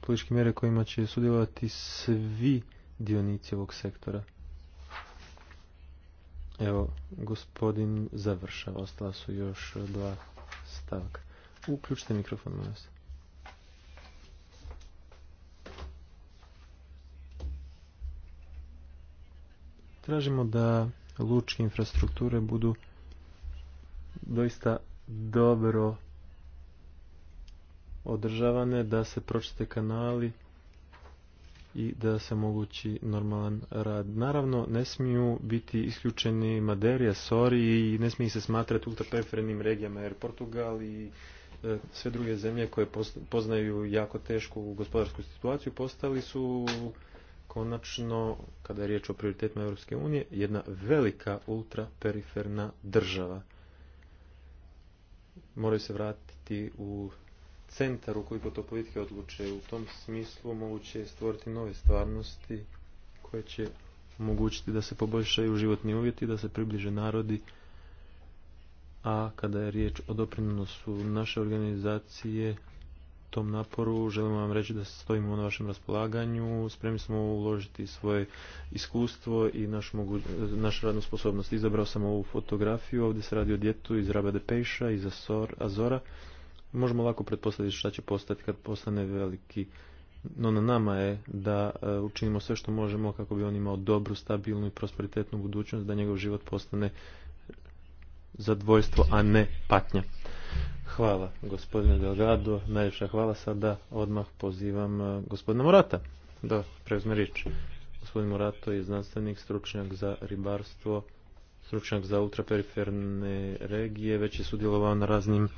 političke mjere kojima će sudjelovati svi dionici ovog sektora. Evo, gospodin završava, ostala su još dva stavka. Uključite mikrofon, molim Tražimo da lučke infrastrukture budu doista dobro održavane, da se pročite kanali i da se mogući normalan rad. Naravno, ne smiju biti isključeni Maderija, Sori i ne smiju se smatrati ultraperifernim regijama jer Portugal i e, sve druge zemlje koje poznaju jako tešku gospodarsku situaciju postali su konačno, kada je riječ o prioritetima Europske unije, jedna velika ultraperiferna država. Moraju se vratiti u centar u to politike odluče. U tom smislu moguće je stvoriti nove stvarnosti koje će omogućiti da se poboljšaju životni uvjeti, da se približe narodi, a kada je riječ o doprinosu naše organizacije tom naporu, želimo vam reći da stojimo na vašem raspolaganju, spremni smo uložiti svoje iskustvo i našu, našu radnu sposobnost. Izabrao sam ovu fotografiju, ovdje se radi o djetu iz Rabade Pejša, iz Azora, možemo lako pretpostaviti šta će postati kad postane veliki no na nama je da e, učinimo sve što možemo kako bi on imao dobru, stabilnu i prosperitetnu budućnost, da njegov život postane zadvojstvo, a ne patnja. Hvala gospodine Delgado, najljepša hvala sada, odmah pozivam e, gospodina Morata da preuzme riječ. Gospodin Morato je znanstvenik, stručnjak za ribarstvo, stručnjak za ultraperiferne regije, već je sudjelovao na raznim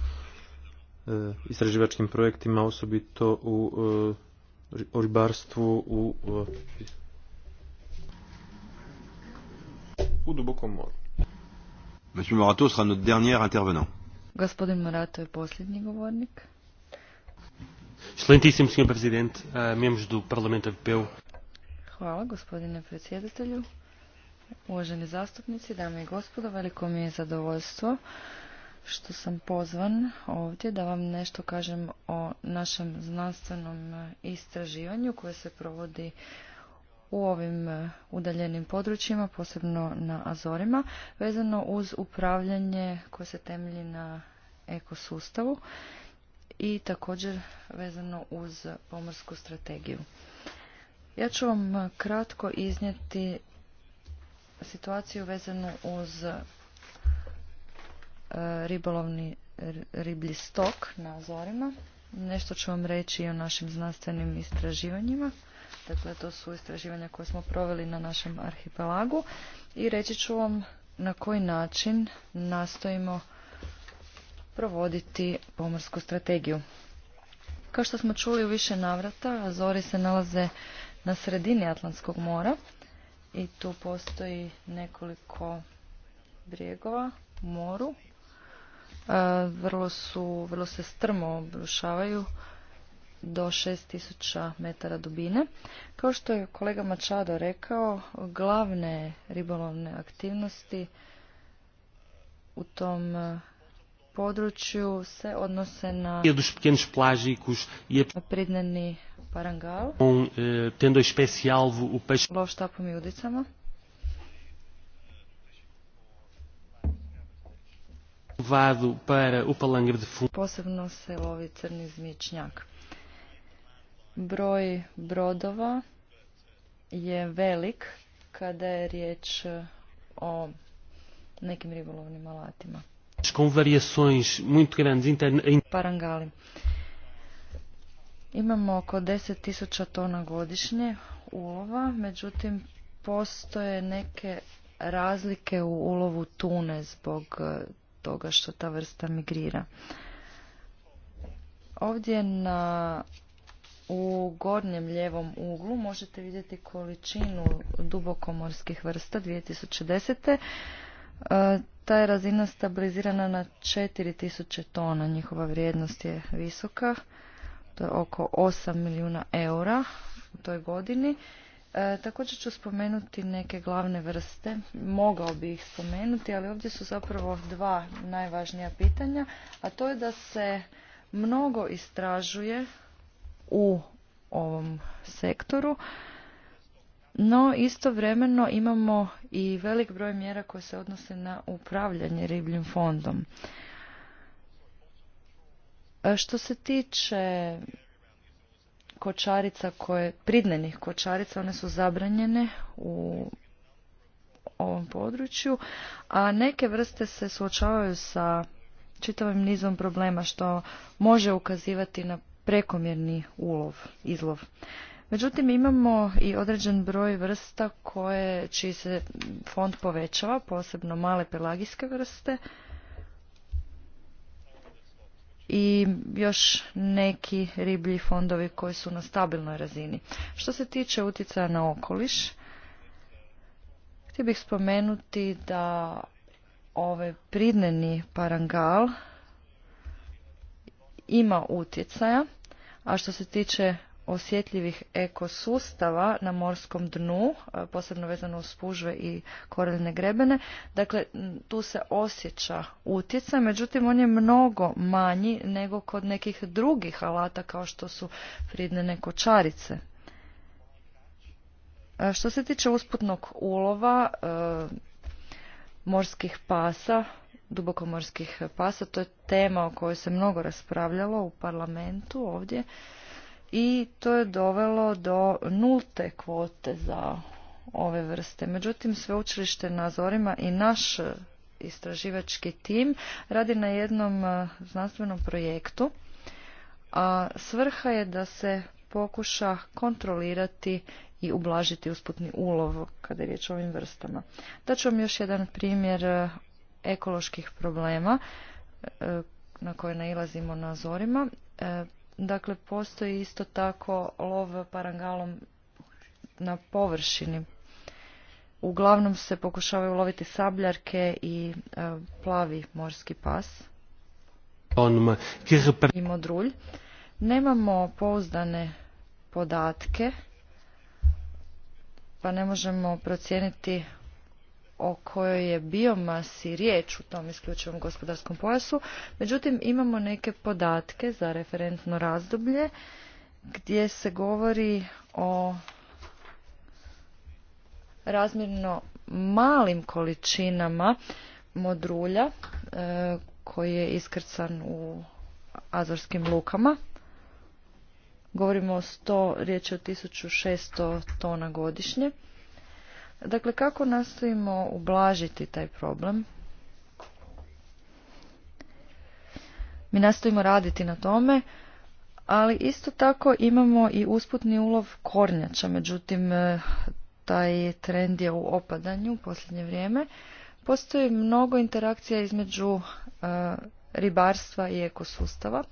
E, istraživačkim projektima, osobito u e, ribarstvu u, u dubokom moru. Monsieur Morato sera notre dernier intervenant. Gospodin Morato je posljednji govornik. Excelentíssimo senhor presidente, eh, membros do Parlamento Hvala gospodine predsjedatelju. Uvaženi zastupnici, dame i gospodo, veliko mi je zadovoljstvo što sam pozvan ovdje da vam nešto kažem o našem znanstvenom istraživanju koje se provodi u ovim udaljenim područjima, posebno na Azorima, vezano uz upravljanje koje se temelji na ekosustavu i također vezano uz pomorsku strategiju. Ja ću vam kratko iznijeti situaciju vezanu uz E, ribolovni riblji stok na Azorima. Nešto ću vam reći i o našim znanstvenim istraživanjima. Dakle, to su istraživanja koje smo proveli na našem arhipelagu. I reći ću vam na koji način nastojimo provoditi pomorsku strategiju. Kao što smo čuli u više navrata, Azori se nalaze na sredini Atlantskog mora i tu postoji nekoliko brijegova moru vrlo su, vrlo se strmo obrušavaju do 6000 metara dubine. Kao što je kolega Mačado rekao, glavne ribolovne aktivnosti u tom području se odnose na e, e pridneni parangal, lov štapom i udicama. vado para o palangre de fundo. Posebno se lovi crni zmičnjak. Broj brodova je velik kada je riječ o nekim ribolovnim alatima. Com variações muito grandes Parangali. Imamo oko 10.000 tona godišnje ulova, međutim postoje neke razlike u ulovu tune zbog toga što ta vrsta migrira. Ovdje na u gornjem ljevom uglu možete vidjeti količinu dubokomorskih vrsta 2010. E, ta je razina stabilizirana na 4000 tona. Njihova vrijednost je visoka. To je oko 8 milijuna eura u toj godini. E, također ću spomenuti neke glavne vrste, mogao bih ih spomenuti, ali ovdje su zapravo dva najvažnija pitanja, a to je da se mnogo istražuje u ovom sektoru, no istovremeno imamo i velik broj mjera koje se odnose na upravljanje ribljim fondom. E, što se tiče kočarica koje, pridnenih kočarica, one su zabranjene u ovom području, a neke vrste se suočavaju sa čitavim nizom problema što može ukazivati na prekomjerni ulov, izlov. Međutim, imamo i određen broj vrsta koje, čiji se fond povećava, posebno male pelagijske vrste, i još neki riblji fondovi koji su na stabilnoj razini. Što se tiče utjecaja na okoliš, htio bih spomenuti da ovaj pridneni parangal ima utjecaja, a što se tiče osjetljivih ekosustava na morskom dnu, e, posebno vezano uz spužve i koraljne grebene. Dakle, tu se osjeća utjecaj, međutim on je mnogo manji nego kod nekih drugih alata kao što su fridnene kočarice. E, što se tiče usputnog ulova e, morskih pasa, dubokomorskih pasa, to je tema o kojoj se mnogo raspravljalo u parlamentu ovdje i to je dovelo do nulte kvote za ove vrste. Međutim, sveučilište na Zorima i naš istraživački tim radi na jednom eh, znanstvenom projektu, a svrha je da se pokuša kontrolirati i ublažiti usputni ulov kada je riječ o ovim vrstama. ću vam još jedan primjer eh, ekoloških problema eh, na koje nailazimo na Zorima. Dakle, postoji isto tako lov parangalom na površini. Uglavnom se pokušavaju loviti sabljarke i e, plavi morski pas i modrulj. Nemamo pouzdane podatke, pa ne možemo procijeniti o kojoj je biomasi riječ u tom isključivom gospodarskom pojasu. Međutim, imamo neke podatke za referentno razdoblje gdje se govori o razmjerno malim količinama modrulja e, koji je iskrcan u azorskim lukama. Govorimo o 100, riječ je o 1600 tona godišnje. Dakle, kako nastojimo ublažiti taj problem? Mi nastojimo raditi na tome, ali isto tako imamo i usputni ulov kornjača, međutim eh, taj trend je u opadanju u posljednje vrijeme. Postoji mnogo interakcija između eh, ribarstva i ekosustava.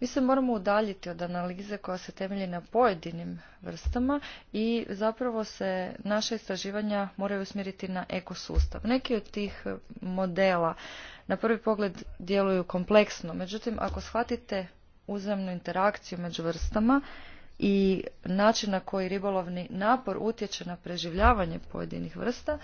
Mi se moramo udaljiti od analize koja se temelji na pojedinim vrstama i zapravo se naše istraživanja moraju usmjeriti na ekosustav. Neki od tih modela na prvi pogled djeluju kompleksno, međutim ako shvatite uzemnu interakciju među vrstama i način na koji ribolovni napor utječe na preživljavanje pojedinih vrsta,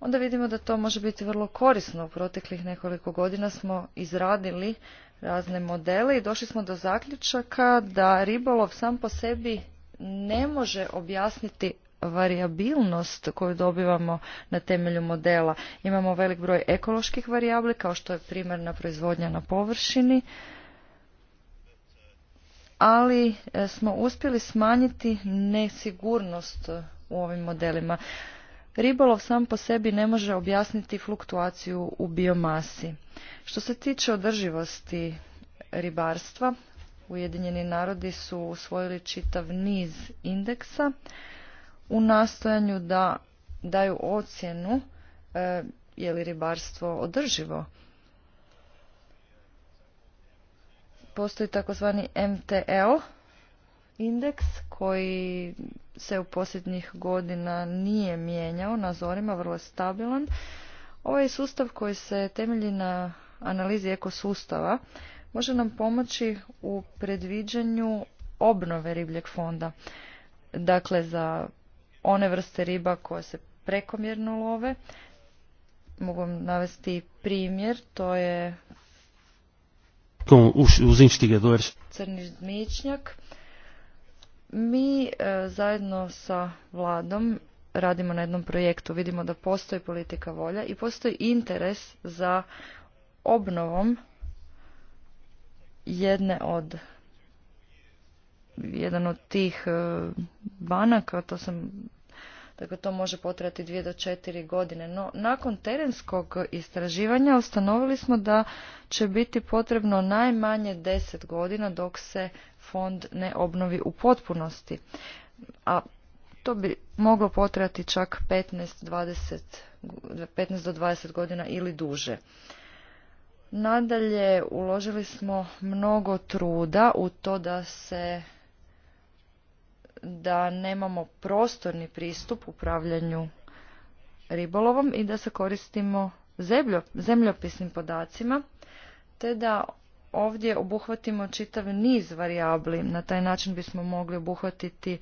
onda vidimo da to može biti vrlo korisno. U proteklih nekoliko godina smo izradili razne modele i došli smo do zaključaka da ribolov sam po sebi ne može objasniti varijabilnost koju dobivamo na temelju modela. Imamo velik broj ekoloških varijabli kao što je primarna proizvodnja na površini, ali e, smo uspjeli smanjiti nesigurnost u ovim modelima. Ribolov sam po sebi ne može objasniti fluktuaciju u biomasi. Što se tiče održivosti ribarstva, Ujedinjeni narodi su usvojili čitav niz indeksa u nastojanju da daju ocjenu e, je li ribarstvo održivo. Postoji takozvani MTL, indeks koji se u posljednjih godina nije mijenjao na zorima, vrlo stabilan. Ovaj sustav koji se temelji na analizi ekosustava. Može nam pomoći u predviđanju obnove ribljeg fonda. Dakle, za one vrste riba koje se prekomjerno love, mogu vam navesti primjer, to je crni zmičnjak mi e, zajedno sa vladom radimo na jednom projektu, vidimo da postoji politika volja i postoji interes za obnovom jedne od jedan od tih e, banaka, to sam dakle to može potrati dvije do četiri godine. No, nakon terenskog istraživanja ustanovili smo da će biti potrebno najmanje deset godina dok se fond ne obnovi u potpunosti. A to bi moglo potrati čak 15, do 20 godina ili duže. Nadalje, uložili smo mnogo truda u to da se da nemamo prostorni pristup upravljanju ribolovom i da se koristimo zemljopisnim podacima, te da ovdje obuhvatimo čitav niz varijabli. Na taj način bismo mogli obuhvatiti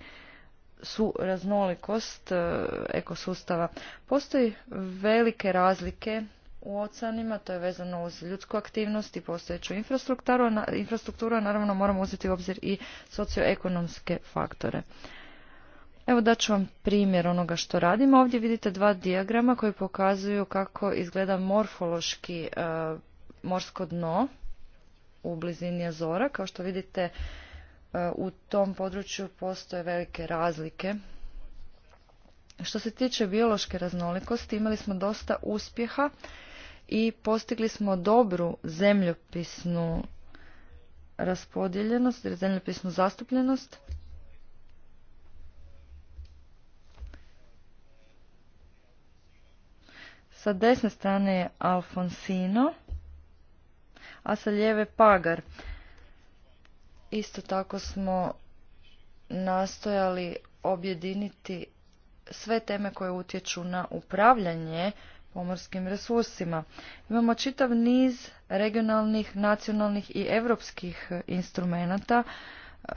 su raznolikost e, ekosustava. Postoji velike razlike u oceanima, to je vezano uz ljudsku aktivnost i postojeću infrastrukturu, a, naravno moramo uzeti u obzir i socioekonomske faktore. Evo ću vam primjer onoga što radimo. Ovdje vidite dva dijagrama koji pokazuju kako izgleda morfološki e, morsko dno u blizini Azora. Kao što vidite, e, u tom području postoje velike razlike. Što se tiče biološke raznolikosti, imali smo dosta uspjeha i postigli smo dobru zemljopisnu raspodjeljenost ili zemljopisnu zastupljenost. Sa desne strane je Alfonsino a sa lijeve Pagar. Isto tako smo nastojali objediniti sve teme koje utječu na upravljanje pomorskim resursima. Imamo čitav niz regionalnih, nacionalnih i europskih instrumenata e,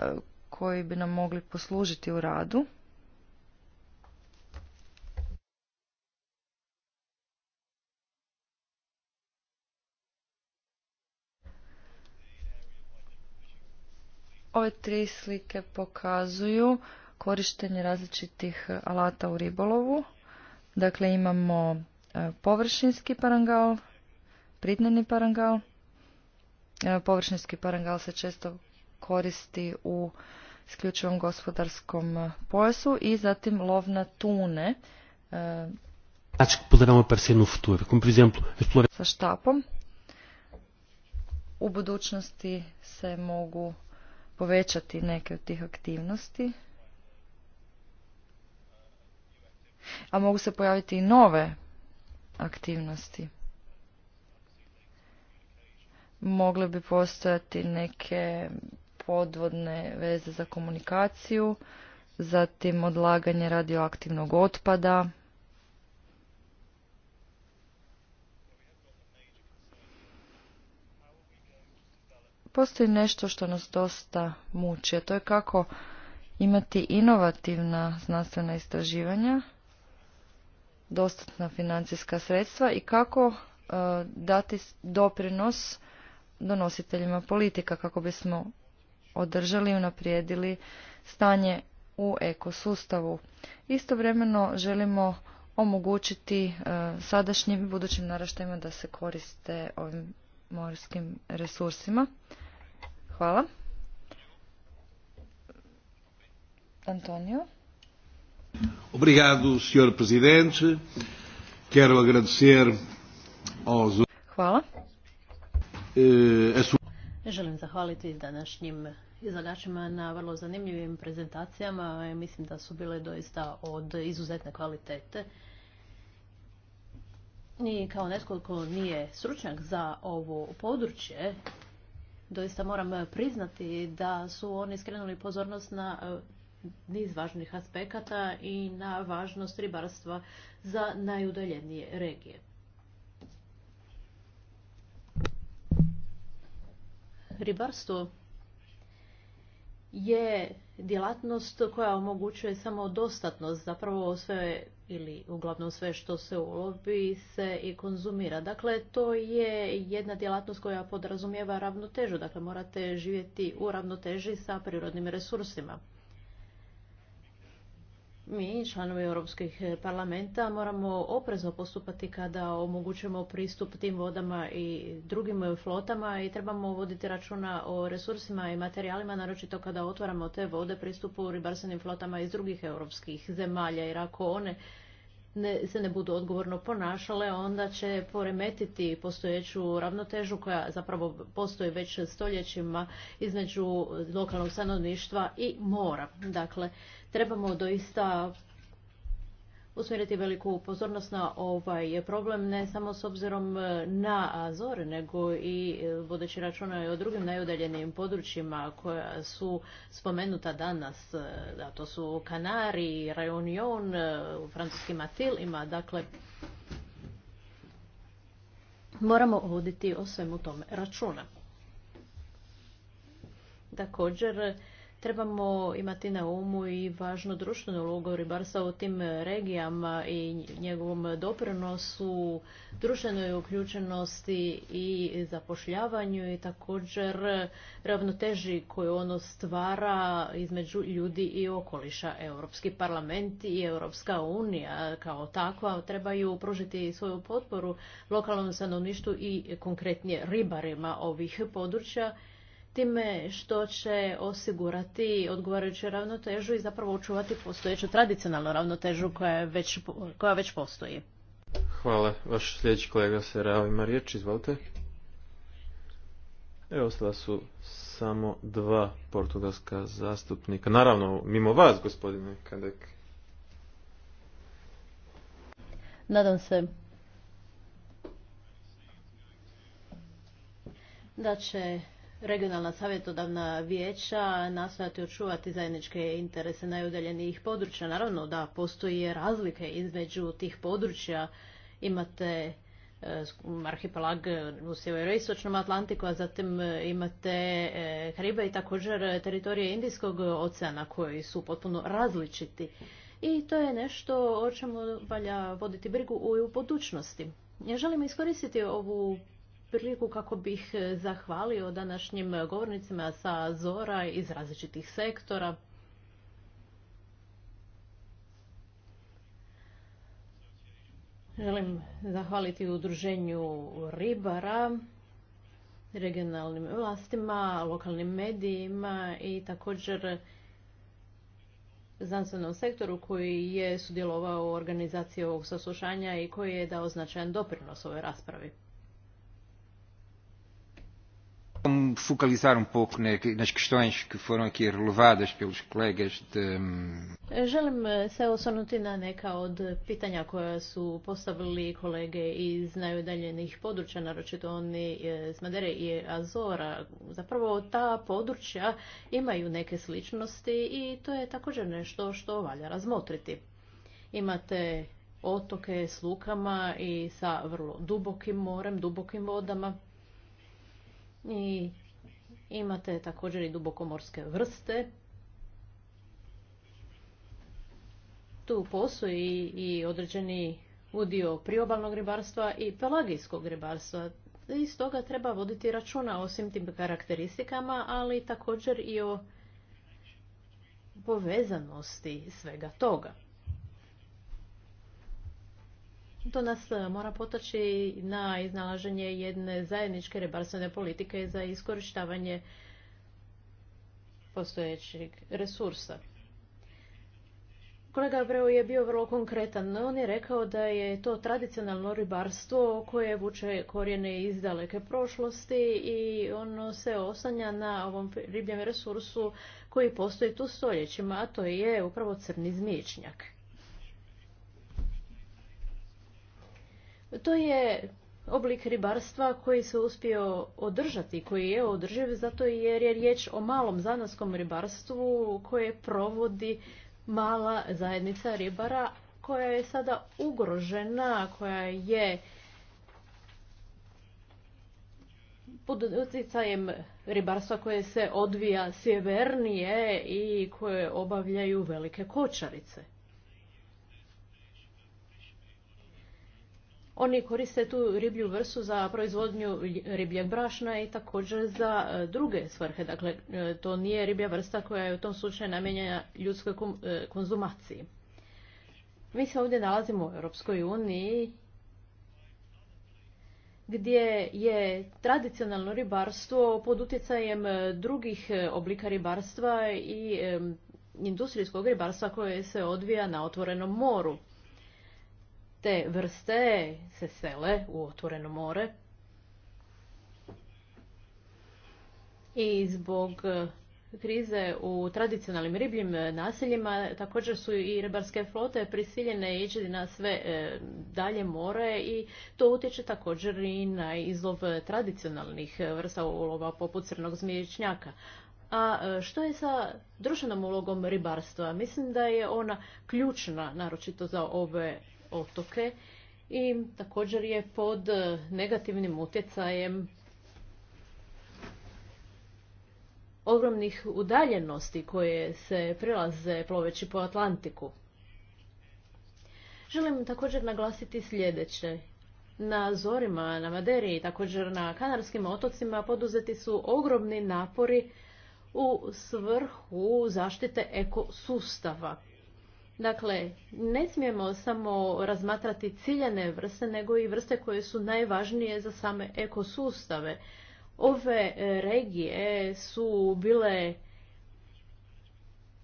koji bi nam mogli poslužiti u radu. Ove tri slike pokazuju korištenje različitih alata u ribolovu. Dakle, imamo e, površinski parangal, pridneni parangal. E, površinski parangal se često koristi u isključivom gospodarskom e, pojasu i zatim lov na tune. Znači, sa štapom. U budućnosti se mogu povećati neke od tih aktivnosti. A mogu se pojaviti i nove aktivnosti. Mogle bi postojati neke podvodne veze za komunikaciju, zatim odlaganje radioaktivnog otpada, postoji nešto što nas dosta muči, a to je kako imati inovativna znanstvena istraživanja, dostatna financijska sredstva i kako e, dati doprinos donositeljima politika kako bismo održali i unaprijedili stanje u ekosustavu. Istovremeno želimo omogućiti e, sadašnjim i budućim naraštajima da se koriste ovim morskim resursima. Hvala. Antonio. Obrigado, senhor presidente. Quero agradecer aos... Hvala. Eh, Želim zahvaliti današnjim izlagačima na vrlo zanimljivim prezentacijama. E, mislim da su bile doista od izuzetne kvalitete. I kao netko ko nije stručnjak za ovo područje, doista moram e, priznati da su oni skrenuli pozornost na e, niz važnih aspekata i na važnost ribarstva za najudaljenije regije. Ribarstvo je djelatnost koja omogućuje samo dostatnost, zapravo sve ili uglavnom sve što se ulovi se i konzumira. Dakle, to je jedna djelatnost koja podrazumijeva ravnotežu, dakle morate živjeti u ravnoteži sa prirodnim resursima. Mi, članovi Europskih parlamenta, moramo oprezno postupati kada omogućujemo pristup tim vodama i drugim flotama i trebamo voditi računa o resursima i materijalima, naročito kada otvaramo te vode pristupu ribarstvenim flotama iz drugih europskih zemalja, jer ako one ne, se ne budu odgovorno ponašale, onda će poremetiti postojeću ravnotežu koja zapravo postoji već stoljećima između lokalnog stanovništva i mora. Dakle, trebamo doista usmjeriti veliku pozornost na ovaj problem, ne samo s obzirom e, na Azor, nego i e, vodeći računa i o drugim najudaljenijim područjima koja su spomenuta danas, da e, to su Kanari, Reunion, u francuskim Atilima, dakle moramo voditi o svemu tome računa. Također, Trebamo imati na umu i važnu društvenu ulogu ribarstva u tim regijama i njegovom doprinosu, društvenoj uključenosti i zapošljavanju i također ravnoteži koju ono stvara između ljudi i okoliša. Europski parlament i Europska unija kao takva trebaju pružiti svoju potporu lokalnom stanovništvu i konkretnije ribarima ovih područja time što će osigurati odgovarajuću ravnotežu i zapravo očuvati postojeću tradicionalnu ravnotežu koja, već, koja već postoji. Hvala. Vaš sljedeći kolega se Rao ima riječ, izvolite. Evo, ostala su samo dva portugalska zastupnika. Naravno, mimo vas, gospodine Kadek. Nadam se da će regionalna savjetodavna vijeća nastojati očuvati zajedničke interese najudaljenijih područja. Naravno da postoje razlike između tih područja. Imate e, arhipelag u sjeveroistočnom Atlantiku, a zatim e, imate e, Karibe i također teritorije Indijskog oceana koji su potpuno različiti. I to je nešto o čemu valja voditi brigu u budućnosti. Ja želim iskoristiti ovu priliku kako bih e, zahvalio današnjim govornicima sa Zora iz različitih sektora. Želim zahvaliti udruženju ribara, regionalnim vlastima, lokalnim medijima i također znanstvenom sektoru koji je sudjelovao u organizaciji ovog saslušanja i koji je dao značajan doprinos ovoj raspravi. focalizar um pouco nas questões que foram aqui relevadas pelos colegas de... Želim eh, se osvrnuti na neka od pitanja koja su postavili kolege iz najudaljenih područja, naročito oni iz eh, Madere i Azora. Zapravo ta područja imaju neke sličnosti i to je također nešto što valja razmotriti. Imate otoke s lukama i sa vrlo dubokim morem, dubokim vodama. I Imate također i dubokomorske vrste. Tu postoji i određeni udio priobalnog ribarstva i pelagijskog ribarstva. I stoga treba voditi računa o svim tim karakteristikama, ali također i o povezanosti svega toga. To nas e, mora potaći na iznalaženje jedne zajedničke ribarstvene politike za iskorištavanje postojećeg resursa. Kolega Abreu je bio vrlo konkretan. On je rekao da je to tradicionalno ribarstvo koje vuče korijene iz daleke prošlosti i ono se osanja na ovom ribljem resursu koji postoji tu stoljećima, a to je upravo crni zmičnjak. To je oblik ribarstva koji se uspio održati, koji je održiv zato jer je riječ o malom zanaskom ribarstvu koje provodi mala zajednica ribara koja je sada ugrožena, koja je pod utjecajem ribarstva koje se odvija sjevernije i koje obavljaju velike kočarice. Oni koriste tu riblju vrstu za proizvodnju ribljeg brašna i također za e, druge svrhe. Dakle, e, to nije riblja vrsta koja je u tom slučaju namijenjena ljudskoj e, konzumaciji. Mi se ovdje nalazimo u Europskoj uniji gdje je tradicionalno ribarstvo pod utjecajem drugih oblika ribarstva i industrijskog ribarstva koje se odvija na otvorenom moru te vrste se sele u otvoreno more i zbog e, krize u tradicionalnim ribljim naseljima također su i ribarske flote prisiljene ići na sve e, dalje more i to utječe također i na izlov tradicionalnih vrsta ulova poput crnog zmiječnjaka. A e, što je sa društvenom ulogom ribarstva? Mislim da je ona ključna, naročito za ove otoke i također je pod e, negativnim utjecajem ogromnih udaljenosti koje se prilaze ploveći po Atlantiku. Želim također naglasiti sljedeće. Na Zorima, na Maderi i također na Kanarskim otocima poduzeti su ogromni napori u svrhu zaštite ekosustava. Dakle, ne smijemo samo razmatrati ciljene vrste, nego i vrste koje su najvažnije za same ekosustave. Ove e, regije su bile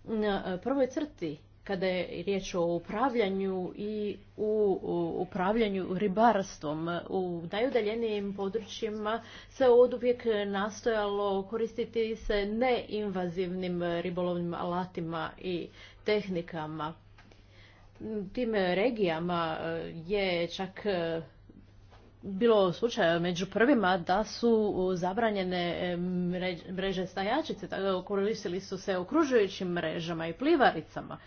na e, prvoj crti kada je riječ o upravljanju i u upravljanju ribarstvom. U najudaljenijim područjima se od uvijek nastojalo koristiti se neinvazivnim ribolovnim alatima i tehnikama tim e, regijama e, je čak e, bilo slučaja među prvima da su zabranjene mreže stajačice, tako koristili su se okružujućim mrežama i plivaricama.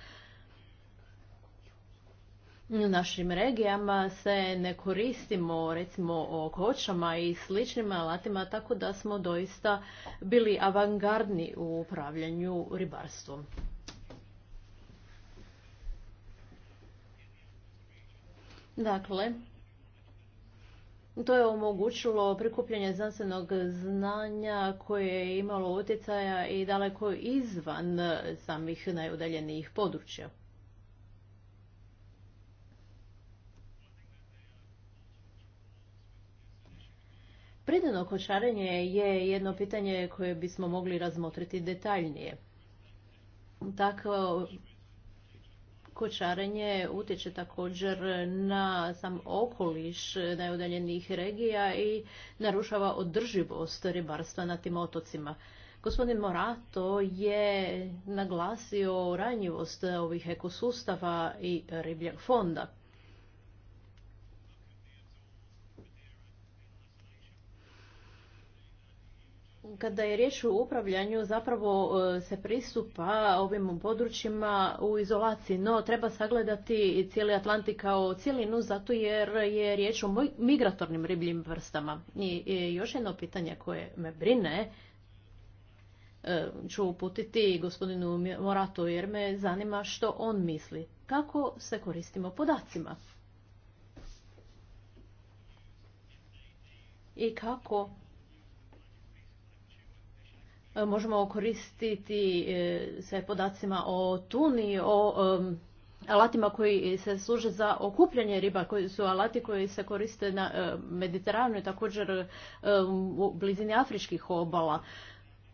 U našim regijama se ne koristimo recimo o kočama i sličnim alatima tako da smo doista bili avangardni u upravljanju ribarstvom. Dakle, to je omogućilo prikupljanje znanstvenog znanja koje je imalo utjecaja i daleko izvan samih najudaljenijih područja. Predano kočarenje je jedno pitanje koje bismo mogli razmotriti detaljnije. Tako kočarenje utječe također na sam okoliš najudaljenijih regija i narušava održivost ribarstva na tim otocima. Gospodin Morato je naglasio ranjivost ovih ekosustava i ribljeg fonda. Kada je riječ o upravljanju, zapravo e, se pristupa ovim područjima u izolaciji, no treba sagledati cijeli Atlantik kao cijelinu, zato jer je riječ o migratornim ribljim vrstama. I još jedno pitanje koje me brine, e, ću uputiti gospodinu Moratu, jer me zanima što on misli. Kako se koristimo podacima? I kako E, možemo koristiti se podacima o tuni, o alatima koji se služe za okupljanje riba, koji su alati koji se koriste na e, Mediteranu i također u blizini afričkih obala.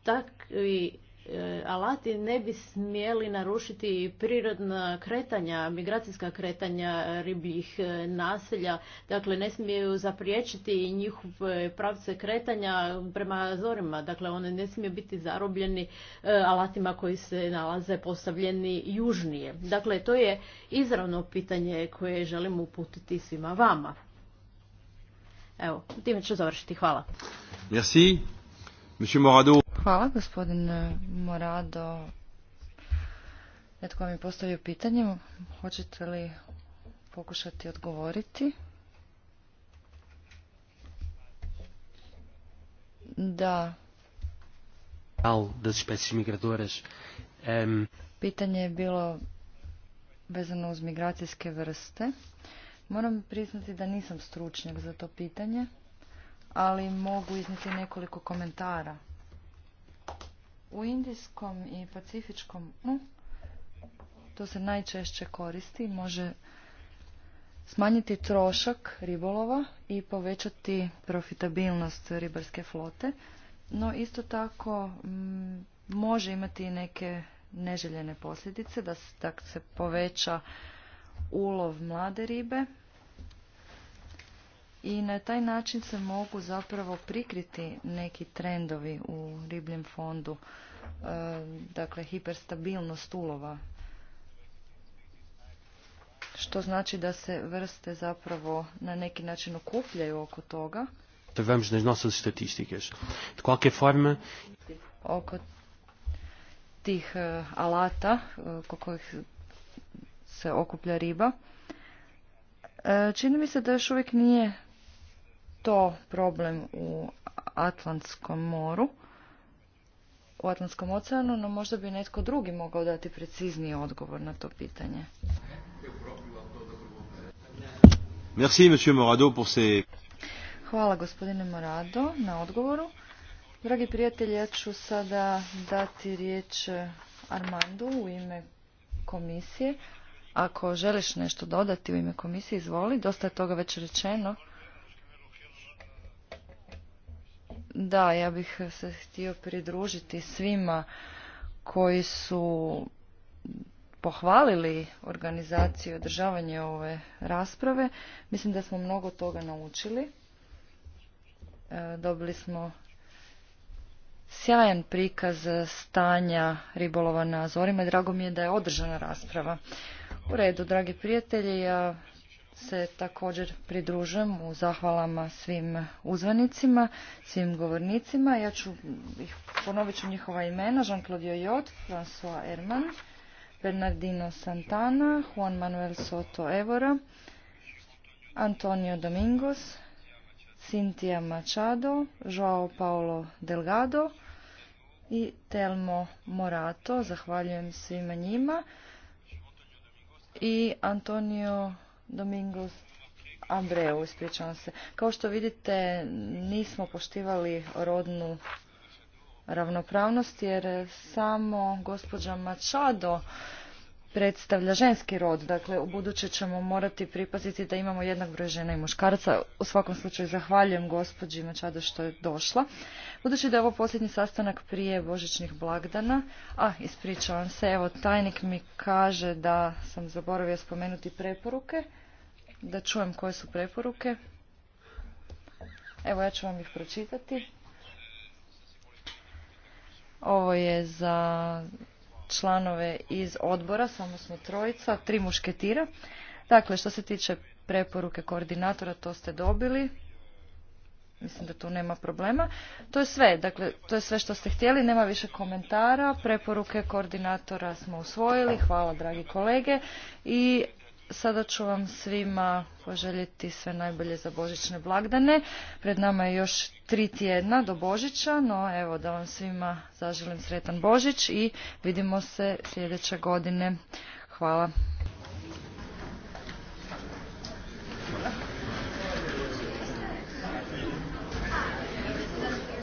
Takvi E, alati ne bi smjeli narušiti prirodna kretanja, migracijska kretanja ribljih e, naselja. Dakle, ne smiju zapriječiti njihove pravce kretanja prema zorima. Dakle, one ne smiju biti zarobljeni e, alatima koji se nalaze postavljeni južnije. Dakle, to je izravno pitanje koje želim uputiti svima vama. Evo, time ću završiti. Hvala. Merci. Monsieur Morado. Hvala, gospodin eh, Morado. Netko vam je postavio pitanje. Hoćete li pokušati odgovoriti? Da. Pitanje je bilo vezano uz migracijske vrste. Moram priznati da nisam stručnjak za to pitanje, ali mogu izniti nekoliko komentara. U indijskom i pacifičkom U to se najčešće koristi, može smanjiti trošak ribolova i povećati profitabilnost ribarske flote, no isto tako mm, može imati neke neželjene posljedice, da se, da se poveća ulov mlade ribe, i na taj način se mogu zapravo prikriti neki trendovi u ribljem fondu, e, dakle hiperstabilnost ulova, što znači da se vrste zapravo na neki način okupljaju oko toga. nas nossas De qualquer forma... Oko tih e, alata e, oko kojih se okuplja riba. Čini mi se da još uvijek nije to problem u Atlantskom moru, u Atlantskom oceanu, no možda bi netko drugi mogao dati precizniji odgovor na to pitanje. Merci, Morado, pour ces... Hvala gospodine Morado na odgovoru. Dragi prijatelji, ja ću sada dati riječ Armandu u ime komisije. Ako želiš nešto dodati u ime komisije, izvoli. Dosta je toga već rečeno. Da, ja bih se htio pridružiti svima koji su pohvalili organizaciju i održavanje ove rasprave. Mislim da smo mnogo toga naučili. E, dobili smo sjajan prikaz stanja ribolova na Azorima i drago mi je da je održana rasprava. U redu, dragi prijatelji, ja se također pridružujem u zahvalama svim uzvanicima, svim govornicima. Ja ću ih ponovit ću njihova imena, Jean-Claude Joyot, François Herman, Bernardino Santana, Juan Manuel Soto Evora, Antonio Domingos, Cintia Machado, Joao Paulo Delgado i Telmo Morato. Zahvaljujem svima njima. I Antonio Domingos Abreu, ispričavam se. Kao što vidite, nismo poštivali rodnu ravnopravnost jer samo gospođa Machado predstavlja ženski rod. Dakle, u buduće ćemo morati pripaziti da imamo jednak broj žena i muškaraca. U svakom slučaju zahvaljujem gospođi Mačada što je došla. Budući da je ovo posljednji sastanak prije božićnih blagdana, a ispričavam se, evo tajnik mi kaže da sam zaboravio spomenuti preporuke, da čujem koje su preporuke. Evo ja ću vam ih pročitati. Ovo je za članove iz odbora, samo smo trojica, tri mušketira. Dakle, što se tiče preporuke koordinatora, to ste dobili. Mislim da tu nema problema. To je sve, dakle, to je sve što ste htjeli, nema više komentara. Preporuke koordinatora smo usvojili, hvala dragi kolege. I Sada ću vam svima poželjeti sve najbolje za božićne blagdane. Pred nama je još tri tjedna do Božića, no evo da vam svima zaželim sretan Božić i vidimo se sljedeće godine. Hvala.